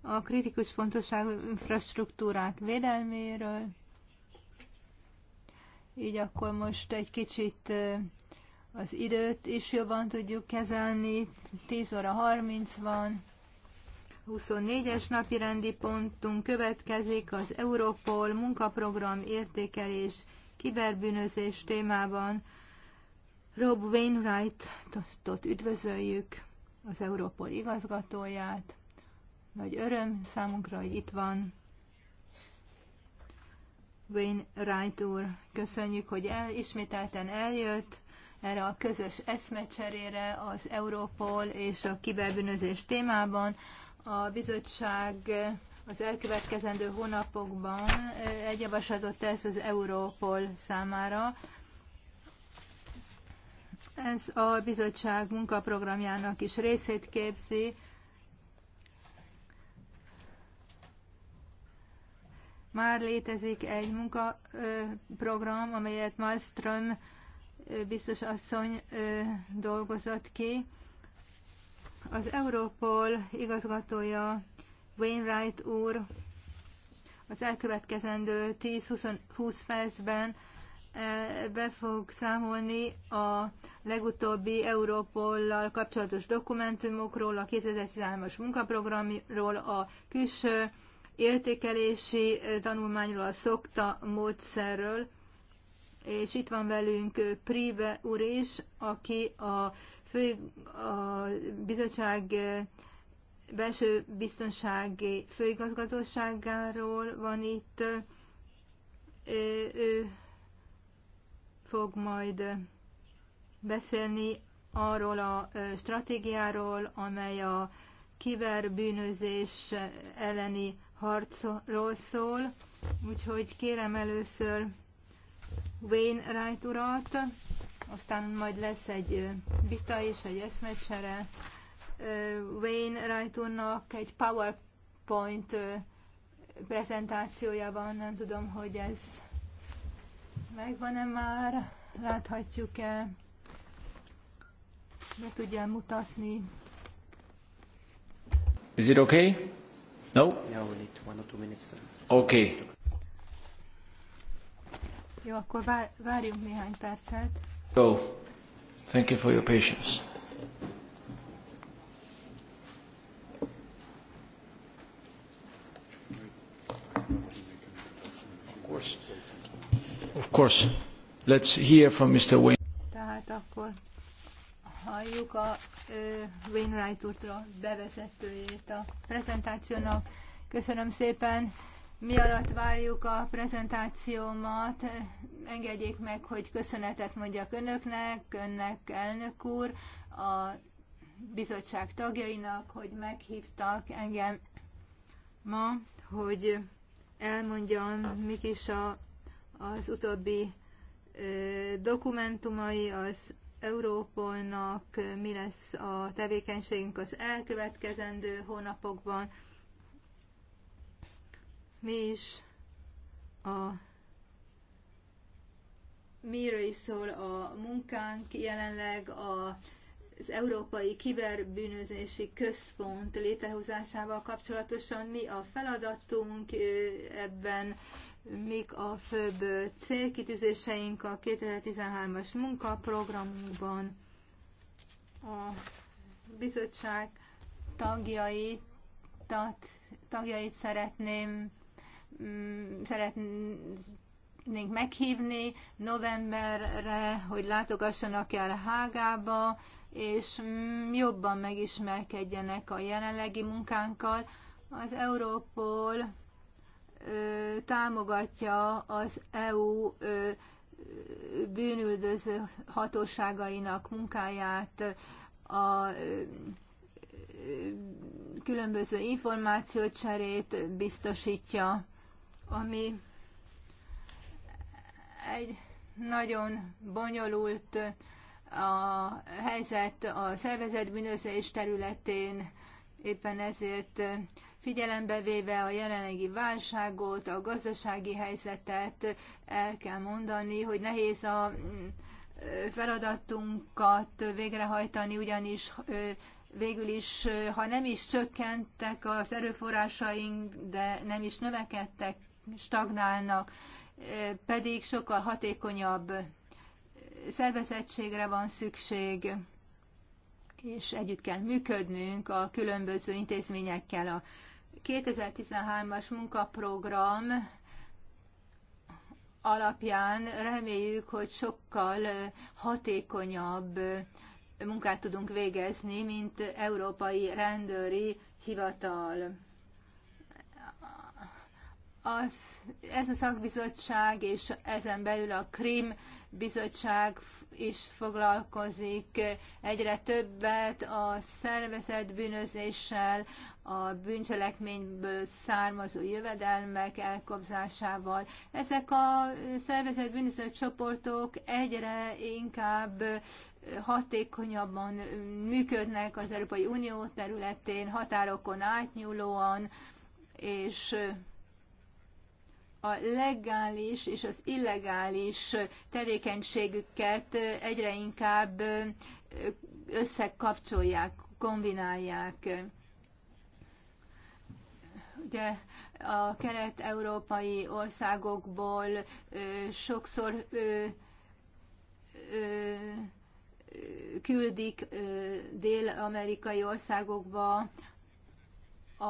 a kritikus fontosságú infrastruktúrák védelméről. Így akkor most egy kicsit az időt is jobban tudjuk kezelni. 10 óra 30 van. 24-es napi rendi pontunk következik az Europol munkaprogram értékelés kiberbűnözés témában. Rob Wainwright-ot üdvözöljük, az Europol igazgatóját. Nagy öröm számunkra, hogy itt van. Wainwright úr, köszönjük, hogy el, ismételten eljött erre a közös eszmecserére az Europol és a kiberbűnözés témában. A bizottság az elkövetkezendő hónapokban egy javaslatot tesz az Európol számára. Ez a bizottság munkaprogramjának is részét képzi. Már létezik egy munkaprogram, amelyet Malmström biztos asszony dolgozott ki. Az Europol igazgatója Wainwright úr az elkövetkezendő 10-20 percben eh, be fog számolni a legutóbbi Európollal kapcsolatos dokumentumokról, a 2013-as munkaprogramról, a külső értékelési eh, tanulmányról, a szokta módszerről, és itt van velünk Prive úr is, aki a, fő, a bizottság eh, belső biztonsági főigazgatóságáról van itt. Ő fog majd beszélni arról a eh, stratégiáról, amely a kiberbűnözés eh, elleni harcról szól. Úgyhogy kérem először Wainwright urat, aztán majd lesz egy vita és egy eszmecsere. Wayne úrnak egy PowerPoint prezentációja van, nem tudom, hogy ez megvan-e már, láthatjuk-e, be tudja mutatni. Is it okay? No? Yeah, we need one or two minutes. Okay. Jó, akkor várjunk néhány percet. Go. Thank you for your patience. Of course. Of course. Let's hear from Mr. Wayne. Tehát akkor halljuk a uh, Wainwright úrtól bevezetőjét a prezentációnak. Köszönöm szépen mi alatt várjuk a prezentációmat, engedjék meg, hogy köszönetet mondjak önöknek, önnek elnök úr, a bizottság tagjainak, hogy meghívtak engem ma, hogy elmondjam, mik is a, az utóbbi ö, dokumentumai az Európolnak, mi lesz a tevékenységünk az elkövetkezendő hónapokban mi is a miről is szól a munkánk jelenleg a az Európai Kiberbűnözési Központ létrehozásával kapcsolatosan mi a feladatunk ebben, mik a főbb célkitűzéseink a 2013-as munkaprogramunkban. A bizottság tagjait, tagjait szeretném Mm, szeretnénk meghívni novemberre, hogy látogassanak el Hágába, és mm, jobban megismerkedjenek a jelenlegi munkánkkal. Az Európol támogatja az EU bűnüldöző hatóságainak munkáját, a különböző információcserét biztosítja ami egy nagyon bonyolult a helyzet a szervezetbűnözés területén, éppen ezért figyelembe véve a jelenlegi válságot, a gazdasági helyzetet, el kell mondani, hogy nehéz a feladatunkat végrehajtani, ugyanis végül is, ha nem is csökkentek az erőforrásaink, de nem is növekedtek stagnálnak, pedig sokkal hatékonyabb szervezettségre van szükség, és együtt kell működnünk a különböző intézményekkel. A 2013-as munkaprogram alapján reméljük, hogy sokkal hatékonyabb munkát tudunk végezni, mint európai rendőri hivatal az, ez a szakbizottság és ezen belül a Krim bizottság is foglalkozik egyre többet a szervezett bűnözéssel, a bűncselekményből származó jövedelmek elkobzásával. Ezek a szervezett bűnöző csoportok egyre inkább hatékonyabban működnek az Európai Unió területén, határokon átnyúlóan, és a legális és az illegális tevékenységüket egyre inkább összekapcsolják, kombinálják. Ugye a kelet-európai országokból sokszor küldik dél-amerikai országokba a,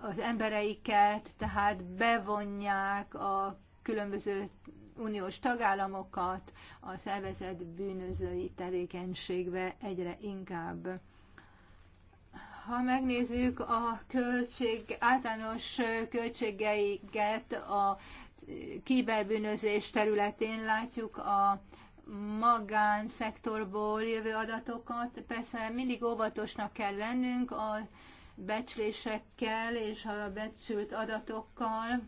az embereiket, tehát bevonják a különböző uniós tagállamokat a szervezet bűnözői tevékenységbe egyre inkább. Ha megnézzük a költség, általános költségeiket a kiberbűnözés területén, látjuk a magánszektorból jövő adatokat. Persze mindig óvatosnak kell lennünk a becslésekkel és a becsült adatokkal.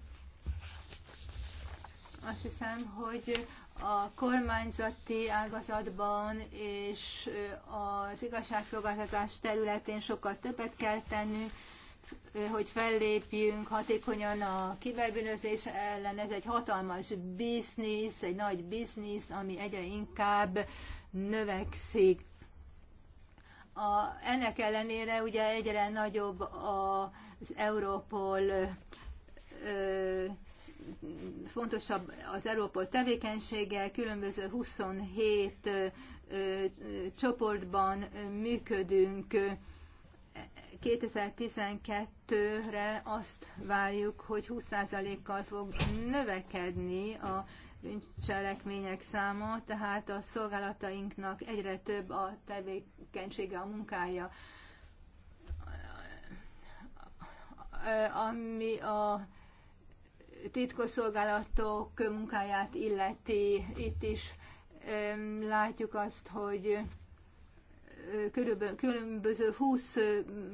Azt hiszem, hogy a kormányzati ágazatban és az igazságszolgáltatás területén sokkal többet kell tennünk, hogy fellépjünk hatékonyan a kiberbűnözés ellen. Ez egy hatalmas biznisz, egy nagy biznisz, ami egyre inkább növekszik. A, ennek ellenére ugye egyre nagyobb az Európol ö, fontosabb az Európol tevékenysége, különböző 27 ö, ö, csoportban működünk. 2012-re azt várjuk, hogy 20%-kal fog növekedni a bűncselekmények száma, tehát a szolgálatainknak egyre több a tevékenysége, a munkája. Ami a titkosszolgálatok munkáját illeti, itt is látjuk azt, hogy körülbelül különböző 20,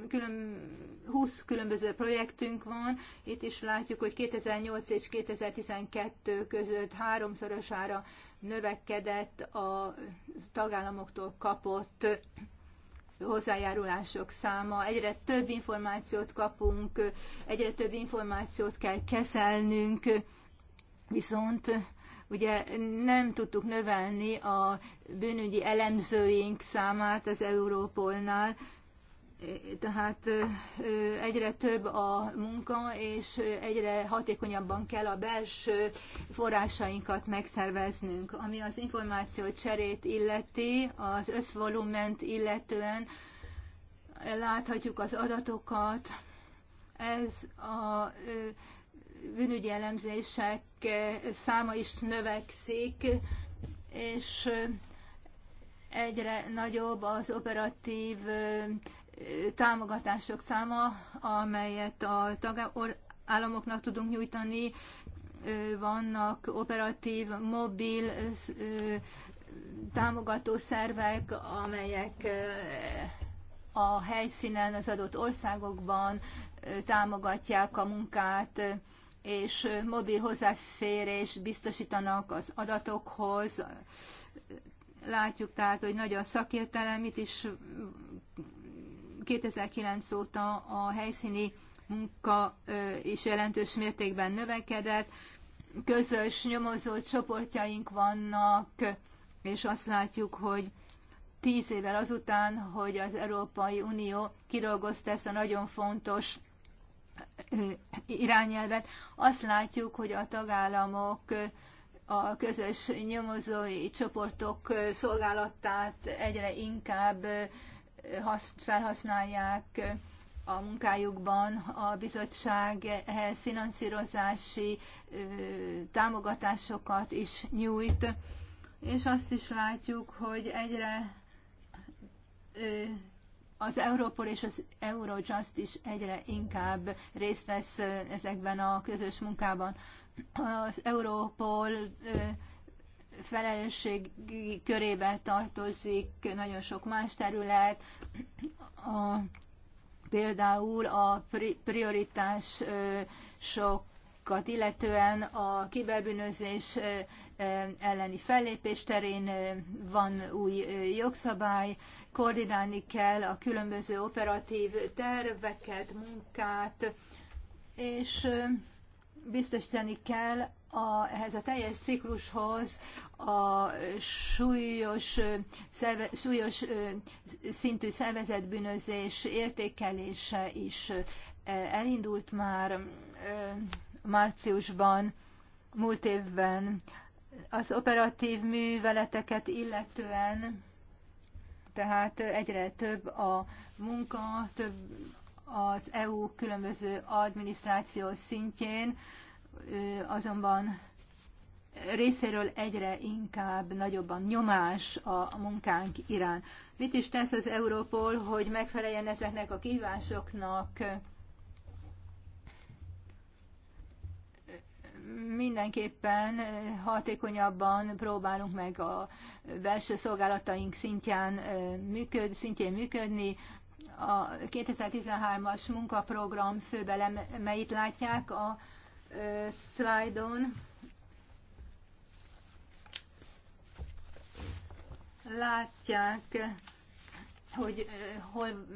külön, 20 különböző projektünk van. Itt is látjuk, hogy 2008 és 2012 között háromszorosára növekedett a tagállamoktól kapott hozzájárulások száma, egyre több információt kapunk, egyre több információt kell kezelnünk, viszont Ugye nem tudtuk növelni a bűnügyi elemzőink számát az Európolnál, tehát egyre több a munka, és egyre hatékonyabban kell a belső forrásainkat megszerveznünk. Ami az információ cserét illeti, az összvolument illetően láthatjuk az adatokat. Ez a bűnügyi elemzések eh, száma is növekszik, és eh, egyre nagyobb az operatív eh, támogatások száma, amelyet a tagállamoknak tudunk nyújtani. Vannak operatív, mobil támogató szervek, amelyek a helyszínen, az adott országokban támogatják a munkát, és mobil hozzáférést biztosítanak az adatokhoz. Látjuk tehát, hogy nagy a szakértelem, itt is 2009 óta a helyszíni munka is jelentős mértékben növekedett, közös nyomozó csoportjaink vannak, és azt látjuk, hogy tíz évvel azután, hogy az Európai Unió kidolgozta ezt a nagyon fontos irányelvet, azt látjuk, hogy a tagállamok a közös nyomozói csoportok szolgálatát egyre inkább felhasználják a munkájukban. A bizottság ehhez finanszírozási támogatásokat is nyújt, és azt is látjuk, hogy egyre az Europol és az Eurojust is egyre inkább részt vesz ezekben a közös munkában. Az Europol felelősségi körébe tartozik nagyon sok más terület, a, például a prioritás sokat, illetően a kiberbűnözés elleni fellépés terén van új jogszabály, koordinálni kell a különböző operatív terveket, munkát, és biztosítani kell a, ehhez a teljes ciklushoz a súlyos, szerve, súlyos szintű szervezetbűnözés értékelése is elindult már márciusban, múlt évben az operatív műveleteket illetően, tehát egyre több a munka, több az EU különböző adminisztráció szintjén, azonban részéről egyre inkább nagyobb a nyomás a munkánk irán. Mit is tesz az Európol, hogy megfeleljen ezeknek a kívásoknak? mindenképpen eh, hatékonyabban próbálunk meg a belső szolgálataink szintján eh, működ, szintjén működni. A 2013-as munkaprogram főbelemeit látják a eh, szlájdon. Látják hogy hol,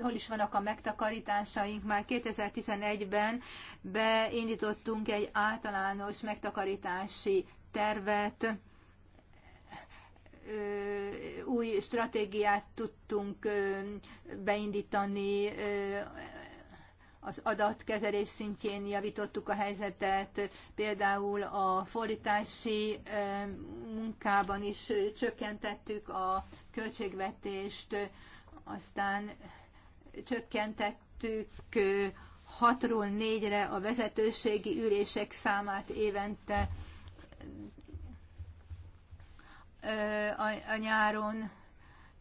hol is vannak a megtakarításaink. Már 2011-ben beindítottunk egy általános megtakarítási tervet, új stratégiát tudtunk beindítani, az adatkezelés szintjén javítottuk a helyzetet, például a fordítási munkában is csökkentettük a költségvetést, aztán csökkentettük hatról négyre a vezetőségi ülések számát évente a nyáron,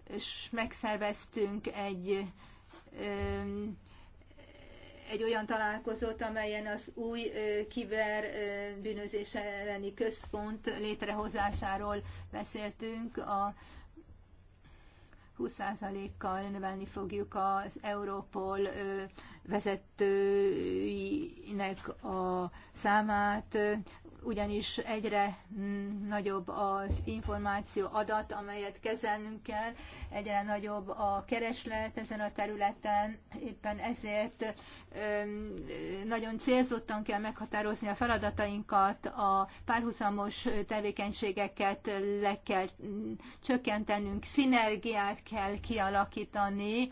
és megszerveztünk egy egy olyan találkozót, amelyen az új kiber bűnözés elleni központ létrehozásáról beszéltünk. A 20%-kal növelni fogjuk az Európol vezetőinek a számát, ugyanis egyre nagyobb az információ adat, amelyet kezelnünk kell, egyre nagyobb a kereslet ezen a területen, éppen ezért nagyon célzottan kell meghatározni a feladatainkat, a párhuzamos tevékenységeket le kell csökkentenünk, szinergiát kell kialakítani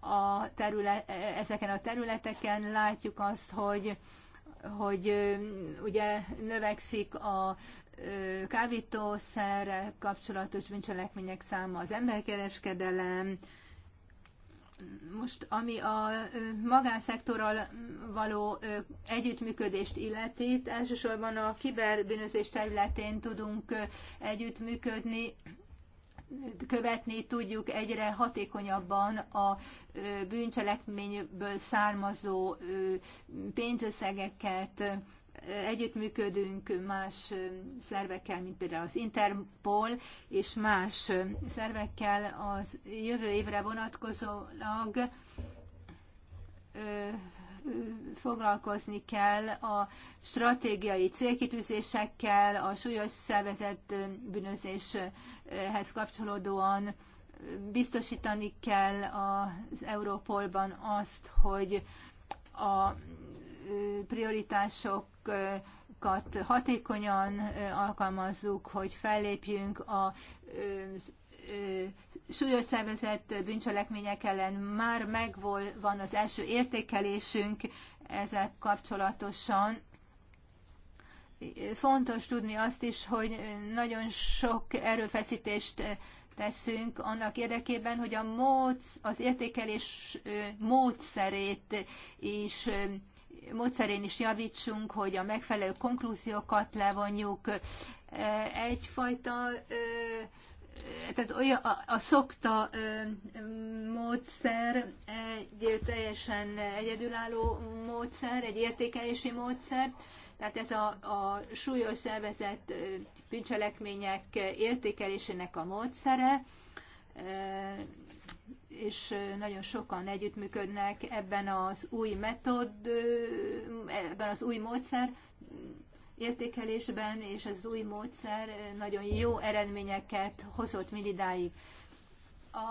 a terület, ezeken a területeken. Látjuk azt, hogy hogy ugye növekszik a kábítószerrel kapcsolatos bűncselekmények száma, az emberkereskedelem, most, ami a magánszektorral való együttműködést illeti, elsősorban a kiberbűnözés területén tudunk együttműködni, követni tudjuk egyre hatékonyabban a bűncselekményből származó pénzösszegeket, együttműködünk más szervekkel, mint például az Interpol és más szervekkel az jövő évre vonatkozólag foglalkozni kell a stratégiai célkitűzésekkel, a súlyos szervezett bűnözéshez kapcsolódóan biztosítani kell az Európolban azt, hogy a prioritásokat hatékonyan alkalmazzuk, hogy fellépjünk az súlyos szervezett bűncselekmények ellen már megvol van az első értékelésünk ezek kapcsolatosan. Fontos tudni azt is, hogy nagyon sok erőfeszítést teszünk annak érdekében, hogy a módsz, az értékelés módszerét is módszerén is javítsunk, hogy a megfelelő konklúziókat levonjuk. Egyfajta tehát olyan, a, a szokta ö, módszer egy teljesen egyedülálló módszer, egy értékelési módszer, tehát ez a, a súlyos szervezett bűncselekmények értékelésének a módszere, ö, és nagyon sokan együttműködnek ebben az új metód, ebben az új módszer értékelésben, és az új módszer nagyon jó eredményeket hozott mindidáig. A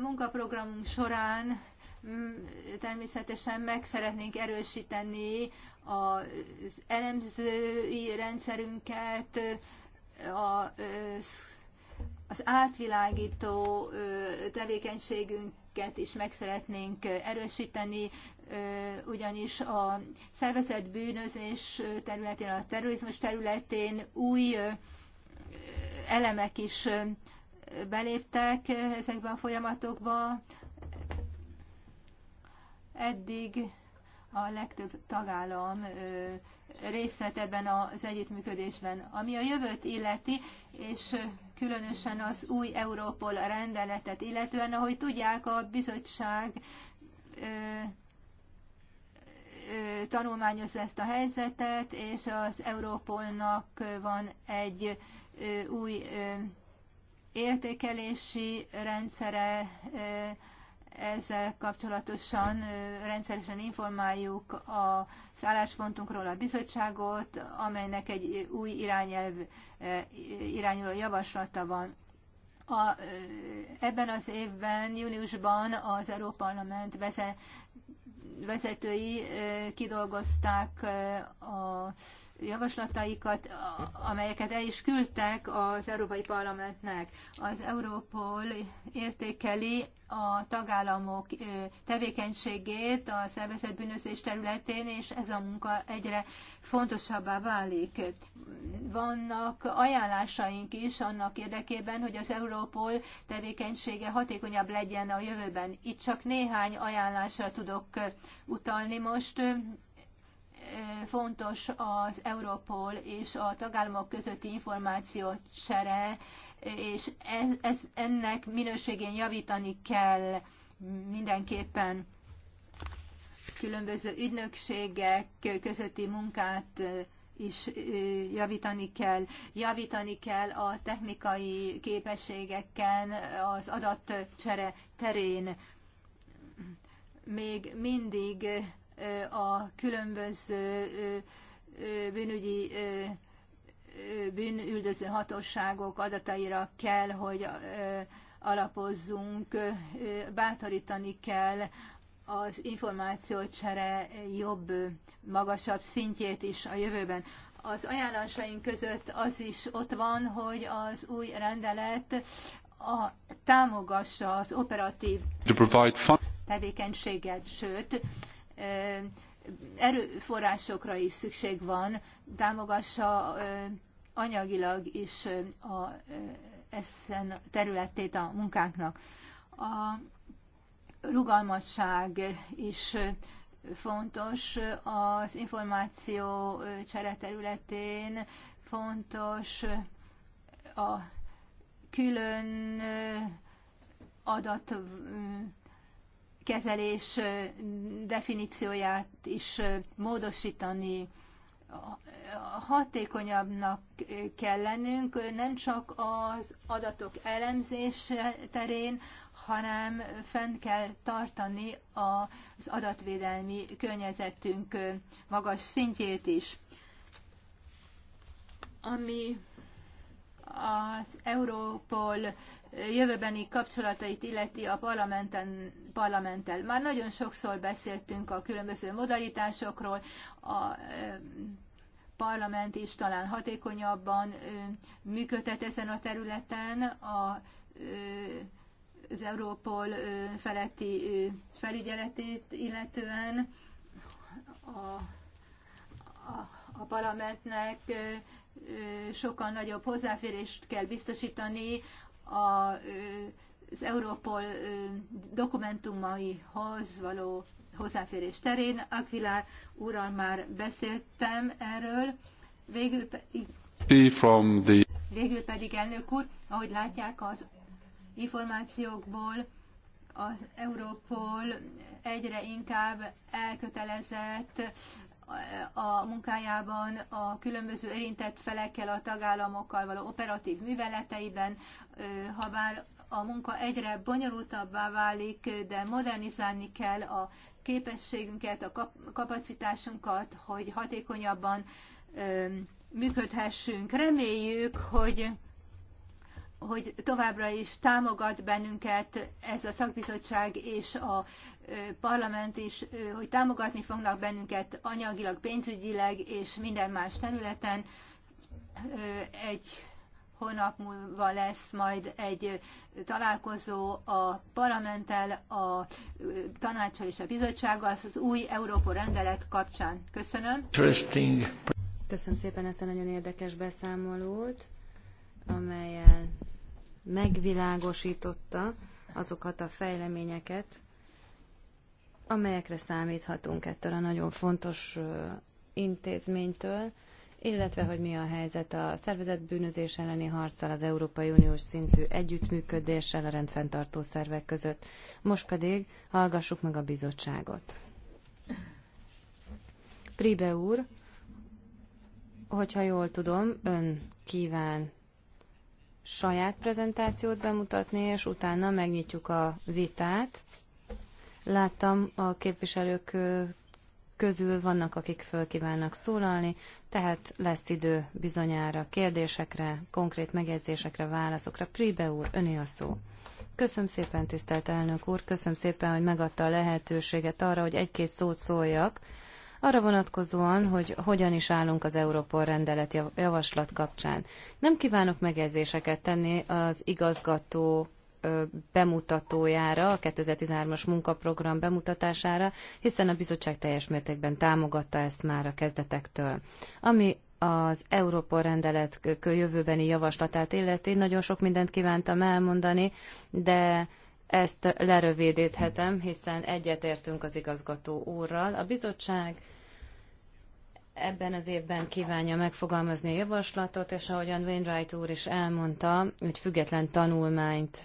munkaprogramunk során mm, természetesen meg szeretnénk erősíteni az elemzői rendszerünket, a, az átvilágító tevékenységünket is meg szeretnénk erősíteni, ugyanis a szervezett bűnözés területén, a terrorizmus területén új elemek is beléptek ezekben a folyamatokba. Eddig a legtöbb tagállam részt vett ebben az együttműködésben. Ami a jövőt illeti, és különösen az új Európol rendeletet illetően, ahogy tudják, a bizottság tanulmányozza ezt a helyzetet, és az Európolnak van egy új értékelési rendszere, ezzel kapcsolatosan rendszeresen informáljuk az álláspontunkról a bizottságot, amelynek egy új irányelv irányuló javaslata van. A, ebben az évben, júniusban az Európarlament vezetői kidolgozták a javaslataikat, amelyeket el is küldtek az Európai Parlamentnek. Az Európol értékeli a tagállamok tevékenységét a szervezett bűnözés területén, és ez a munka egyre fontosabbá válik. Vannak ajánlásaink is annak érdekében, hogy az Európol tevékenysége hatékonyabb legyen a jövőben. Itt csak néhány ajánlásra tudok utalni most fontos az Európol és a tagállamok közötti információcsere, és ez, ez, ennek minőségén javítani kell mindenképpen különböző ügynökségek közötti munkát is javítani kell. Javítani kell a technikai képességeken, az adatcsere terén. Még mindig a különböző bűnügyi bűnüldöző hatóságok adataira kell, hogy alapozzunk, bátorítani kell az információcsere jobb, magasabb szintjét is a jövőben. Az ajánlásaink között az is ott van, hogy az új rendelet a, támogassa az operatív tevékenységet, sőt, erőforrásokra is szükség van, támogassa anyagilag is a, ezen területét a munkáknak. A rugalmasság is fontos az információ csere területén, fontos a külön adat kezelés definícióját is módosítani. Hatékonyabbnak kell lennünk, nem csak az adatok elemzés terén, hanem fenn kell tartani az adatvédelmi környezetünk magas szintjét is. Ami az Európol jövőbeni kapcsolatait illeti a parlamenten, parlamenttel. Már nagyon sokszor beszéltünk a különböző modalitásokról, a parlament is talán hatékonyabban működhet ezen a területen, a, az Európol feletti felügyeletét illetően a, a, a parlamentnek sokkal nagyobb hozzáférést kell biztosítani a az Európol dokumentumaihoz való hozzáférés terén. Akvilár úrral már beszéltem erről. Végül pedig, végül pedig elnök úr, ahogy látják az információkból, az Európol egyre inkább elkötelezett a munkájában, a különböző érintett felekkel, a tagállamokkal való operatív műveleteiben, ha bár a munka egyre bonyolultabbá válik, de modernizálni kell a képességünket, a kapacitásunkat, hogy hatékonyabban működhessünk. Reméljük, hogy hogy továbbra is támogat bennünket ez a szakbizottság és a parlament is, hogy támogatni fognak bennünket anyagilag, pénzügyileg és minden más területen. Egy hónap múlva lesz majd egy találkozó a parlamenttel, a tanácssal és a bizottsággal az új Európa rendelet kapcsán. Köszönöm. Köszönöm szépen ezt a nagyon érdekes beszámolót, amelyen megvilágosította azokat a fejleményeket, amelyekre számíthatunk ettől a nagyon fontos intézménytől, illetve hogy mi a helyzet a szervezett bűnözés elleni harccal, az Európai Uniós szintű együttműködéssel a rendfenntartó szervek között. Most pedig hallgassuk meg a bizottságot. Pribe úr, hogyha jól tudom, ön kíván saját prezentációt bemutatni, és utána megnyitjuk a vitát. Láttam a képviselők közül vannak, akik föl kívánnak szólalni, tehát lesz idő bizonyára kérdésekre, konkrét megjegyzésekre, válaszokra. Príbe úr, öné a szó. Köszönöm szépen, tisztelt elnök úr, köszönöm szépen, hogy megadta a lehetőséget arra, hogy egy-két szót szóljak arra vonatkozóan, hogy hogyan is állunk az Európol rendelet javaslat kapcsán. Nem kívánok megjegyzéseket tenni az igazgató bemutatójára, a 2013-as munkaprogram bemutatására, hiszen a bizottság teljes mértékben támogatta ezt már a kezdetektől. Ami az Európol rendelet jövőbeni javaslatát illeti, nagyon sok mindent kívántam elmondani, de ezt lerövidíthetem, hiszen egyetértünk az igazgató úrral. A bizottság ebben az évben kívánja megfogalmazni a javaslatot, és ahogyan Wainwright úr is elmondta, hogy független tanulmányt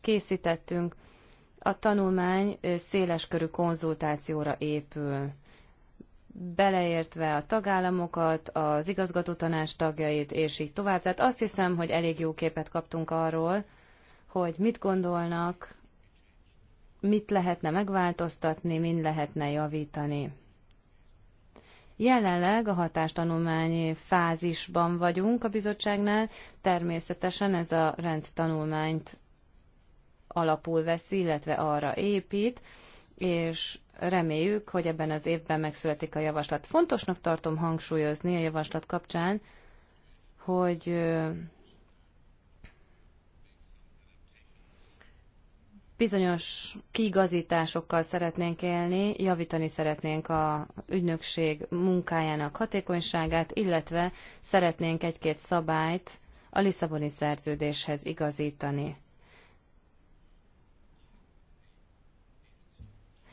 készítettünk. A tanulmány széleskörű konzultációra épül, beleértve a tagállamokat, az igazgató tagjait, és így tovább. Tehát azt hiszem, hogy elég jó képet kaptunk arról, hogy mit gondolnak, mit lehetne megváltoztatni, mind lehetne javítani. Jelenleg a hatástanulmányi fázisban vagyunk a bizottságnál, természetesen ez a rendtanulmányt alapul veszi, illetve arra épít, és reméljük, hogy ebben az évben megszületik a javaslat. Fontosnak tartom hangsúlyozni a javaslat kapcsán, hogy bizonyos kiigazításokkal szeretnénk élni, javítani szeretnénk a ügynökség munkájának hatékonyságát, illetve szeretnénk egy-két szabályt a Lisszaboni szerződéshez igazítani.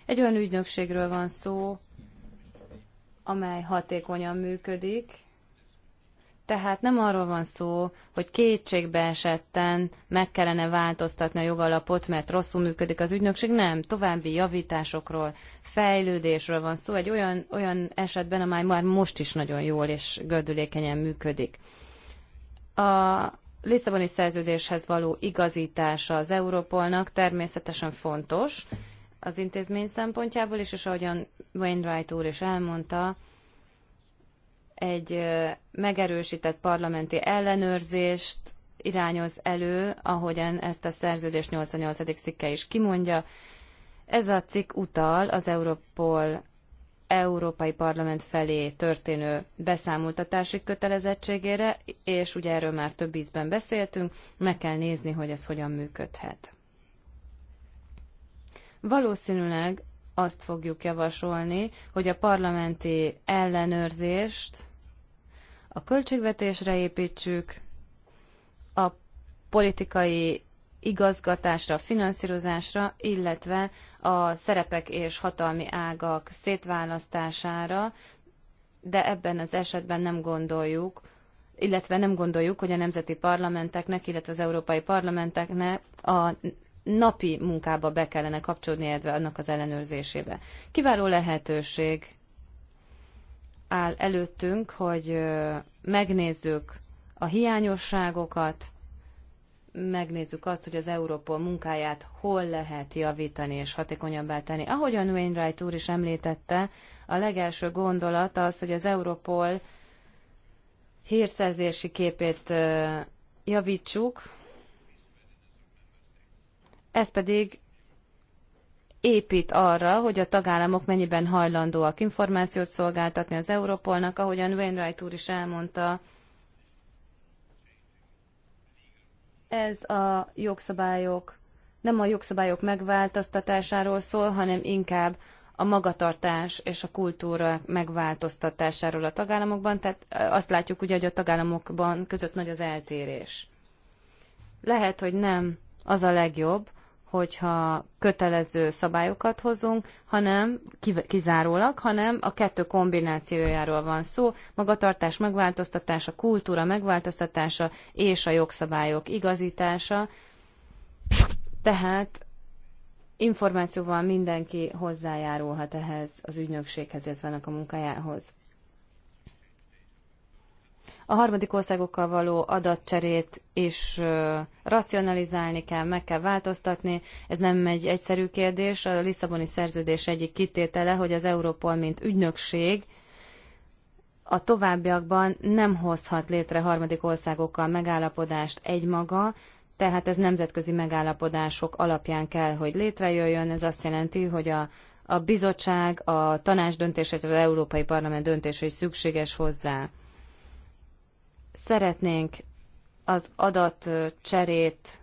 Egy olyan ügynökségről van szó, amely hatékonyan működik, tehát nem arról van szó, hogy kétségbe esetten meg kellene változtatni a jogalapot, mert rosszul működik az ügynökség, nem, további javításokról, fejlődésről van szó, egy olyan, olyan esetben, amely már most is nagyon jól és gördülékenyen működik. A Lisszaboni szerződéshez való igazítása az Európolnak természetesen fontos az intézmény szempontjából is, és ahogyan Wainwright úr is elmondta, egy megerősített parlamenti ellenőrzést irányoz elő, ahogyan ezt a szerződés 88. cikke is kimondja. Ez a cikk utal az Európol Európai Parlament felé történő beszámoltatási kötelezettségére, és ugye erről már több ízben beszéltünk, meg kell nézni, hogy ez hogyan működhet. Valószínűleg azt fogjuk javasolni, hogy a parlamenti ellenőrzést a költségvetésre építsük, a politikai igazgatásra, finanszírozásra, illetve a szerepek és hatalmi ágak szétválasztására, de ebben az esetben nem gondoljuk, illetve nem gondoljuk, hogy a nemzeti parlamenteknek, illetve az európai parlamenteknek a napi munkába be kellene kapcsolódni, illetve annak az ellenőrzésébe. Kiváló lehetőség áll előttünk, hogy megnézzük a hiányosságokat, megnézzük azt, hogy az Európol munkáját hol lehet javítani és hatékonyabbá tenni. Ahogyan Wainwright úr is említette, a legelső gondolat az, hogy az Európol hírszerzési képét javítsuk, ez pedig épít arra, hogy a tagállamok mennyiben hajlandóak információt szolgáltatni az Európolnak, ahogyan Wainwright úr is elmondta, ez a jogszabályok, nem a jogszabályok megváltoztatásáról szól, hanem inkább a magatartás és a kultúra megváltoztatásáról a tagállamokban, tehát azt látjuk ugye, hogy a tagállamokban között nagy az eltérés. Lehet, hogy nem az a legjobb, hogyha kötelező szabályokat hozunk, hanem kizárólag, hanem a kettő kombinációjáról van szó, magatartás megváltoztatása, kultúra megváltoztatása és a jogszabályok igazítása. Tehát információval mindenki hozzájárulhat ehhez az ügynökséghez, illetve a munkájához. A harmadik országokkal való adatcserét is racionalizálni kell, meg kell változtatni. Ez nem egy egyszerű kérdés. A Lisszaboni szerződés egyik kitétele, hogy az Európol, mint ügynökség, a továbbiakban nem hozhat létre harmadik országokkal megállapodást egymaga, tehát ez nemzetközi megállapodások alapján kell, hogy létrejöjjön. Ez azt jelenti, hogy a, a bizottság, a tanács döntése, vagy az Európai Parlament döntése is szükséges hozzá. Szeretnénk az adatcserét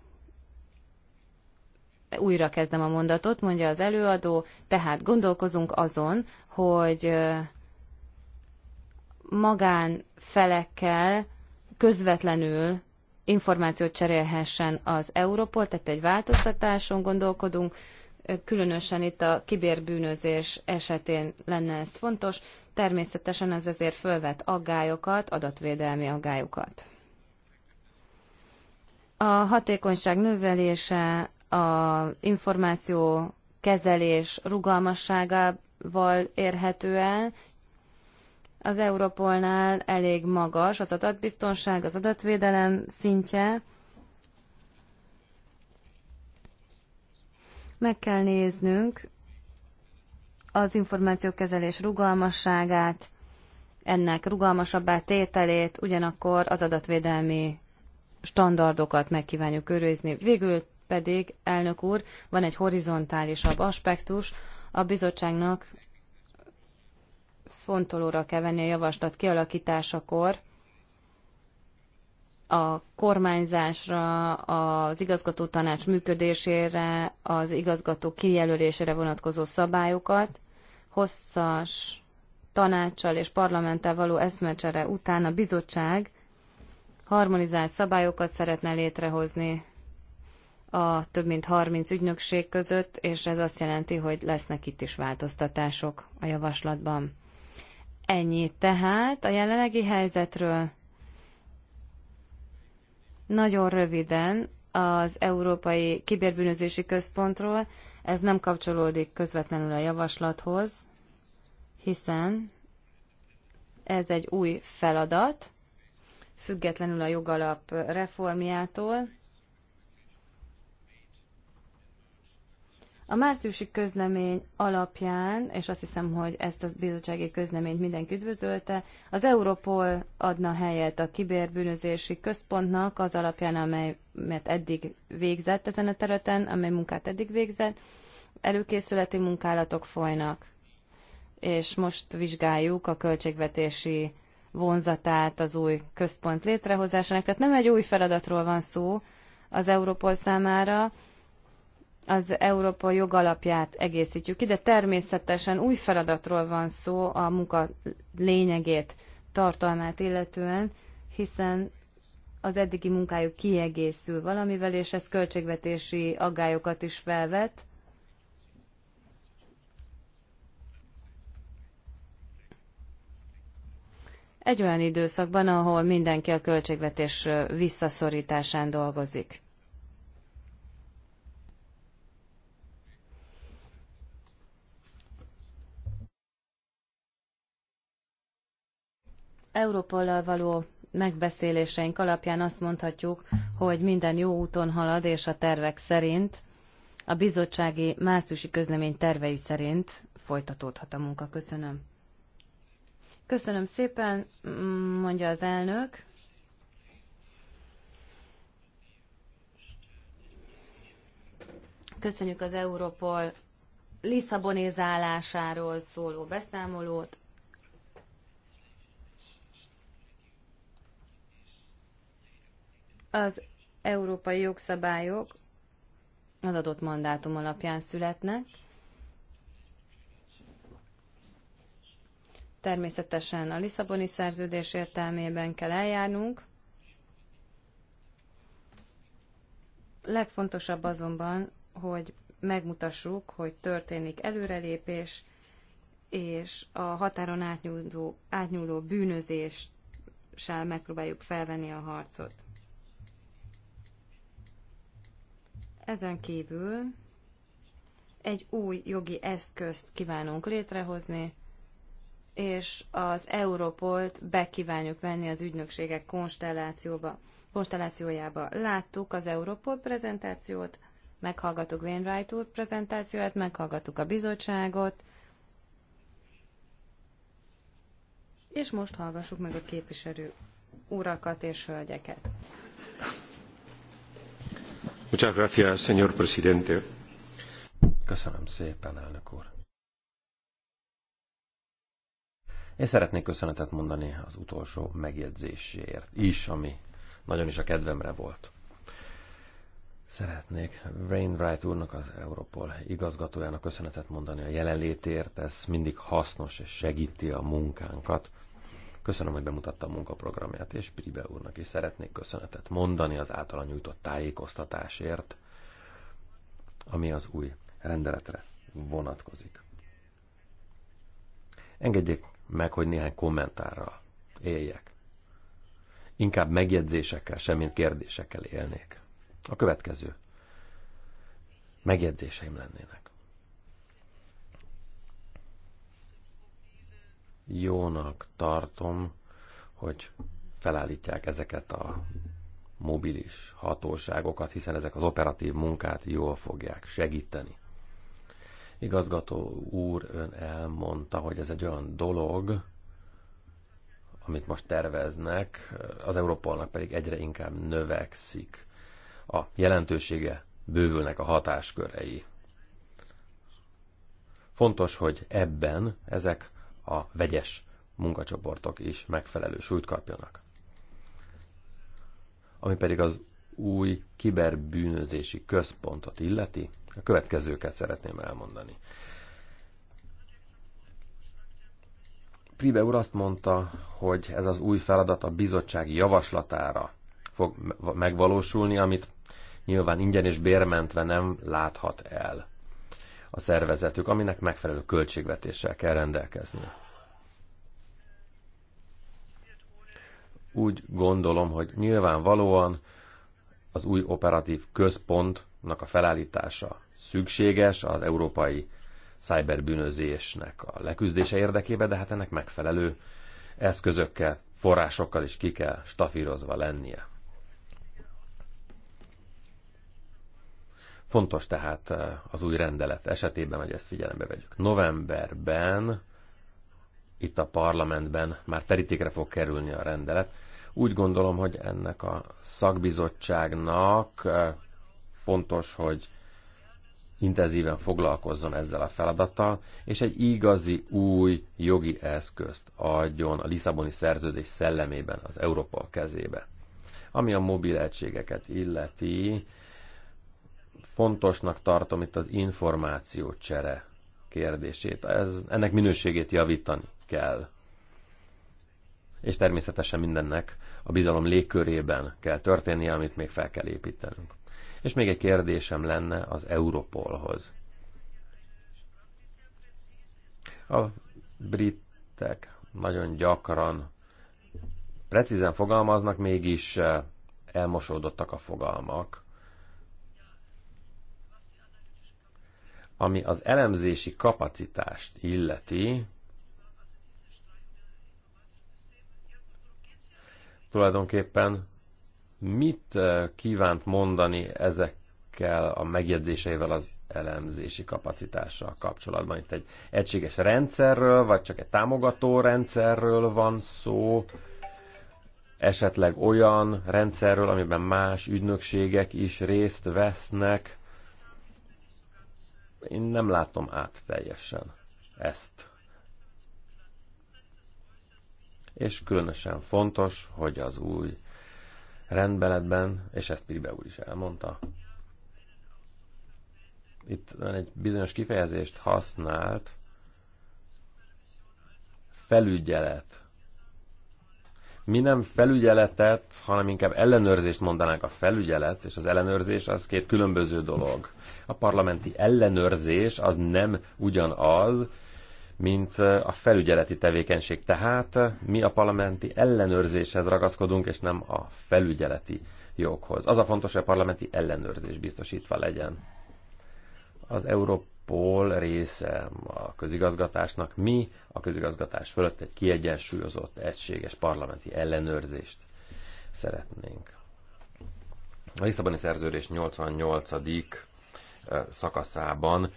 újra kezdem a mondatot, mondja az előadó, tehát gondolkozunk azon, hogy magánfelekkel közvetlenül információt cserélhessen az Európol, tehát egy változtatáson gondolkodunk, különösen itt a kibérbűnözés esetén lenne ez fontos. Természetesen ez azért fölvet aggályokat, adatvédelmi aggályokat. A hatékonyság növelése, a információ kezelés rugalmasságával érhető el. Az Europolnál elég magas az adatbiztonság, az adatvédelem szintje, Meg kell néznünk az információkezelés rugalmasságát, ennek rugalmasabbá tételét, ugyanakkor az adatvédelmi standardokat meg kívánjuk őrizni. Végül pedig, elnök úr, van egy horizontálisabb aspektus, a bizottságnak fontolóra kell venni a javaslat kialakításakor, a kormányzásra, az igazgató tanács működésére, az igazgató kijelölésére vonatkozó szabályokat, hosszas tanácssal és parlamenttel való eszmecsere után a bizottság harmonizált szabályokat szeretne létrehozni a több mint 30 ügynökség között, és ez azt jelenti, hogy lesznek itt is változtatások a javaslatban. Ennyi tehát a jelenlegi helyzetről nagyon röviden az Európai Kiberbűnözési Központról, ez nem kapcsolódik közvetlenül a javaslathoz, hiszen ez egy új feladat, függetlenül a jogalap reformjától, A márciusi közlemény alapján, és azt hiszem, hogy ezt a bizottsági közleményt mindenki üdvözölte, az Europol adna helyet a kibérbűnözési központnak az alapján, amelyet eddig végzett ezen a területen, amely munkát eddig végzett. Előkészületi munkálatok folynak, és most vizsgáljuk a költségvetési vonzatát az új központ létrehozásának. Tehát nem egy új feladatról van szó az Europol számára, az Európa jogalapját egészítjük ki, de természetesen új feladatról van szó a munka lényegét, tartalmát illetően, hiszen az eddigi munkájuk kiegészül valamivel, és ez költségvetési aggályokat is felvet. Egy olyan időszakban, ahol mindenki a költségvetés visszaszorításán dolgozik. Európollal való megbeszéléseink alapján azt mondhatjuk, hogy minden jó úton halad, és a tervek szerint, a bizottsági márciusi közlemény tervei szerint folytatódhat a munka. Köszönöm. Köszönöm szépen, mondja az elnök. Köszönjük az Europol Lisszabonizálásáról szóló beszámolót. az európai jogszabályok az adott mandátum alapján születnek. Természetesen a Lisszaboni szerződés értelmében kell eljárnunk. Legfontosabb azonban, hogy megmutassuk, hogy történik előrelépés, és a határon átnyúló, átnyúló bűnözéssel megpróbáljuk felvenni a harcot. Ezen kívül egy új jogi eszközt kívánunk létrehozni, és az Europolt be kívánjuk venni az ügynökségek konstellációba. konstellációjába. Láttuk az Europol prezentációt, meghallgattuk Wainwright úr prezentációját, meghallgattuk a bizottságot, és most hallgassuk meg a képviselő urakat és hölgyeket. Muchas gracias, señor presidente. Köszönöm szépen, elnök úr. Én szeretnék köszönetet mondani az utolsó megjegyzéséért is, ami nagyon is a kedvemre volt. Szeretnék Wainwright úrnak, az Europol igazgatójának köszönetet mondani a jelenlétért, ez mindig hasznos és segíti a munkánkat. Köszönöm, hogy bemutatta a munkaprogramját, és Pribe úrnak is szeretnék köszönetet mondani az általa nyújtott tájékoztatásért, ami az új rendeletre vonatkozik. Engedjék meg, hogy néhány kommentárral éljek. Inkább megjegyzésekkel, semmint kérdésekkel élnék. A következő megjegyzéseim lennének. jónak tartom, hogy felállítják ezeket a mobilis hatóságokat, hiszen ezek az operatív munkát jól fogják segíteni. Igazgató úr ön elmondta, hogy ez egy olyan dolog, amit most terveznek, az Európolnak pedig egyre inkább növekszik. A jelentősége bővülnek a hatáskörei. Fontos, hogy ebben ezek a vegyes munkacsoportok is megfelelő súlyt kapjanak. Ami pedig az új kiberbűnözési központot illeti, a következőket szeretném elmondani. Pribe úr azt mondta, hogy ez az új feladat a bizottsági javaslatára fog megvalósulni, amit nyilván ingyen és bérmentve nem láthat el a szervezetük, aminek megfelelő költségvetéssel kell rendelkeznie. Úgy gondolom, hogy nyilvánvalóan az új operatív központnak a felállítása szükséges az európai cyberbűnözésnek a leküzdése érdekében, de hát ennek megfelelő eszközökkel, forrásokkal is ki kell stafírozva lennie. Fontos tehát eh, az új rendelet esetében, hogy ezt figyelembe vegyük. Novemberben itt a parlamentben már terítékre fog kerülni a rendelet. Úgy gondolom, hogy ennek a szakbizottságnak eh, fontos, hogy intenzíven foglalkozzon ezzel a feladattal, és egy igazi új jogi eszközt adjon a Lisszaboni szerződés szellemében az Európa kezébe. Ami a mobil egységeket illeti, Fontosnak tartom itt az csere kérdését. Ez, ennek minőségét javítani kell. És természetesen mindennek a bizalom légkörében kell történnie, amit még fel kell építenünk. És még egy kérdésem lenne az Europolhoz. A britek nagyon gyakran precízen fogalmaznak, mégis eh, elmosódottak a fogalmak. Ami az elemzési kapacitást illeti, tulajdonképpen mit eh, kívánt mondani ezekkel a megjegyzéseivel az elemzési kapacitással kapcsolatban? Itt egy egységes rendszerről, vagy csak egy támogató rendszerről van szó, esetleg olyan rendszerről, amiben más ügynökségek is részt vesznek, én nem látom át teljesen ezt. És különösen fontos, hogy az új rendbeletben, és ezt Pibe úr is elmondta, itt egy bizonyos kifejezést használt, felügyelet mi nem felügyeletet, hanem inkább ellenőrzést mondanánk. A felügyelet és az ellenőrzés az két különböző dolog. A parlamenti ellenőrzés az nem ugyanaz, mint a felügyeleti tevékenység. Tehát mi a parlamenti ellenőrzéshez ragaszkodunk, és nem a felügyeleti joghoz. Az a fontos, hogy a parlamenti ellenőrzés biztosítva legyen. Az Európa Europol része a közigazgatásnak, mi a közigazgatás fölött egy kiegyensúlyozott, egységes parlamenti ellenőrzést szeretnénk. A Lisszaboni szerződés 88. szakaszában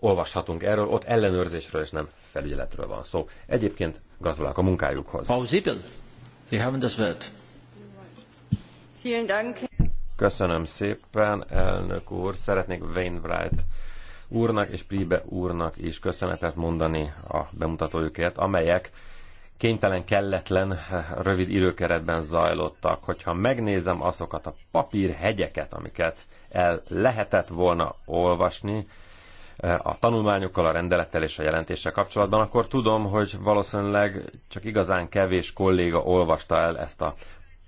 olvashatunk erről, ott ellenőrzésről és nem felügyeletről van szó. Egyébként gratulálok a munkájukhoz. Köszönöm szépen, elnök úr. Szeretnék Wainwright úrnak és Príbe úrnak is köszönetet mondani a bemutatójukért, amelyek kénytelen, kelletlen, rövid időkeretben zajlottak. Hogyha megnézem azokat a papírhegyeket, amiket el lehetett volna olvasni, eh, a tanulmányokkal, a rendelettel és a jelentéssel kapcsolatban, akkor tudom, hogy valószínűleg csak igazán kevés kolléga olvasta el ezt a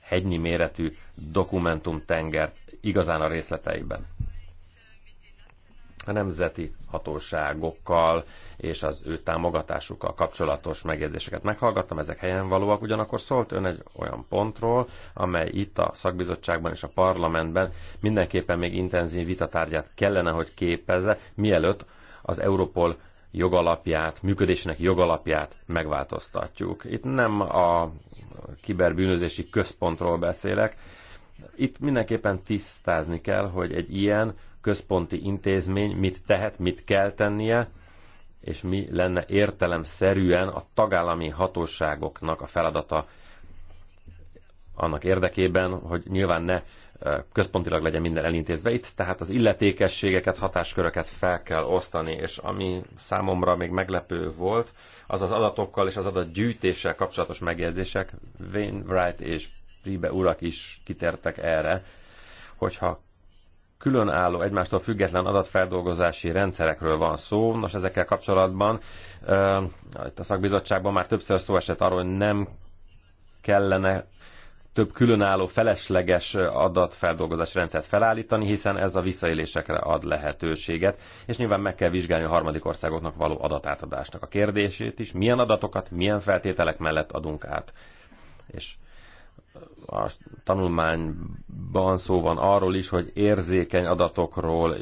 hegynyi méretű dokumentumtengert igazán a részleteiben a nemzeti hatóságokkal és az ő támogatásukkal kapcsolatos megjegyzéseket meghallgattam, ezek helyen valóak, ugyanakkor szólt ön egy olyan pontról, amely itt a szakbizottságban és a parlamentben mindenképpen még intenzív vitatárgyát kellene, hogy képezze, mielőtt az Europol jogalapját, működésének jogalapját megváltoztatjuk. Itt nem a kiberbűnözési központról beszélek, itt mindenképpen tisztázni kell, hogy egy ilyen központi intézmény mit tehet, mit kell tennie, és mi lenne értelemszerűen a tagállami hatóságoknak a feladata annak érdekében, hogy nyilván ne központilag legyen minden elintézve itt, tehát az illetékességeket, hatásköröket fel kell osztani, és ami számomra még meglepő volt, az az adatokkal és az adatgyűjtéssel kapcsolatos megjegyzések, Wainwright és Pribe urak is kitértek erre, hogyha különálló, egymástól független adatfeldolgozási rendszerekről van szó. Nos, ezekkel kapcsolatban itt a szakbizottságban már többször szó esett arról, hogy nem kellene több különálló felesleges adatfeldolgozási rendszert felállítani, hiszen ez a visszaélésekre ad lehetőséget, és nyilván meg kell vizsgálni a harmadik országoknak való adatátadásnak a kérdését is, milyen adatokat, milyen feltételek mellett adunk át. És a tanulmányban szó van arról is, hogy érzékeny adatokról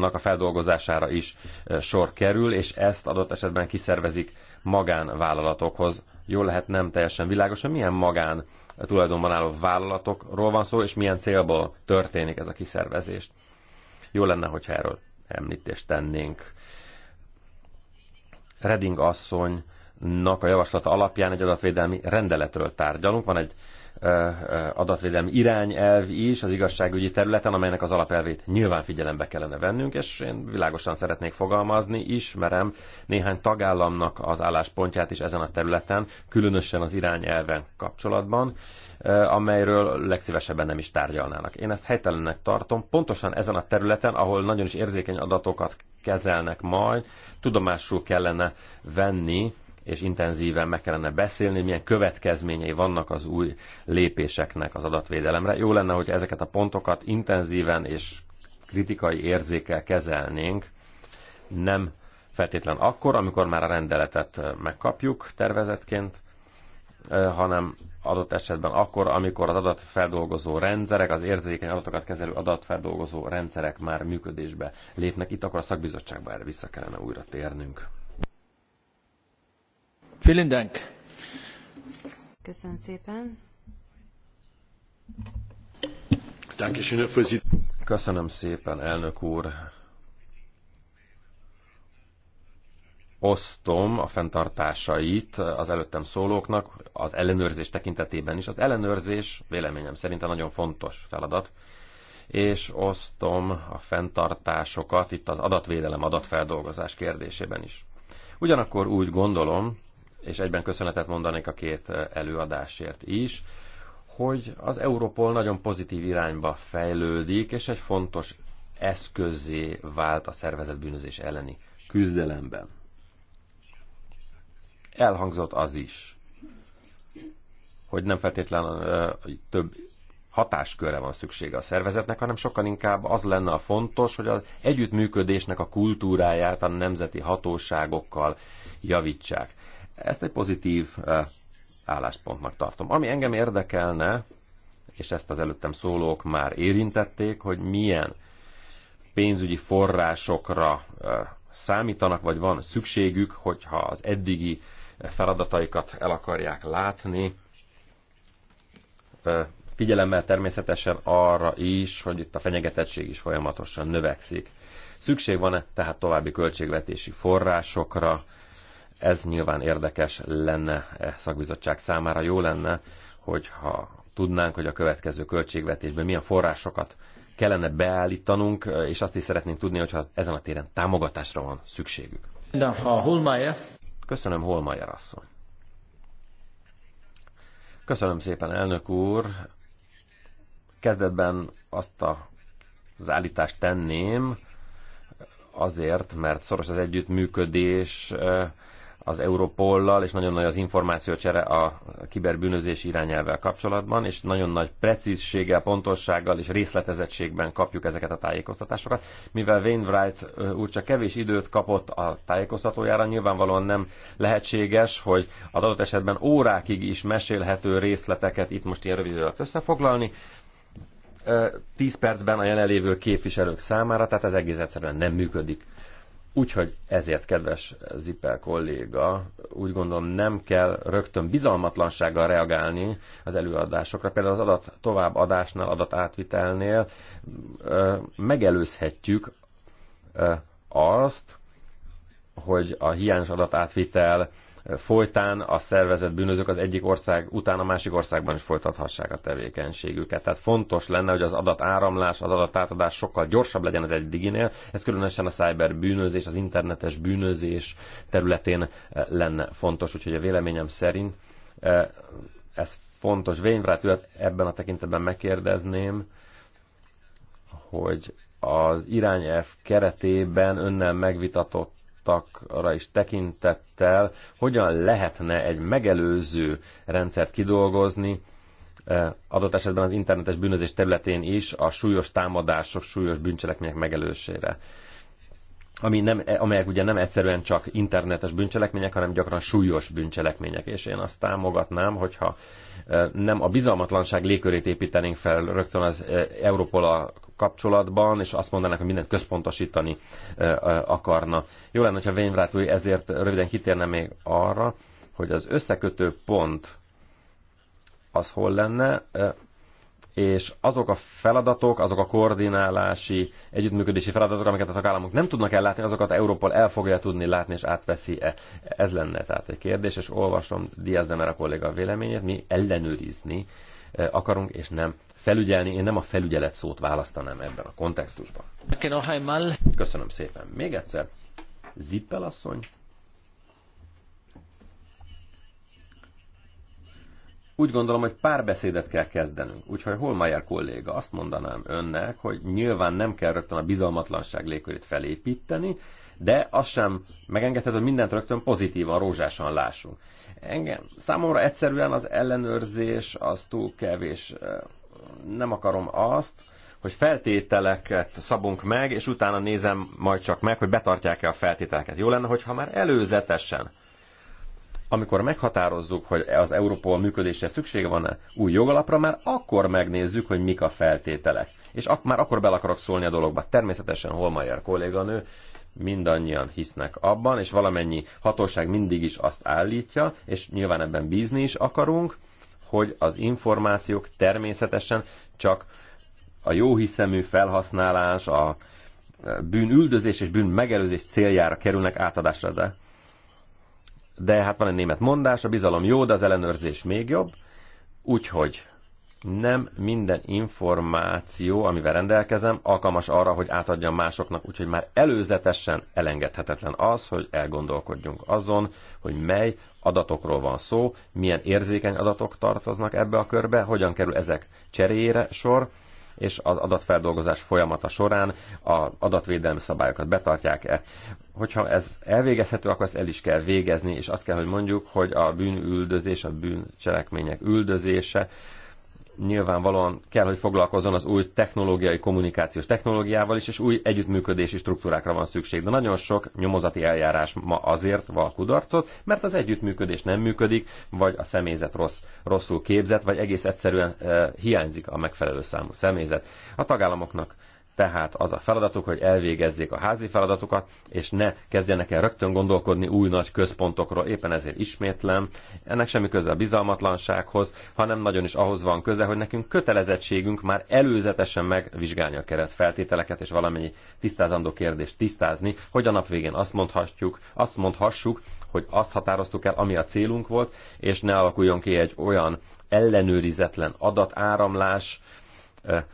a feldolgozására is e, sor kerül, és ezt adott esetben kiszervezik magánvállalatokhoz. Jól lehet nem teljesen világos, hogy milyen magán tulajdonban álló vállalatokról van szó, és milyen célból történik ez a kiszervezés. Jó lenne, hogyha erről említést tennénk. Reding asszonynak a javaslata alapján egy adatvédelmi rendeletről tárgyalunk. Van egy adatvédelmi irányelv is az igazságügyi területen, amelynek az alapelvét nyilván figyelembe kellene vennünk, és én világosan szeretnék fogalmazni, ismerem néhány tagállamnak az álláspontját is ezen a területen, különösen az irányelven kapcsolatban, amelyről legszívesebben nem is tárgyalnának. Én ezt helytelennek tartom, pontosan ezen a területen, ahol nagyon is érzékeny adatokat kezelnek majd, tudomásul kellene venni, és intenzíven meg kellene beszélni, milyen következményei vannak az új lépéseknek az adatvédelemre. Jó lenne, hogy ezeket a pontokat intenzíven és kritikai érzékel kezelnénk, nem feltétlen akkor, amikor már a rendeletet megkapjuk tervezetként, hanem adott esetben akkor, amikor az adatfeldolgozó rendszerek, az érzékeny adatokat kezelő adatfeldolgozó rendszerek már működésbe lépnek. Itt akkor a szakbizottságba erre vissza kellene újra térnünk. Vielen Dank. Köszönöm szépen. Köszönöm szépen, elnök úr. osztom a fenntartásait az előttem szólóknak az ellenőrzés tekintetében is. Az ellenőrzés véleményem szerint a nagyon fontos feladat, és osztom a fenntartásokat itt az adatvédelem, adatfeldolgozás kérdésében is. Ugyanakkor úgy gondolom, és egyben köszönetet mondanék a két előadásért is, hogy az Europol nagyon pozitív irányba fejlődik, és egy fontos eszközé vált a szervezet bűnözés elleni küzdelemben. Elhangzott az is, hogy nem feltétlenül több hatáskörre van szüksége a szervezetnek, hanem sokkal inkább az lenne a fontos, hogy az együttműködésnek a kultúráját a nemzeti hatóságokkal javítsák. Ezt egy pozitív eh, álláspontnak tartom. Ami engem érdekelne, és ezt az előttem szólók már érintették, hogy milyen pénzügyi forrásokra eh, számítanak, vagy van szükségük, hogyha az eddigi feladataikat el akarják látni. Eh, figyelemmel természetesen arra is, hogy itt a fenyegetettség is folyamatosan növekszik. Szükség van-e tehát további költségvetési forrásokra, ez nyilván érdekes lenne e szakbizottság számára. Jó lenne, hogyha tudnánk, hogy a következő költségvetésben milyen forrásokat kellene beállítanunk, és azt is szeretnénk tudni, hogyha ezen a téren támogatásra van szükségük. De a Holmeier. Köszönöm, Holmeier asszony. Köszönöm szépen, elnök úr. Kezdetben azt a, az állítást tenném, azért, mert szoros az együttműködés e, az Europollal, és nagyon nagy az információcsere a kiberbűnözés irányelvvel kapcsolatban, és nagyon nagy precízséggel, pontossággal és részletezettségben kapjuk ezeket a tájékoztatásokat. Mivel Wainwright úr csak kevés időt kapott a tájékoztatójára, nyilvánvalóan nem lehetséges, hogy az adott esetben órákig is mesélhető részleteket itt most ilyen rövid összefoglalni, 10 percben a jelenlévő képviselők számára, tehát ez egész egyszerűen nem működik. Úgyhogy ezért, kedves Zippel kolléga, úgy gondolom nem kell rögtön bizalmatlansággal reagálni az előadásokra. Például az adat továbbadásnál, adatátvitelnél megelőzhetjük azt, hogy a hiányos adatátvitel folytán a szervezett bűnözők az egyik ország után a másik országban is folytathassák a tevékenységüket. Tehát fontos lenne, hogy az adatáramlás, az átadás sokkal gyorsabb legyen az eddiginél. Ez különösen a cyber bűnözés, az internetes bűnözés területén eh, lenne fontos. Úgyhogy a véleményem szerint eh, ez fontos. Vényvrát ebben a tekintetben megkérdezném, hogy az irányelv keretében önnel megvitatott elhangzottakra is tekintettel, hogyan lehetne egy megelőző rendszert kidolgozni, eh, adott esetben az internetes bűnözés területén is a súlyos támadások, súlyos bűncselekmények megelősére ami nem, amelyek ugye nem egyszerűen csak internetes bűncselekmények, hanem gyakran súlyos bűncselekmények, és én azt támogatnám, hogyha nem a bizalmatlanság légkörét építenénk fel rögtön az Európola kapcsolatban, és azt mondanák, hogy mindent központosítani akarna. Jó lenne, hogyha Wainwright ezért röviden kitérne még arra, hogy az összekötő pont az hol lenne, és azok a feladatok, azok a koordinálási, együttműködési feladatok, amiket a tagállamok nem tudnak ellátni, azokat Európol el fogja tudni látni, és átveszi-e. Ez lenne tehát egy kérdés, és olvasom Diaz de a kolléga véleményét, mi ellenőrizni eh, akarunk, és nem felügyelni. Én nem a felügyelet szót választanám ebben a kontextusban. Köszönöm szépen. Még egyszer. Zippel asszony. Úgy gondolom, hogy párbeszédet kell kezdenünk. Úgyhogy Holmeyer kolléga, azt mondanám önnek, hogy nyilván nem kell rögtön a bizalmatlanság légkörét felépíteni, de azt sem megengedhető, hogy mindent rögtön pozitívan, rózsásan lássunk. Engem, számomra egyszerűen az ellenőrzés az túl kevés. Nem akarom azt, hogy feltételeket szabunk meg, és utána nézem majd csak meg, hogy betartják-e a feltételeket. Jó lenne, hogyha már előzetesen amikor meghatározzuk, hogy az Európol működésre szüksége van-e új jogalapra, már akkor megnézzük, hogy mik a feltételek. És ak- már akkor bel akarok szólni a dologba. Természetesen Holmajer kolléganő mindannyian hisznek abban, és valamennyi hatóság mindig is azt állítja, és nyilván ebben bízni is akarunk, hogy az információk természetesen csak a jóhiszemű felhasználás, a bűnüldözés és bűn megelőzés céljára kerülnek átadásra, de de hát van egy német mondás, a bizalom jó, de az ellenőrzés még jobb. Úgyhogy nem minden információ, amivel rendelkezem, alkalmas arra, hogy átadjam másoknak, úgyhogy már előzetesen elengedhetetlen az, hogy elgondolkodjunk azon, hogy mely adatokról van szó, milyen érzékeny adatok tartoznak ebbe a körbe, hogyan kerül ezek cseréjére sor, és az adatfeldolgozás folyamata során az adatvédelmi szabályokat betartják-e. Hogyha ez elvégezhető, akkor ezt el is kell végezni, és azt kell, hogy mondjuk, hogy a bűnüldözés, a bűncselekmények üldözése nyilvánvalóan kell, hogy foglalkozzon az új technológiai kommunikációs technológiával is, és új együttműködési struktúrákra van szükség. De nagyon sok nyomozati eljárás ma azért val kudarcot, mert az együttműködés nem működik, vagy a személyzet rossz, rosszul képzett, vagy egész egyszerűen e, hiányzik a megfelelő számú személyzet. A tagállamoknak tehát az a feladatuk, hogy elvégezzék a házi feladatukat, és ne kezdjenek el rögtön gondolkodni új nagy központokról, éppen ezért ismétlem. Ennek semmi köze a bizalmatlansághoz, hanem nagyon is ahhoz van köze, hogy nekünk kötelezettségünk már előzetesen megvizsgálni a keret feltételeket, és valamennyi tisztázandó kérdést tisztázni, hogy a nap végén azt mondhatjuk, azt mondhassuk, hogy azt határoztuk el, ami a célunk volt, és ne alakuljon ki egy olyan ellenőrizetlen adatáramlás,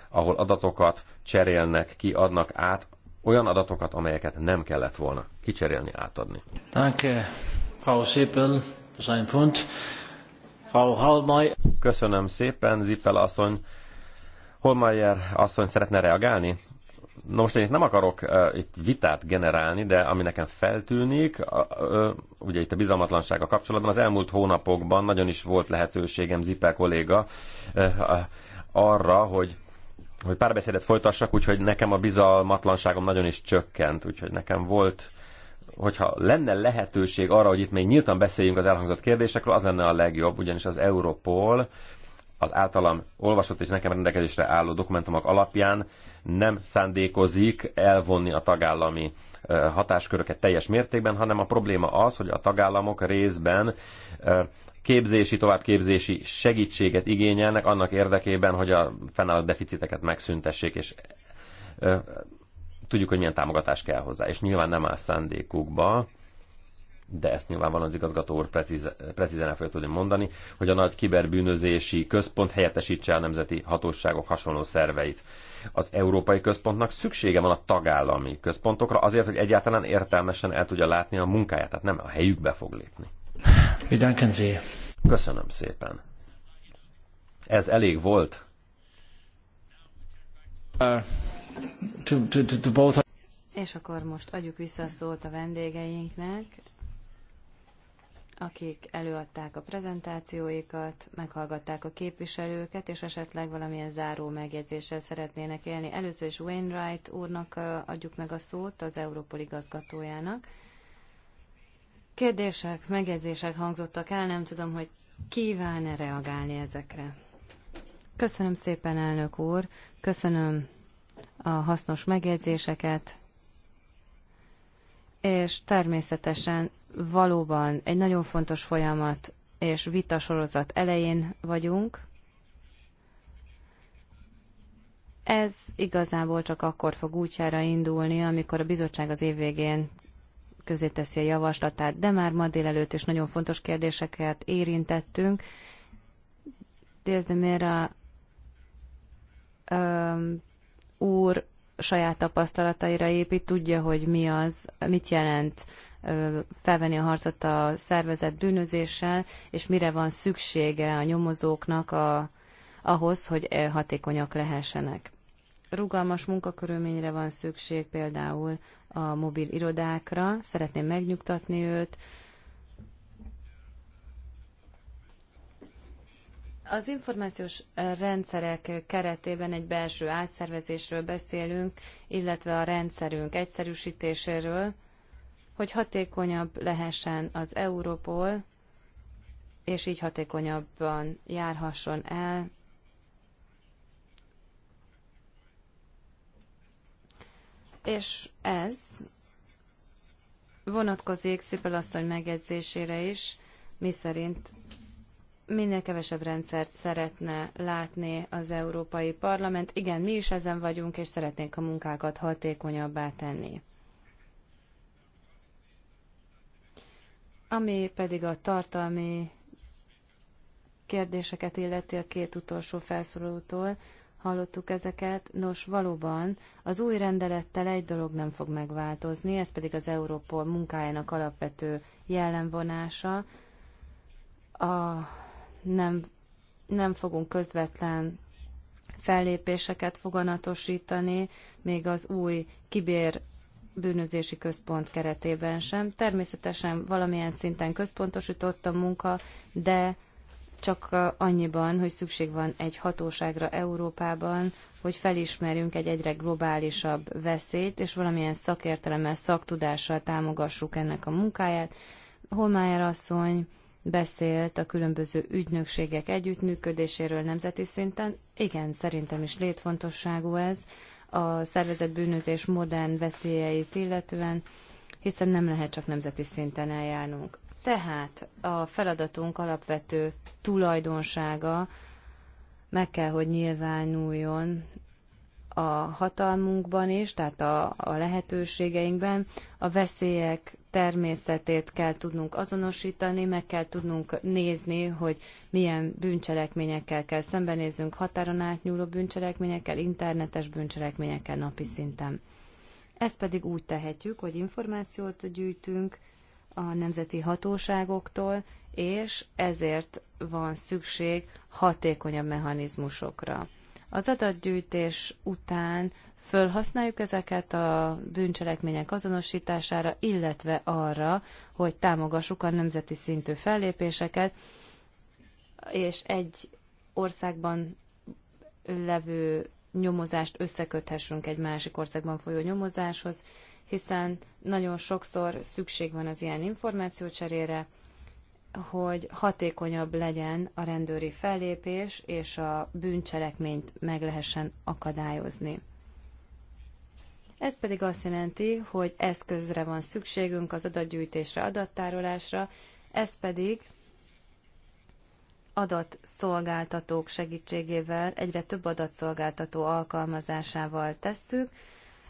ahol adatokat cserélnek, kiadnak át, olyan adatokat, amelyeket nem kellett volna kicserélni, átadni. Danke, Frau Sippel, sein Punkt. Frau Köszönöm szépen, Zippel asszony. Holmeyer asszony szeretne reagálni? Na most én itt nem akarok uh, itt vitát generálni, de ami nekem feltűnik, uh, uh, ugye itt a bizalmatlanság a kapcsolatban, az elmúlt hónapokban nagyon is volt lehetőségem Zippel kolléga uh, uh, arra, hogy hogy párbeszédet folytassak, úgyhogy nekem a bizalmatlanságom nagyon is csökkent, úgyhogy nekem volt, hogyha lenne lehetőség arra, hogy itt még nyíltan beszéljünk az elhangzott kérdésekről, az lenne a legjobb, ugyanis az Europol az általam olvasott és nekem rendelkezésre álló dokumentumok alapján nem szándékozik elvonni a tagállami hatásköröket teljes mértékben, hanem a probléma az, hogy a tagállamok részben képzési, továbbképzési segítséget igényelnek annak érdekében, hogy a fennálló deficiteket megszüntessék, és ö, tudjuk, hogy milyen támogatás kell hozzá. És nyilván nem áll szándékukba, de ezt nyilvánvalóan az igazgató úr precízen el fogja tudni mondani, hogy a nagy kiberbűnözési központ helyettesítse a nemzeti hatóságok hasonló szerveit. Az Európai Központnak szüksége van a tagállami központokra azért, hogy egyáltalán értelmesen el tudja látni a munkáját, tehát nem a helyükbe fog lépni. Köszönöm szépen. Ez elég volt? És akkor most adjuk vissza a szót a vendégeinknek, akik előadták a prezentációikat, meghallgatták a képviselőket, és esetleg valamilyen záró megjegyzéssel szeretnének élni. Először is Wainwright úrnak adjuk meg a szót, az Európol igazgatójának. Kérdések, megjegyzések hangzottak el, nem tudom, hogy kíván-e reagálni ezekre. Köszönöm szépen, elnök úr, köszönöm a hasznos megjegyzéseket, és természetesen valóban egy nagyon fontos folyamat és vita sorozat elején vagyunk. Ez igazából csak akkor fog útjára indulni, amikor a bizottság az év végén közé teszi a javaslatát, de már ma délelőtt is nagyon fontos kérdéseket érintettünk. Dézdemér de Mera úr saját tapasztalataira épít, tudja, hogy mi az, mit jelent felvenni a harcot a szervezet bűnözéssel, és mire van szüksége a nyomozóknak a, ahhoz, hogy hatékonyak lehessenek. Rugalmas munkakörülményre van szükség például a mobil irodákra. Szeretném megnyugtatni őt. Az információs rendszerek keretében egy belső átszervezésről beszélünk, illetve a rendszerünk egyszerűsítéséről, hogy hatékonyabb lehessen az Europol, és így hatékonyabban járhasson el és ez vonatkozik Szipel asszony megjegyzésére is, mi szerint minél kevesebb rendszert szeretne látni az Európai Parlament. Igen, mi is ezen vagyunk, és szeretnénk a munkákat hatékonyabbá tenni. Ami pedig a tartalmi kérdéseket illeti a két utolsó felszólótól, hallottuk ezeket. Nos, valóban az új rendelettel egy dolog nem fog megváltozni, ez pedig az Európol munkájának alapvető jellemvonása. A nem, nem fogunk közvetlen fellépéseket foganatosítani, még az új kibér bűnözési központ keretében sem. Természetesen valamilyen szinten központosított a munka, de csak annyiban, hogy szükség van egy hatóságra Európában, hogy felismerjünk egy egyre globálisabb veszélyt, és valamilyen szakértelemmel, szaktudással támogassuk ennek a munkáját. Holmájer asszony beszélt a különböző ügynökségek együttműködéséről nemzeti szinten. Igen, szerintem is létfontosságú ez a szervezett bűnözés modern veszélyeit illetően, hiszen nem lehet csak nemzeti szinten eljárnunk. Tehát a feladatunk alapvető tulajdonsága meg kell, hogy nyilvánuljon a hatalmunkban is, tehát a, a lehetőségeinkben. A veszélyek természetét kell tudnunk azonosítani, meg kell tudnunk nézni, hogy milyen bűncselekményekkel kell szembenéznünk, határon átnyúló bűncselekményekkel, internetes bűncselekményekkel napi szinten. Ezt pedig úgy tehetjük, hogy információt gyűjtünk, a nemzeti hatóságoktól, és ezért van szükség hatékonyabb mechanizmusokra. Az adatgyűjtés után fölhasználjuk ezeket a bűncselekmények azonosítására, illetve arra, hogy támogassuk a nemzeti szintű fellépéseket, és egy országban levő nyomozást összeköthessünk egy másik országban folyó nyomozáshoz, hiszen nagyon sokszor szükség van az ilyen információcserére, hogy hatékonyabb legyen a rendőri fellépés, és a bűncselekményt meg lehessen akadályozni. Ez pedig azt jelenti, hogy eszközre van szükségünk az adatgyűjtésre, adattárolásra, ez pedig adatszolgáltatók segítségével, egyre több adatszolgáltató alkalmazásával tesszük,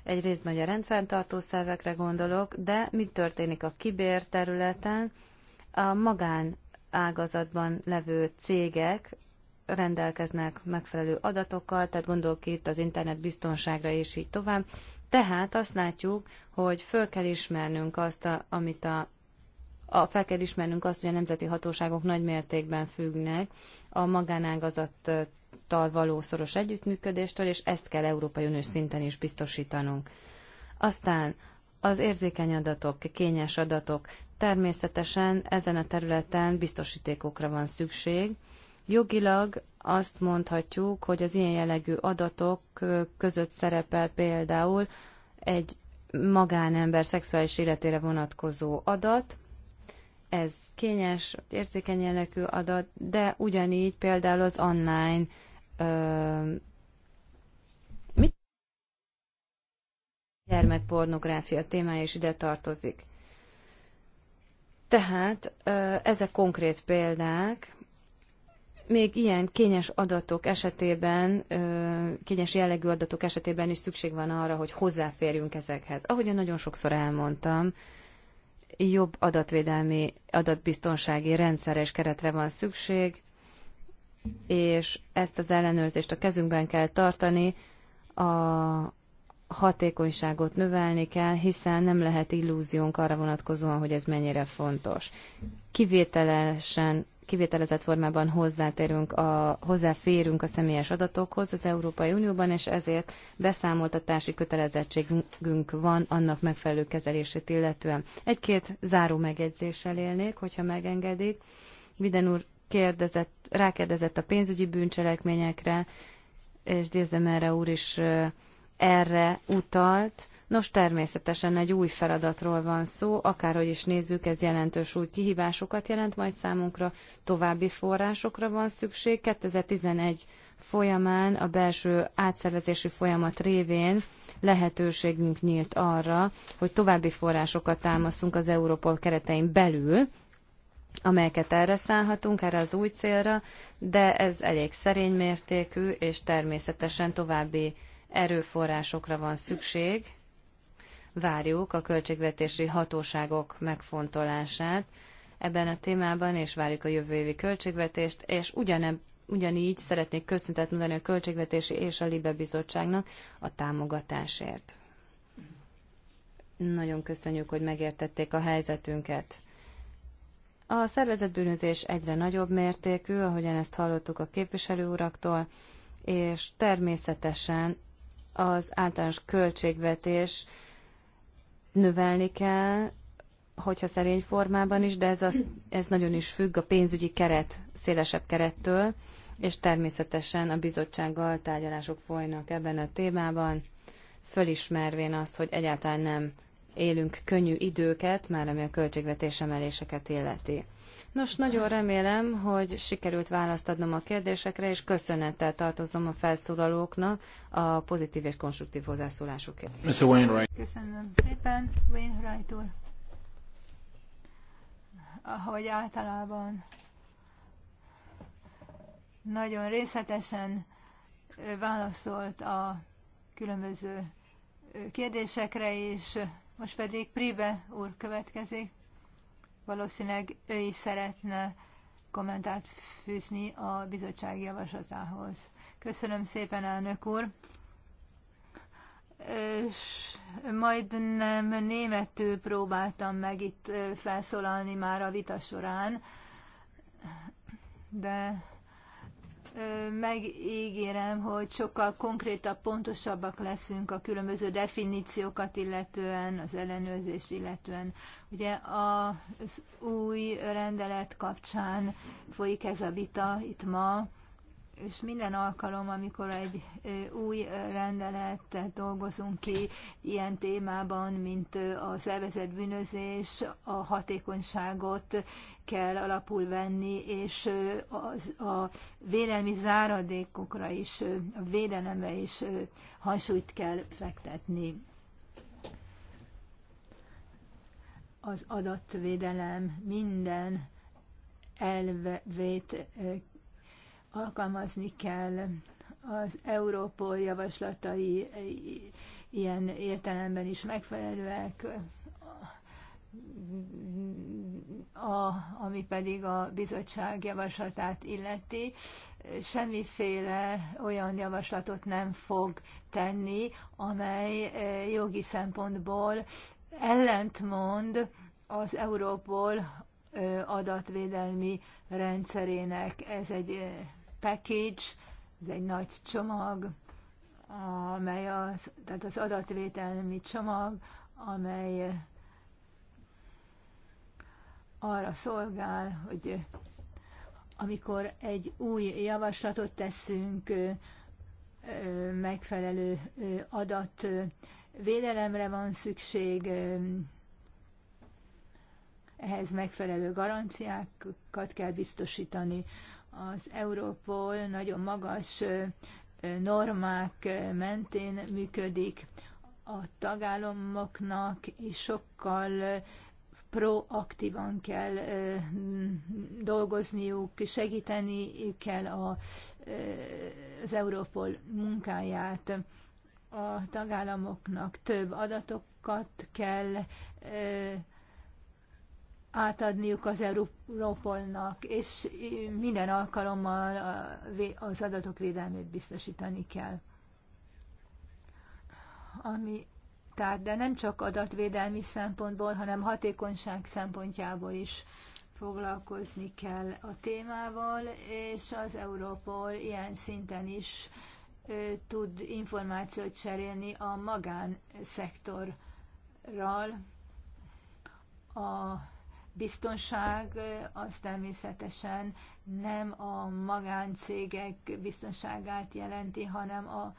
egyrészt magyar rendfenntartó szervekre gondolok, de mi történik a kibér területen, a magán ágazatban levő cégek rendelkeznek megfelelő adatokkal, tehát gondolok itt az internet biztonságra és így tovább. Tehát azt látjuk, hogy föl kell ismernünk azt, a, amit a a, fel kell ismernünk azt, hogy a nemzeti hatóságok nagy mértékben függnek a magánágazat tal való szoros együttműködéstől, és ezt kell Európai Uniós szinten is biztosítanunk. Aztán az érzékeny adatok, kényes adatok. Természetesen ezen a területen biztosítékokra van szükség. Jogilag azt mondhatjuk, hogy az ilyen jellegű adatok között szerepel például egy magánember szexuális életére vonatkozó adat, ez kényes, érzékeny jellegű adat, de ugyanígy például az online ö, mit? gyermekpornográfia témája is ide tartozik. Tehát ö, ezek konkrét példák, még ilyen kényes adatok esetében, kényes jellegű adatok esetében is szükség van arra, hogy hozzáférjünk ezekhez. Ahogyan nagyon sokszor elmondtam, jobb adatvédelmi, adatbiztonsági rendszeres keretre van szükség, és ezt az ellenőrzést a kezünkben kell tartani, a hatékonyságot növelni kell, hiszen nem lehet illúziónk arra vonatkozóan, hogy ez mennyire fontos. Kivételesen kivételezett formában hozzátérünk a, hozzáférünk a személyes adatokhoz az Európai Unióban, és ezért beszámoltatási kötelezettségünk van annak megfelelő kezelését illetően. Egy-két záró megjegyzéssel élnék, hogyha megengedik. Viden úr kérdezett, rákérdezett a pénzügyi bűncselekményekre, és Dézemere úr is erre utalt. Nos, természetesen egy új feladatról van szó, akárhogy is nézzük, ez jelentős új kihívásokat jelent majd számunkra, további forrásokra van szükség. 2011 folyamán a belső átszervezési folyamat révén lehetőségünk nyílt arra, hogy további forrásokat támaszunk az Európol keretein belül, amelyeket erre szállhatunk, erre az új célra, de ez elég szerény mértékű, és természetesen további erőforrásokra van szükség, várjuk a költségvetési hatóságok megfontolását ebben a témában, és várjuk a jövő évi költségvetést, és ugyaneb, Ugyanígy szeretnék köszöntet mondani a Költségvetési és a Libe Bizottságnak a támogatásért. Nagyon köszönjük, hogy megértették a helyzetünket. A szervezetbűnözés egyre nagyobb mértékű, ahogyan ezt hallottuk a képviselő uraktól, és természetesen az általános költségvetés növelni kell, hogyha szerény formában is, de ez, az, ez nagyon is függ a pénzügyi keret, szélesebb kerettől, és természetesen a bizottsággal tárgyalások folynak ebben a témában, fölismervén azt, hogy egyáltalán nem élünk könnyű időket, már ami a költségvetés emeléseket illeti. Nos, nagyon remélem, hogy sikerült választ adnom a kérdésekre, és köszönettel tartozom a felszólalóknak a pozitív és konstruktív hozzászólásukért. Mr. Wainwright. Köszönöm szépen, Wainwright úr. Ahogy általában nagyon részletesen válaszolt a különböző kérdésekre, és most pedig Pribe úr következik. Valószínűleg ő is szeretne kommentárt fűzni a bizottság javaslatához. Köszönöm szépen, elnök úr! És majdnem németül próbáltam meg itt felszólalni már a vita során, de megígérem, hogy sokkal konkrétabb, pontosabbak leszünk a különböző definíciókat illetően, az ellenőrzés illetően. Ugye az új rendelet kapcsán folyik ez a vita itt ma, és minden alkalom, amikor egy új rendeletet dolgozunk ki ilyen témában, mint a szervezett bűnözés, a hatékonyságot kell alapul venni, és az, a védelmi záradékokra is, a védelemre is hangsúlyt kell fektetni. Az adatvédelem minden elvét alkalmazni kell az Európol javaslatai ilyen értelemben is megfelelőek, a, ami pedig a bizottság javaslatát illeti, semmiféle olyan javaslatot nem fog tenni, amely eh, jogi szempontból ellentmond az Európol eh, adatvédelmi rendszerének. Ez egy eh, package, ez egy nagy csomag, amely az, tehát az adatvételmi csomag, amely arra szolgál, hogy amikor egy új javaslatot teszünk megfelelő adat védelemre van szükség, ehhez megfelelő garanciákat kell biztosítani. Az Európol nagyon magas normák mentén működik, a tagállamoknak és sokkal proaktívan kell dolgozniuk, segíteni kell a, az Európol munkáját. A tagállamoknak több adatokat kell átadniuk az Európolnak, és minden alkalommal az adatok védelmét biztosítani kell. Ami, tehát, de nem csak adatvédelmi szempontból, hanem hatékonyság szempontjából is foglalkozni kell a témával, és az Európol ilyen szinten is tud információt cserélni a magánszektorral, a biztonság az természetesen nem a magáncégek biztonságát jelenti, hanem a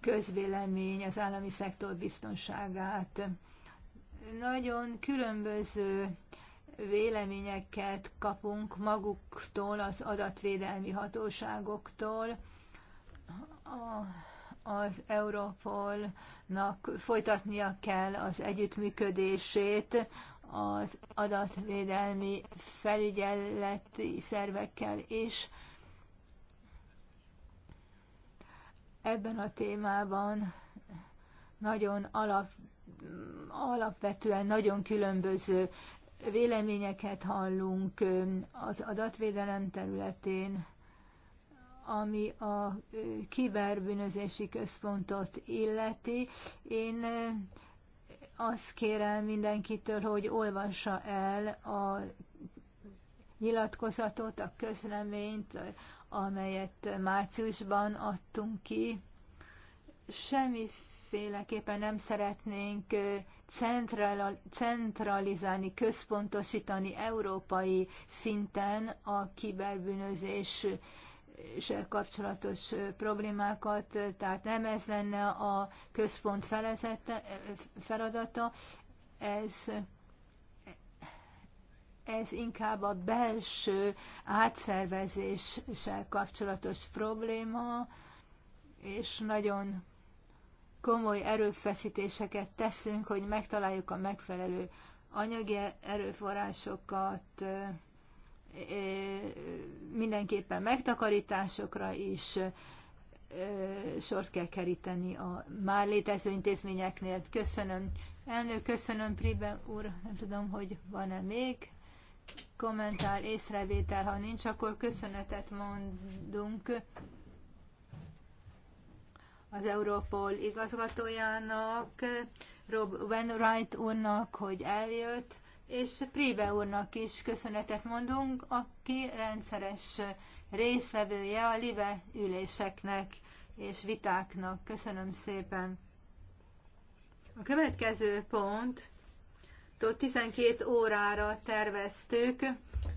közvélemény, az állami szektor biztonságát. Nagyon különböző véleményeket kapunk maguktól, az adatvédelmi hatóságoktól. A az Europolnak folytatnia kell az együttműködését az adatvédelmi felügyeleti szervekkel is. Ebben a témában nagyon alap, alapvetően nagyon különböző véleményeket hallunk az adatvédelem területén, ami a kiberbűnözési központot illeti. Én azt kérem mindenkitől, hogy olvassa el a nyilatkozatot, a közleményt, amelyet márciusban adtunk ki. Semmiféleképpen nem szeretnénk centralizálni, központosítani európai szinten a kiberbűnözés kapcsolatos problémákat, tehát nem ez lenne a központ feladata, ez, ez inkább a belső átszervezéssel kapcsolatos probléma, és nagyon komoly erőfeszítéseket teszünk, hogy megtaláljuk a megfelelő anyagi erőforrásokat, mindenképpen megtakarításokra is sort kell keríteni a már létező intézményeknél. Köszönöm. Elnök, köszönöm, Pribe úr. Nem tudom, hogy van-e még kommentár, észrevétel. Ha nincs, akkor köszönetet mondunk az Európol igazgatójának, Rob Wainwright úrnak, hogy eljött és Príbe úrnak is köszönetet mondunk, aki rendszeres részvevője a live üléseknek és vitáknak. Köszönöm szépen! A következő pont 12 órára terveztük,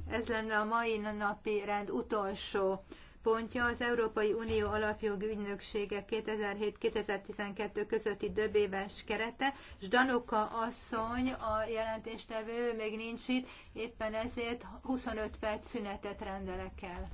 ez lenne a mai napi rend utolsó pontja az Európai Unió alapjogi ügynöksége 2007-2012 közötti döbéves kerete, és Danuka asszony, a jelentéstevő még nincs itt, éppen ezért 25 perc szünetet rendelek el.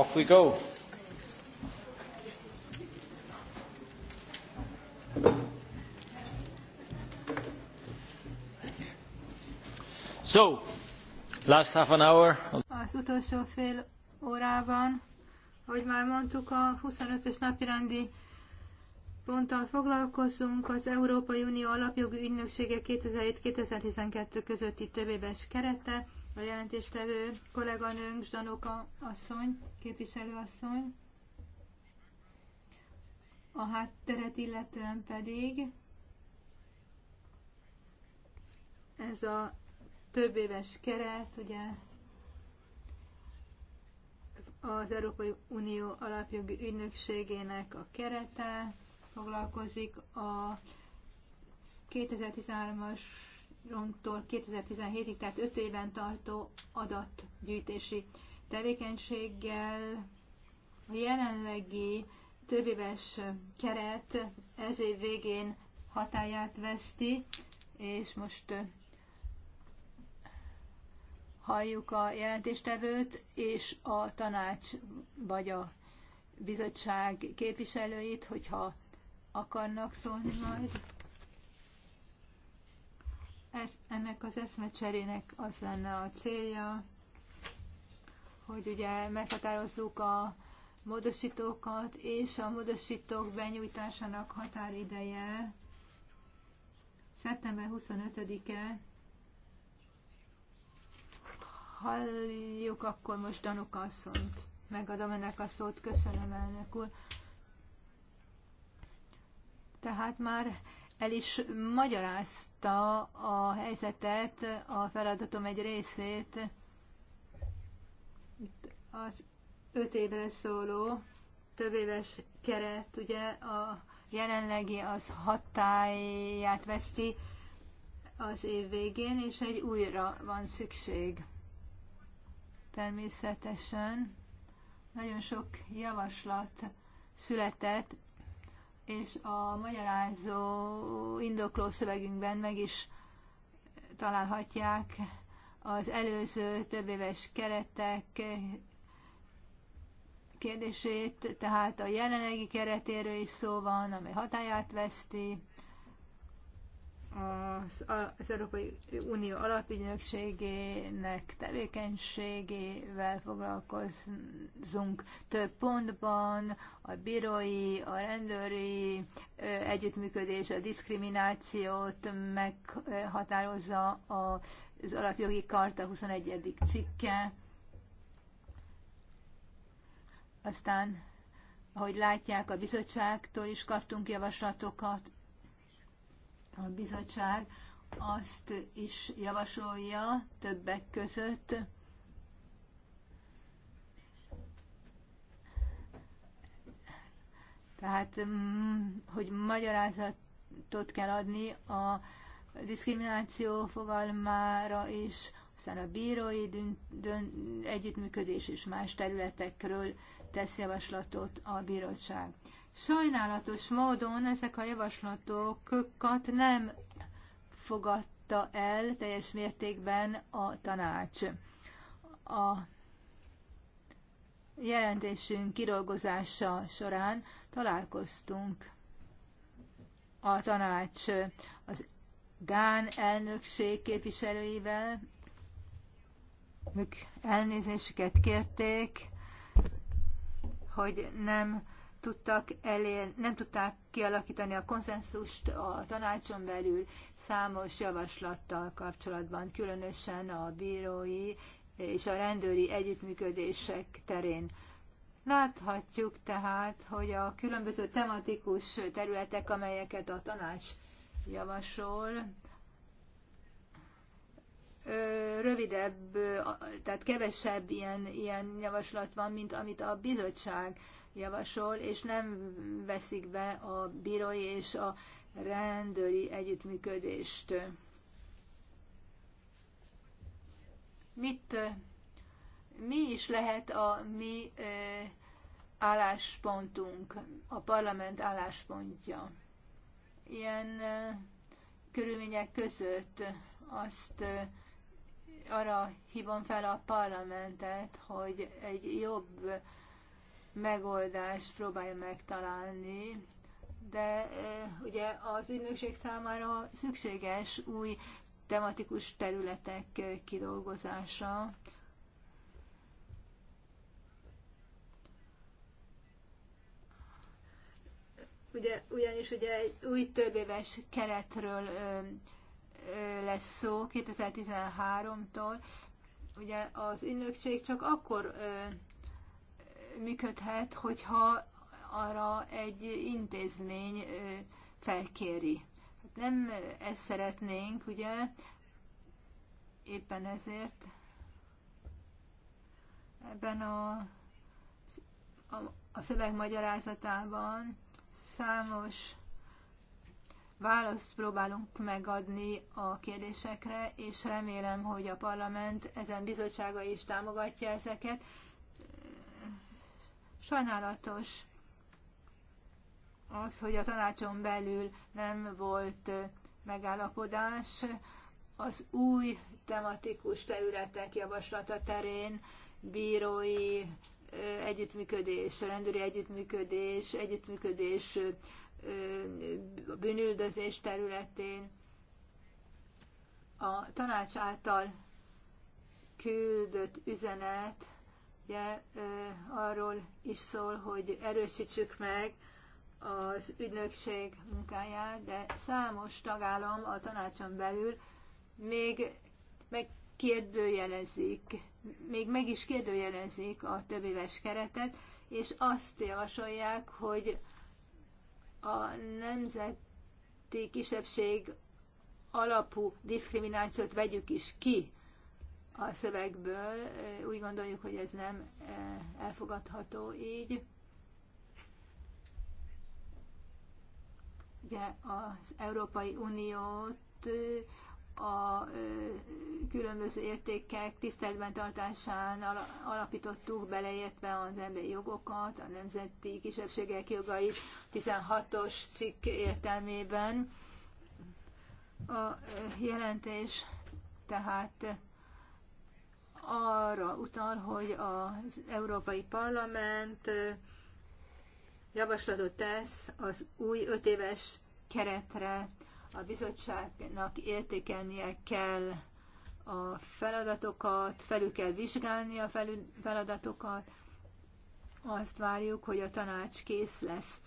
Off we go. So, last half an hour. Az utolsó fél órában, hogy már mondtuk, a 25-ös napirendi ponttal foglalkozunk az Európai Unió alapjogi ügynöksége 2007-2012 közötti többéves kerete a jelentéstevő kolléganőnk, Zsanoka asszony, asszony. A hátteret illetően pedig ez a több éves keret, ugye az Európai Unió alapjogi ügynökségének a kerete foglalkozik a 2013-as 2013-tól 2017-ig, tehát 5 éven tartó adatgyűjtési tevékenységgel a jelenlegi éves keret ez év végén hatáját veszti, és most halljuk a jelentéstevőt és a tanács vagy a bizottság képviselőit, hogyha akarnak szólni majd ez, ennek az eszmecserének az lenne a célja, hogy ugye meghatározzuk a módosítókat, és a módosítók benyújtásának határideje szeptember 25-e. Halljuk akkor most Danuk asszonyt. Megadom ennek a szót, köszönöm elnök úr. Tehát már el is magyarázta a helyzetet, a feladatom egy részét. Itt az öt évre szóló több éves keret, ugye a jelenlegi az hatáját veszti az év végén, és egy újra van szükség. Természetesen nagyon sok javaslat született és a magyarázó indokló szövegünkben meg is találhatják az előző éves keretek kérdését, tehát a jelenlegi keretéről is szó van, amely hatáját veszti, az, az Európai Unió alapügynökségének tevékenységével foglalkozunk több pontban, a bírói, a rendőri együttműködés, a diszkriminációt meghatározza az alapjogi karta 21. cikke. Aztán, ahogy látják, a bizottságtól is kaptunk javaslatokat a bizottság azt is javasolja többek között, tehát mm, hogy magyarázatot kell adni a diszkrimináció fogalmára is, aztán a bírói dün, dün, együttműködés és más területekről tesz javaslatot a bíróság. Sajnálatos módon ezek a javaslatokat nem fogadta el teljes mértékben a tanács. A jelentésünk kirolgozása során találkoztunk a tanács az Gán elnökség képviselőivel. Ők elnézésüket kérték, hogy nem tudtak elér, nem tudták kialakítani a konszenzust a tanácson belül számos javaslattal kapcsolatban, különösen a bírói és a rendőri együttműködések terén. Láthatjuk tehát, hogy a különböző tematikus területek, amelyeket a tanács javasol, rövidebb, tehát kevesebb ilyen, ilyen javaslat van, mint amit a bizottság javasol, és nem veszik be a bírói és a rendőri együttműködést. Mit, mi is lehet a mi álláspontunk, a parlament álláspontja? Ilyen körülmények között azt arra hívom fel a parlamentet, hogy egy jobb megoldást próbálja megtalálni, de ugye az ügynökség számára szükséges új tematikus területek kidolgozása. Ugye, ugyanis ugye egy új többéves keretről ö, ö, lesz szó 2013-tól. Ugye az ünnökség csak akkor ö, működhet, hogyha arra egy intézmény felkéri. Nem ezt szeretnénk, ugye? Éppen ezért ebben a, a, a szöveg magyarázatában számos választ próbálunk megadni a kérdésekre, és remélem, hogy a parlament ezen bizottsága is támogatja ezeket. Sajnálatos az, hogy a tanácson belül nem volt megállapodás az új tematikus területek javaslata terén, bírói együttműködés, rendőri együttműködés, együttműködés bűnüldözés területén. A tanács által küldött üzenet ugye arról is szól, hogy erősítsük meg az ügynökség munkáját, de számos tagállam a tanácson belül még megkérdőjelezik, még meg is kérdőjelezik a többéves keretet, és azt javasolják, hogy a nemzeti kisebbség alapú diszkriminációt vegyük is ki a szövegből. Úgy gondoljuk, hogy ez nem eh, elfogadható így. Ugye az Európai Uniót eh, a eh, különböző értékek tiszteletben tartásán alapítottuk, beleértve az emberi jogokat, a nemzeti kisebbségek jogait 16-os cikk értelmében. A jelentés tehát arra utal, hogy az Európai Parlament javaslatot tesz az új öt éves keretre. A bizottságnak értékelnie kell a feladatokat, felül kell vizsgálni a feladatokat. Azt várjuk, hogy a tanács kész lesz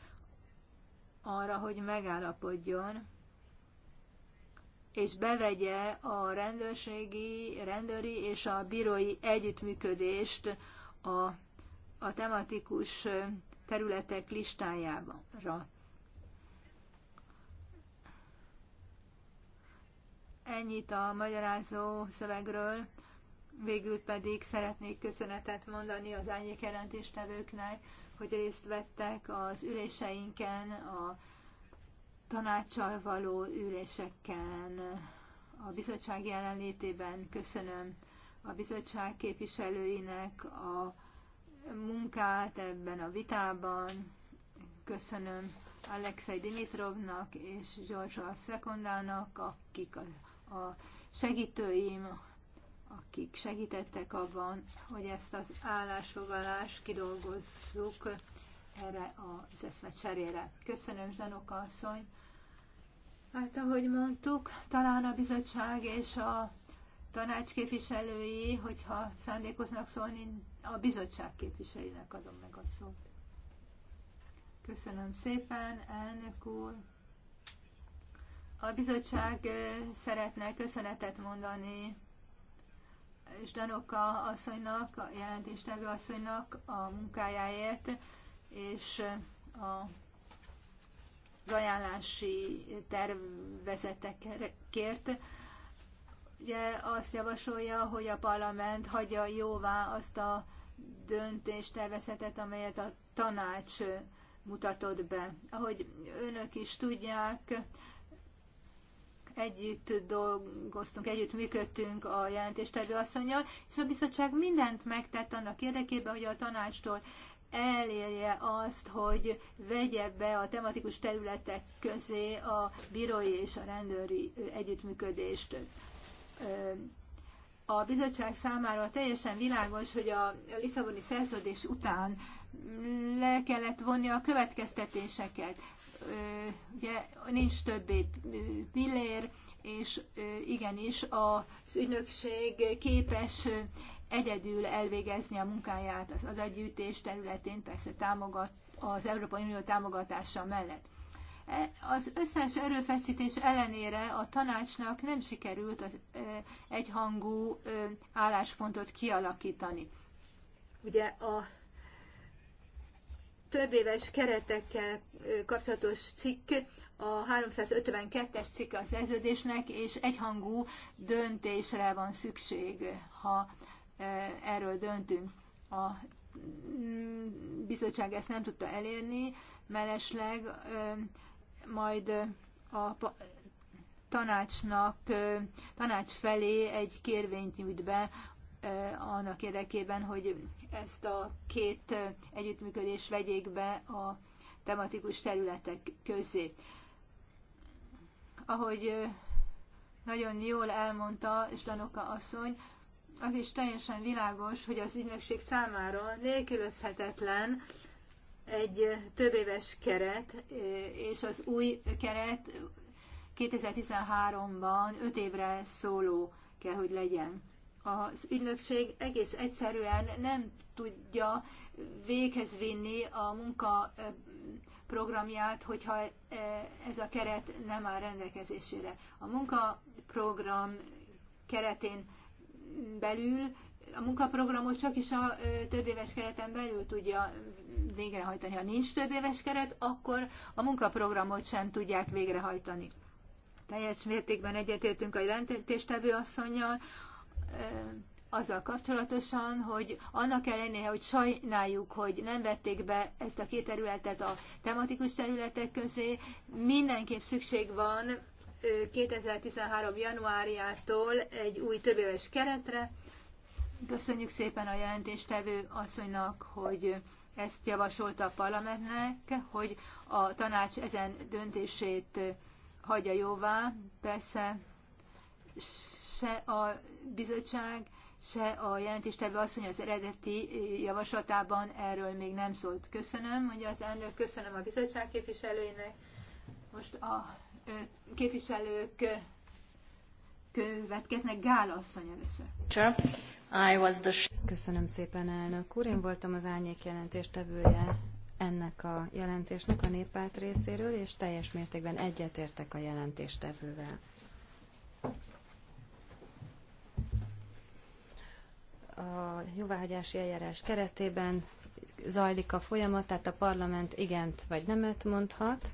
arra, hogy megállapodjon és bevegye a rendőrségi, rendőri és a bírói együttműködést a, a tematikus területek listájára. Ennyit a magyarázó szövegről. Végül pedig szeretnék köszönetet mondani az ányék jelentéstevőknek, hogy részt vettek az üléseinken, a tanácsal való üléseken, a bizottság jelenlétében köszönöm a bizottság képviselőinek a munkát ebben a vitában. Köszönöm Alexei Dimitrovnak és Zsorzsa Szekondának, akik a, a segítőim, akik segítettek abban, hogy ezt az állásfoglalást kidolgozzuk erre az eszmecserére. Köszönöm, Zsanoka asszony! Hát ahogy mondtuk, talán a bizottság és a tanács képviselői, hogyha szándékoznak szólni, a bizottság képviselőinek adom meg a szót. Köszönöm szépen, elnök úr. A bizottság szeretne köszönetet mondani és Danoka asszonynak, a jelentéstevő asszonynak a munkájáért, és a ajánlási tervezetekért. Ugye azt javasolja, hogy a parlament hagyja jóvá azt a döntéstervezetet, amelyet a tanács mutatott be. Ahogy önök is tudják, együtt dolgoztunk, együtt működtünk a jelentéstevő asszonyjal, és a bizottság mindent megtett annak érdekében, hogy a tanácstól elérje azt, hogy vegye be a tematikus területek közé a bírói és a rendőri együttműködést. A bizottság számára teljesen világos, hogy a Lisszaboni szerződés után le kellett vonni a következtetéseket. Ugye nincs többé pillér, és igenis az ügynökség képes egyedül elvégezni a munkáját az együttés területén, persze támogat, az Európai Unió támogatása mellett. E, az összes erőfeszítés ellenére a tanácsnak nem sikerült az e, egyhangú álláspontot kialakítani. Ugye a több éves keretekkel kapcsolatos cikk a 352-es cikk az szerződésnek, és egyhangú döntésre van szükség, ha erről döntünk. A mm, bizottság ezt nem tudta elérni, mellesleg majd a tanácsnak, tanács felé egy kérvényt nyújt be annak érdekében, hogy ezt a két együttműködést vegyék be a tematikus területek közé. Ahogy nagyon jól elmondta Stanoka asszony, az is teljesen világos, hogy az ügynökség számára nélkülözhetetlen egy több éves keret, és az új keret 2013-ban 5 évre szóló kell, hogy legyen. Az ügynökség egész egyszerűen nem tudja véghez vinni a munka programját, hogyha ez a keret nem áll rendelkezésére. A munkaprogram keretén belül a munkaprogramot csak is a többéves kereten belül tudja végrehajtani. Ha nincs többéves keret, akkor a munkaprogramot sem tudják végrehajtani. Teljes mértékben egyetértünk a jelentéstevő asszonynal, azzal kapcsolatosan, hogy annak ellenére, hogy sajnáljuk, hogy nem vették be ezt a két területet a tematikus területek közé, mindenképp szükség van 2013. januárjától egy új többéves keretre. Köszönjük szépen a jelentéstevő asszonynak, hogy ezt javasolta a parlamentnek, hogy a tanács ezen döntését hagyja jóvá. Persze se a bizottság, se a jelentéstevő asszony az eredeti javaslatában erről még nem szólt. Köszönöm, mondja az elnök, köszönöm a bizottság képviselőinek. Most a képviselők következnek. Gála asszony először. I was the... Köszönöm szépen, elnök úr. Én voltam az árnyék jelentéstevője ennek a jelentésnek a néppárt részéről, és teljes mértékben egyetértek a jelentéstevővel. A jóváhagyási eljárás keretében zajlik a folyamat, tehát a parlament igent vagy nemet mondhat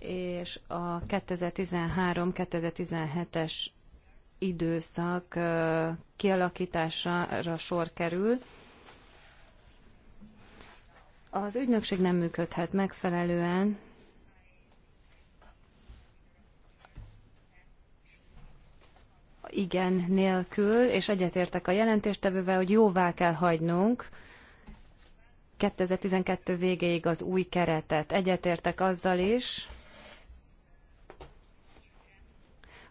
és a 2013-2017-es időszak kialakítására sor kerül. Az ügynökség nem működhet megfelelően, igen nélkül, és egyetértek a jelentéstevővel, hogy jóvá kell hagynunk 2012 végéig az új keretet. Egyetértek azzal is,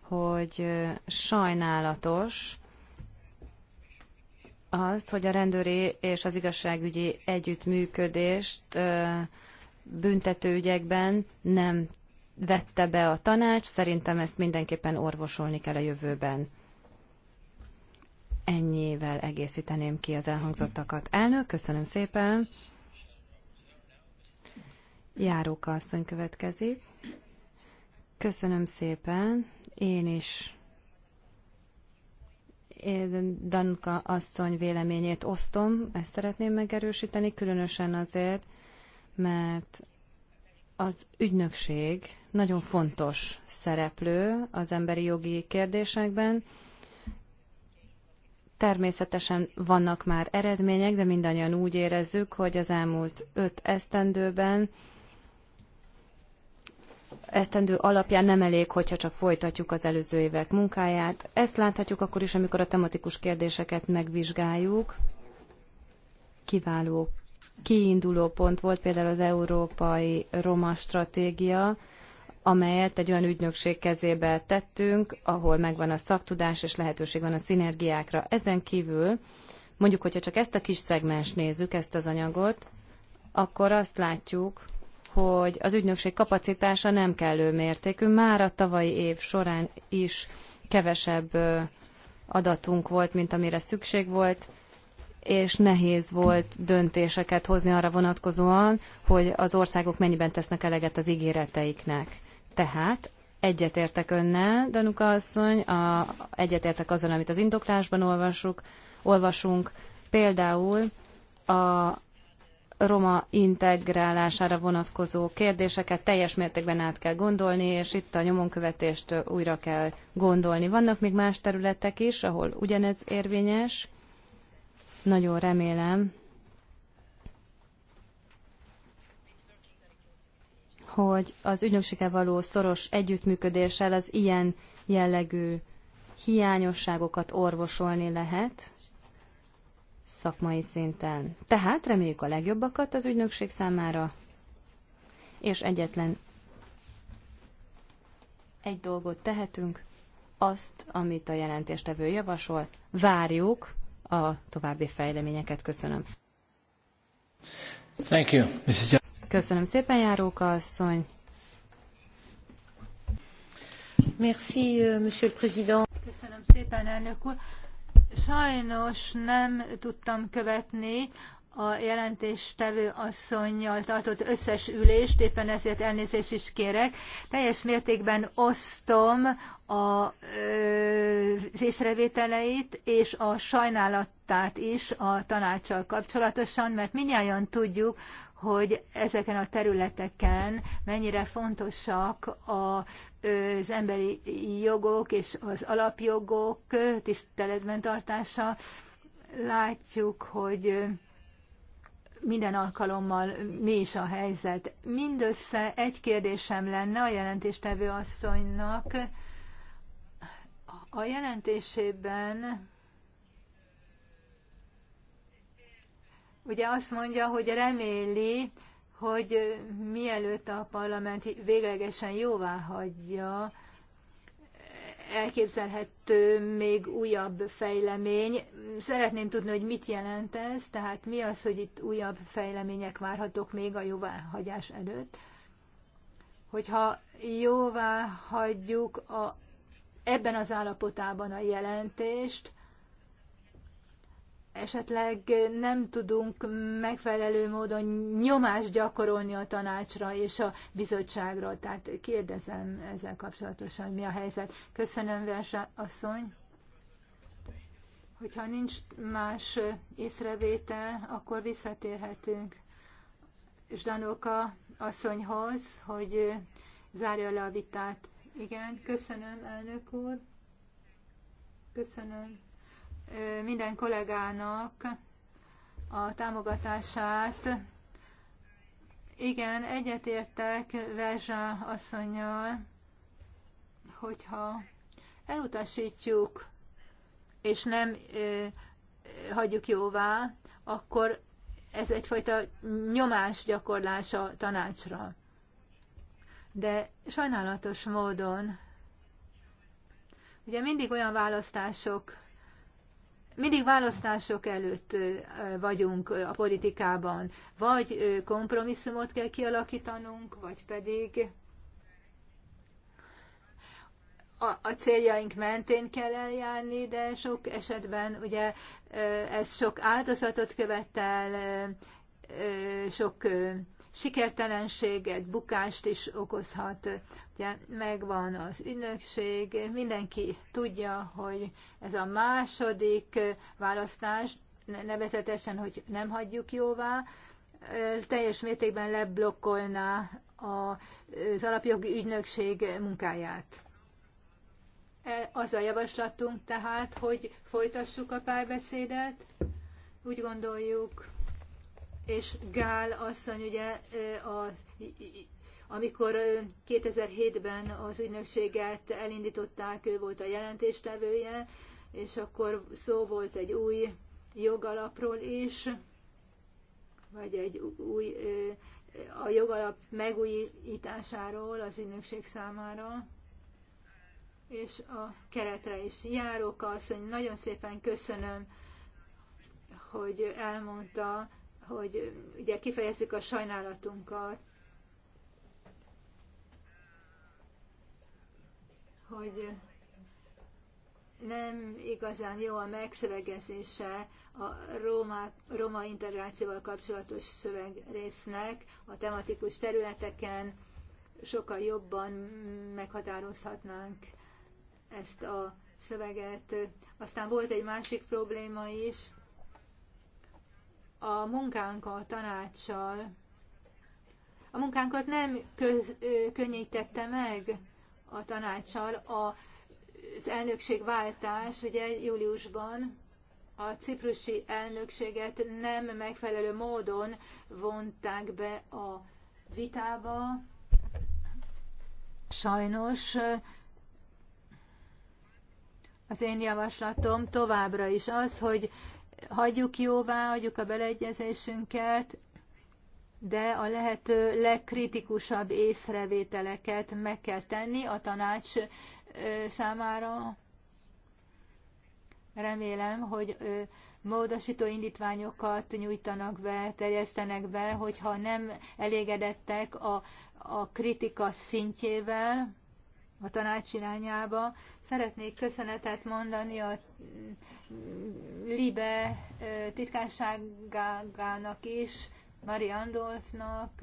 hogy sajnálatos azt, hogy a rendőri és az igazságügyi együttműködést büntetőügyekben nem vette be a tanács, szerintem ezt mindenképpen orvosolni kell a jövőben. Ennyivel egészíteném ki az elhangzottakat. Elnök, köszönöm szépen. Járóka asszony következik. Köszönöm szépen. Én is én Danka asszony véleményét osztom, ezt szeretném megerősíteni, különösen azért, mert az ügynökség nagyon fontos szereplő az emberi jogi kérdésekben. Természetesen vannak már eredmények, de mindannyian úgy érezzük, hogy az elmúlt öt esztendőben esztendő alapján nem elég, hogyha csak folytatjuk az előző évek munkáját. Ezt láthatjuk akkor is, amikor a tematikus kérdéseket megvizsgáljuk. Kiváló kiinduló pont volt például az Európai Roma Stratégia, amelyet egy olyan ügynökség kezébe tettünk, ahol megvan a szaktudás és lehetőség van a szinergiákra. Ezen kívül, mondjuk, hogyha csak ezt a kis szegmens nézzük, ezt az anyagot, akkor azt látjuk, hogy az ügynökség kapacitása nem kellő mértékű. Már a tavalyi év során is kevesebb adatunk volt, mint amire szükség volt, és nehéz volt döntéseket hozni arra vonatkozóan, hogy az országok mennyiben tesznek eleget az ígéreteiknek. Tehát egyetértek önnel, Danuka asszony, a, egyetértek azzal, amit az indoklásban olvasunk. Például a roma integrálására vonatkozó kérdéseket teljes mértékben át kell gondolni, és itt a nyomonkövetést újra kell gondolni. Vannak még más területek is, ahol ugyanez érvényes. Nagyon remélem, hogy az ügynökséggel való szoros együttműködéssel az ilyen jellegű hiányosságokat orvosolni lehet szakmai szinten. Tehát reméljük a legjobbakat az ügynökség számára, és egyetlen egy dolgot tehetünk, azt, amit a jelentéstevő javasol, várjuk a további fejleményeket. Köszönöm. Thank you, Mrs. Köszönöm szépen, Járóka asszony. Merci, euh, Monsieur le Président. Köszönöm szépen, elnök úr. Sajnos nem tudtam követni a jelentéstevő asszonynal tartott összes ülést, éppen ezért elnézést is kérek. Teljes mértékben osztom a, az észrevételeit és a sajnálattát is a tanácssal kapcsolatosan, mert minnyáján tudjuk, hogy ezeken a területeken mennyire fontosak az emberi jogok és az alapjogok tiszteletben tartása. Látjuk, hogy minden alkalommal mi is a helyzet. Mindössze egy kérdésem lenne a jelentéstevő asszonynak. A jelentésében ugye azt mondja, hogy reméli, hogy mielőtt a parlament véglegesen jóvá hagyja, elképzelhető még újabb fejlemény. Szeretném tudni, hogy mit jelent ez, tehát mi az, hogy itt újabb fejlemények várhatók még a jóváhagyás előtt. Hogyha jóvá hagyjuk a, ebben az állapotában a jelentést, esetleg nem tudunk megfelelő módon nyomást gyakorolni a tanácsra és a bizottságra. Tehát kérdezem ezzel kapcsolatosan, mi a helyzet. Köszönöm, Versa asszony. Hogyha nincs más észrevétel, akkor visszatérhetünk Zsdanóka asszonyhoz, hogy zárja le a vitát. Igen, köszönöm, elnök úr. Köszönöm minden kollégának a támogatását. Igen, egyetértek Verzsá asszonynal, hogyha elutasítjuk és nem ö, hagyjuk jóvá, akkor ez egyfajta nyomás gyakorlása tanácsra. De sajnálatos módon, ugye mindig olyan választások mindig választások előtt vagyunk a politikában. Vagy kompromisszumot kell kialakítanunk, vagy pedig a, a céljaink mentén kell eljárni, de sok esetben ugye ez sok áldozatot követel, sok sikertelenséget, bukást is okozhat. Ugye megvan az ügynökség, mindenki tudja, hogy ez a második választás, nevezetesen, hogy nem hagyjuk jóvá, teljes mértékben leblokkolná az alapjogi ügynökség munkáját. E, az a javaslatunk tehát, hogy folytassuk a párbeszédet. Úgy gondoljuk, és Gál asszony ugye a, amikor 2007-ben az ügynökséget elindították, ő volt a jelentéstevője, és akkor szó volt egy új jogalapról is, vagy egy új a jogalap megújításáról az ügynökség számára, és a keretre is járok azt, nagyon szépen köszönöm, hogy elmondta hogy ugye kifejezzük a sajnálatunkat, hogy nem igazán jó a megszövegezése a Róma, Róma integrációval kapcsolatos szövegrésznek a tematikus területeken sokkal jobban meghatározhatnánk ezt a szöveget. Aztán volt egy másik probléma is, a munkánkkal, tanácssal. A munkánkat nem köz, ö, könnyítette meg a tanácssal a, az elnökségváltás, ugye júliusban a ciprusi elnökséget nem megfelelő módon vonták be a vitába. Sajnos az én javaslatom továbbra is az, hogy hagyjuk jóvá, hagyjuk a beleegyezésünket, de a lehető legkritikusabb észrevételeket meg kell tenni a tanács számára. Remélem, hogy módosító indítványokat nyújtanak be, terjesztenek be, hogyha nem elégedettek a, a kritika szintjével, a tanács irányába. Szeretnék köszönetet mondani a mm, Libe titkárságának is, Mari Andolfnak,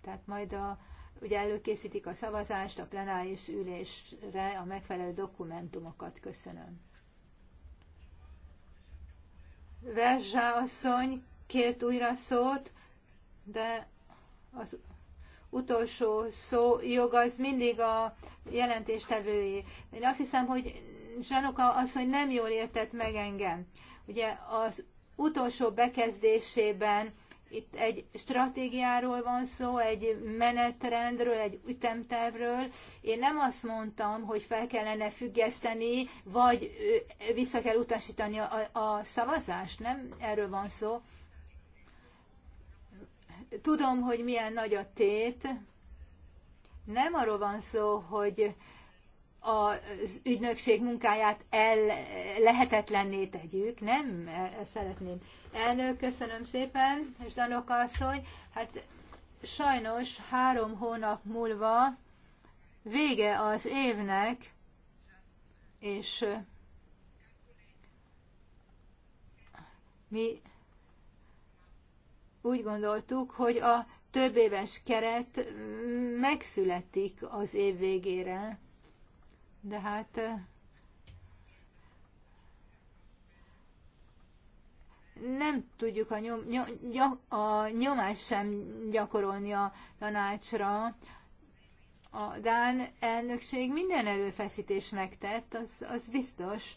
tehát majd a, ugye előkészítik a szavazást, a plenáris ülésre a megfelelő dokumentumokat. Köszönöm. Verzsá asszony kért újra szót, de az utolsó szó jog az mindig a jelentéstevői, Én azt hiszem, hogy Zsanoka az, hogy nem jól értett meg engem. Ugye az utolsó bekezdésében itt egy stratégiáról van szó, egy menetrendről, egy ütemtervről. Én nem azt mondtam, hogy fel kellene függeszteni, vagy vissza kell utasítani a, a szavazást, nem erről van szó. Tudom, hogy milyen nagy a tét. Nem arról van szó, hogy az ügynökség munkáját el lehetetlenné tegyük, nem Ezt szeretném. Elnök, köszönöm szépen, és Danok asszony, hát sajnos három hónap múlva vége az évnek, és mi úgy gondoltuk, hogy a több éves keret mm, megszületik az év végére. De hát nem tudjuk a, nyom, ny- a nyomás sem gyakorolni a tanácsra. A Dán elnökség minden előfeszítést megtett, az, az biztos,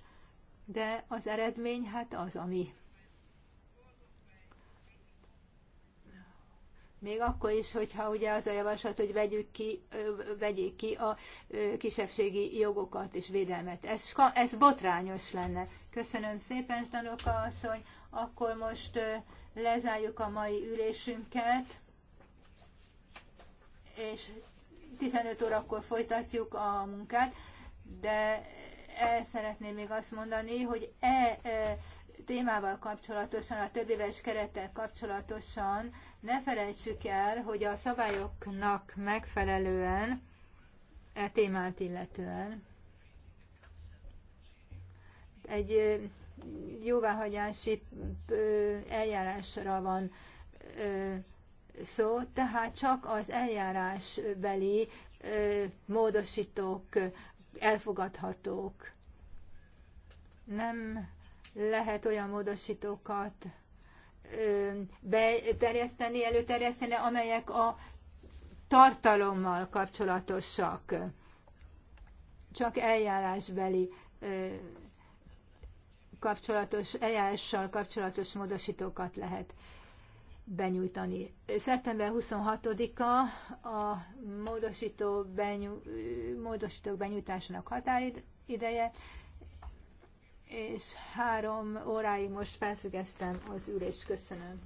de az eredmény hát az, ami. még akkor is, hogyha ugye az a javaslat, hogy vegyük ki, vegyék ki a kisebbségi jogokat és védelmet. Ez, ez botrányos lenne. Köszönöm szépen, Tanoka asszony. Akkor most lezárjuk a mai ülésünket, és 15 órakor folytatjuk a munkát, de el szeretném még azt mondani, hogy e, e témával kapcsolatosan, a több éves kerettel kapcsolatosan ne felejtsük el, hogy a szabályoknak megfelelően, e témát illetően, egy jóváhagyási eljárásra van szó, tehát csak az eljárásbeli módosítók elfogadhatók. Nem lehet olyan módosítókat beterjeszteni, előterjeszteni, amelyek a tartalommal kapcsolatosak, csak eljárásbeli kapcsolatos, eljárással kapcsolatos módosítókat lehet benyújtani. Szeptember 26-a a módosító benyú, módosítók benyújtásának határideje, és három óráig most felfüggesztem az ülést. Köszönöm.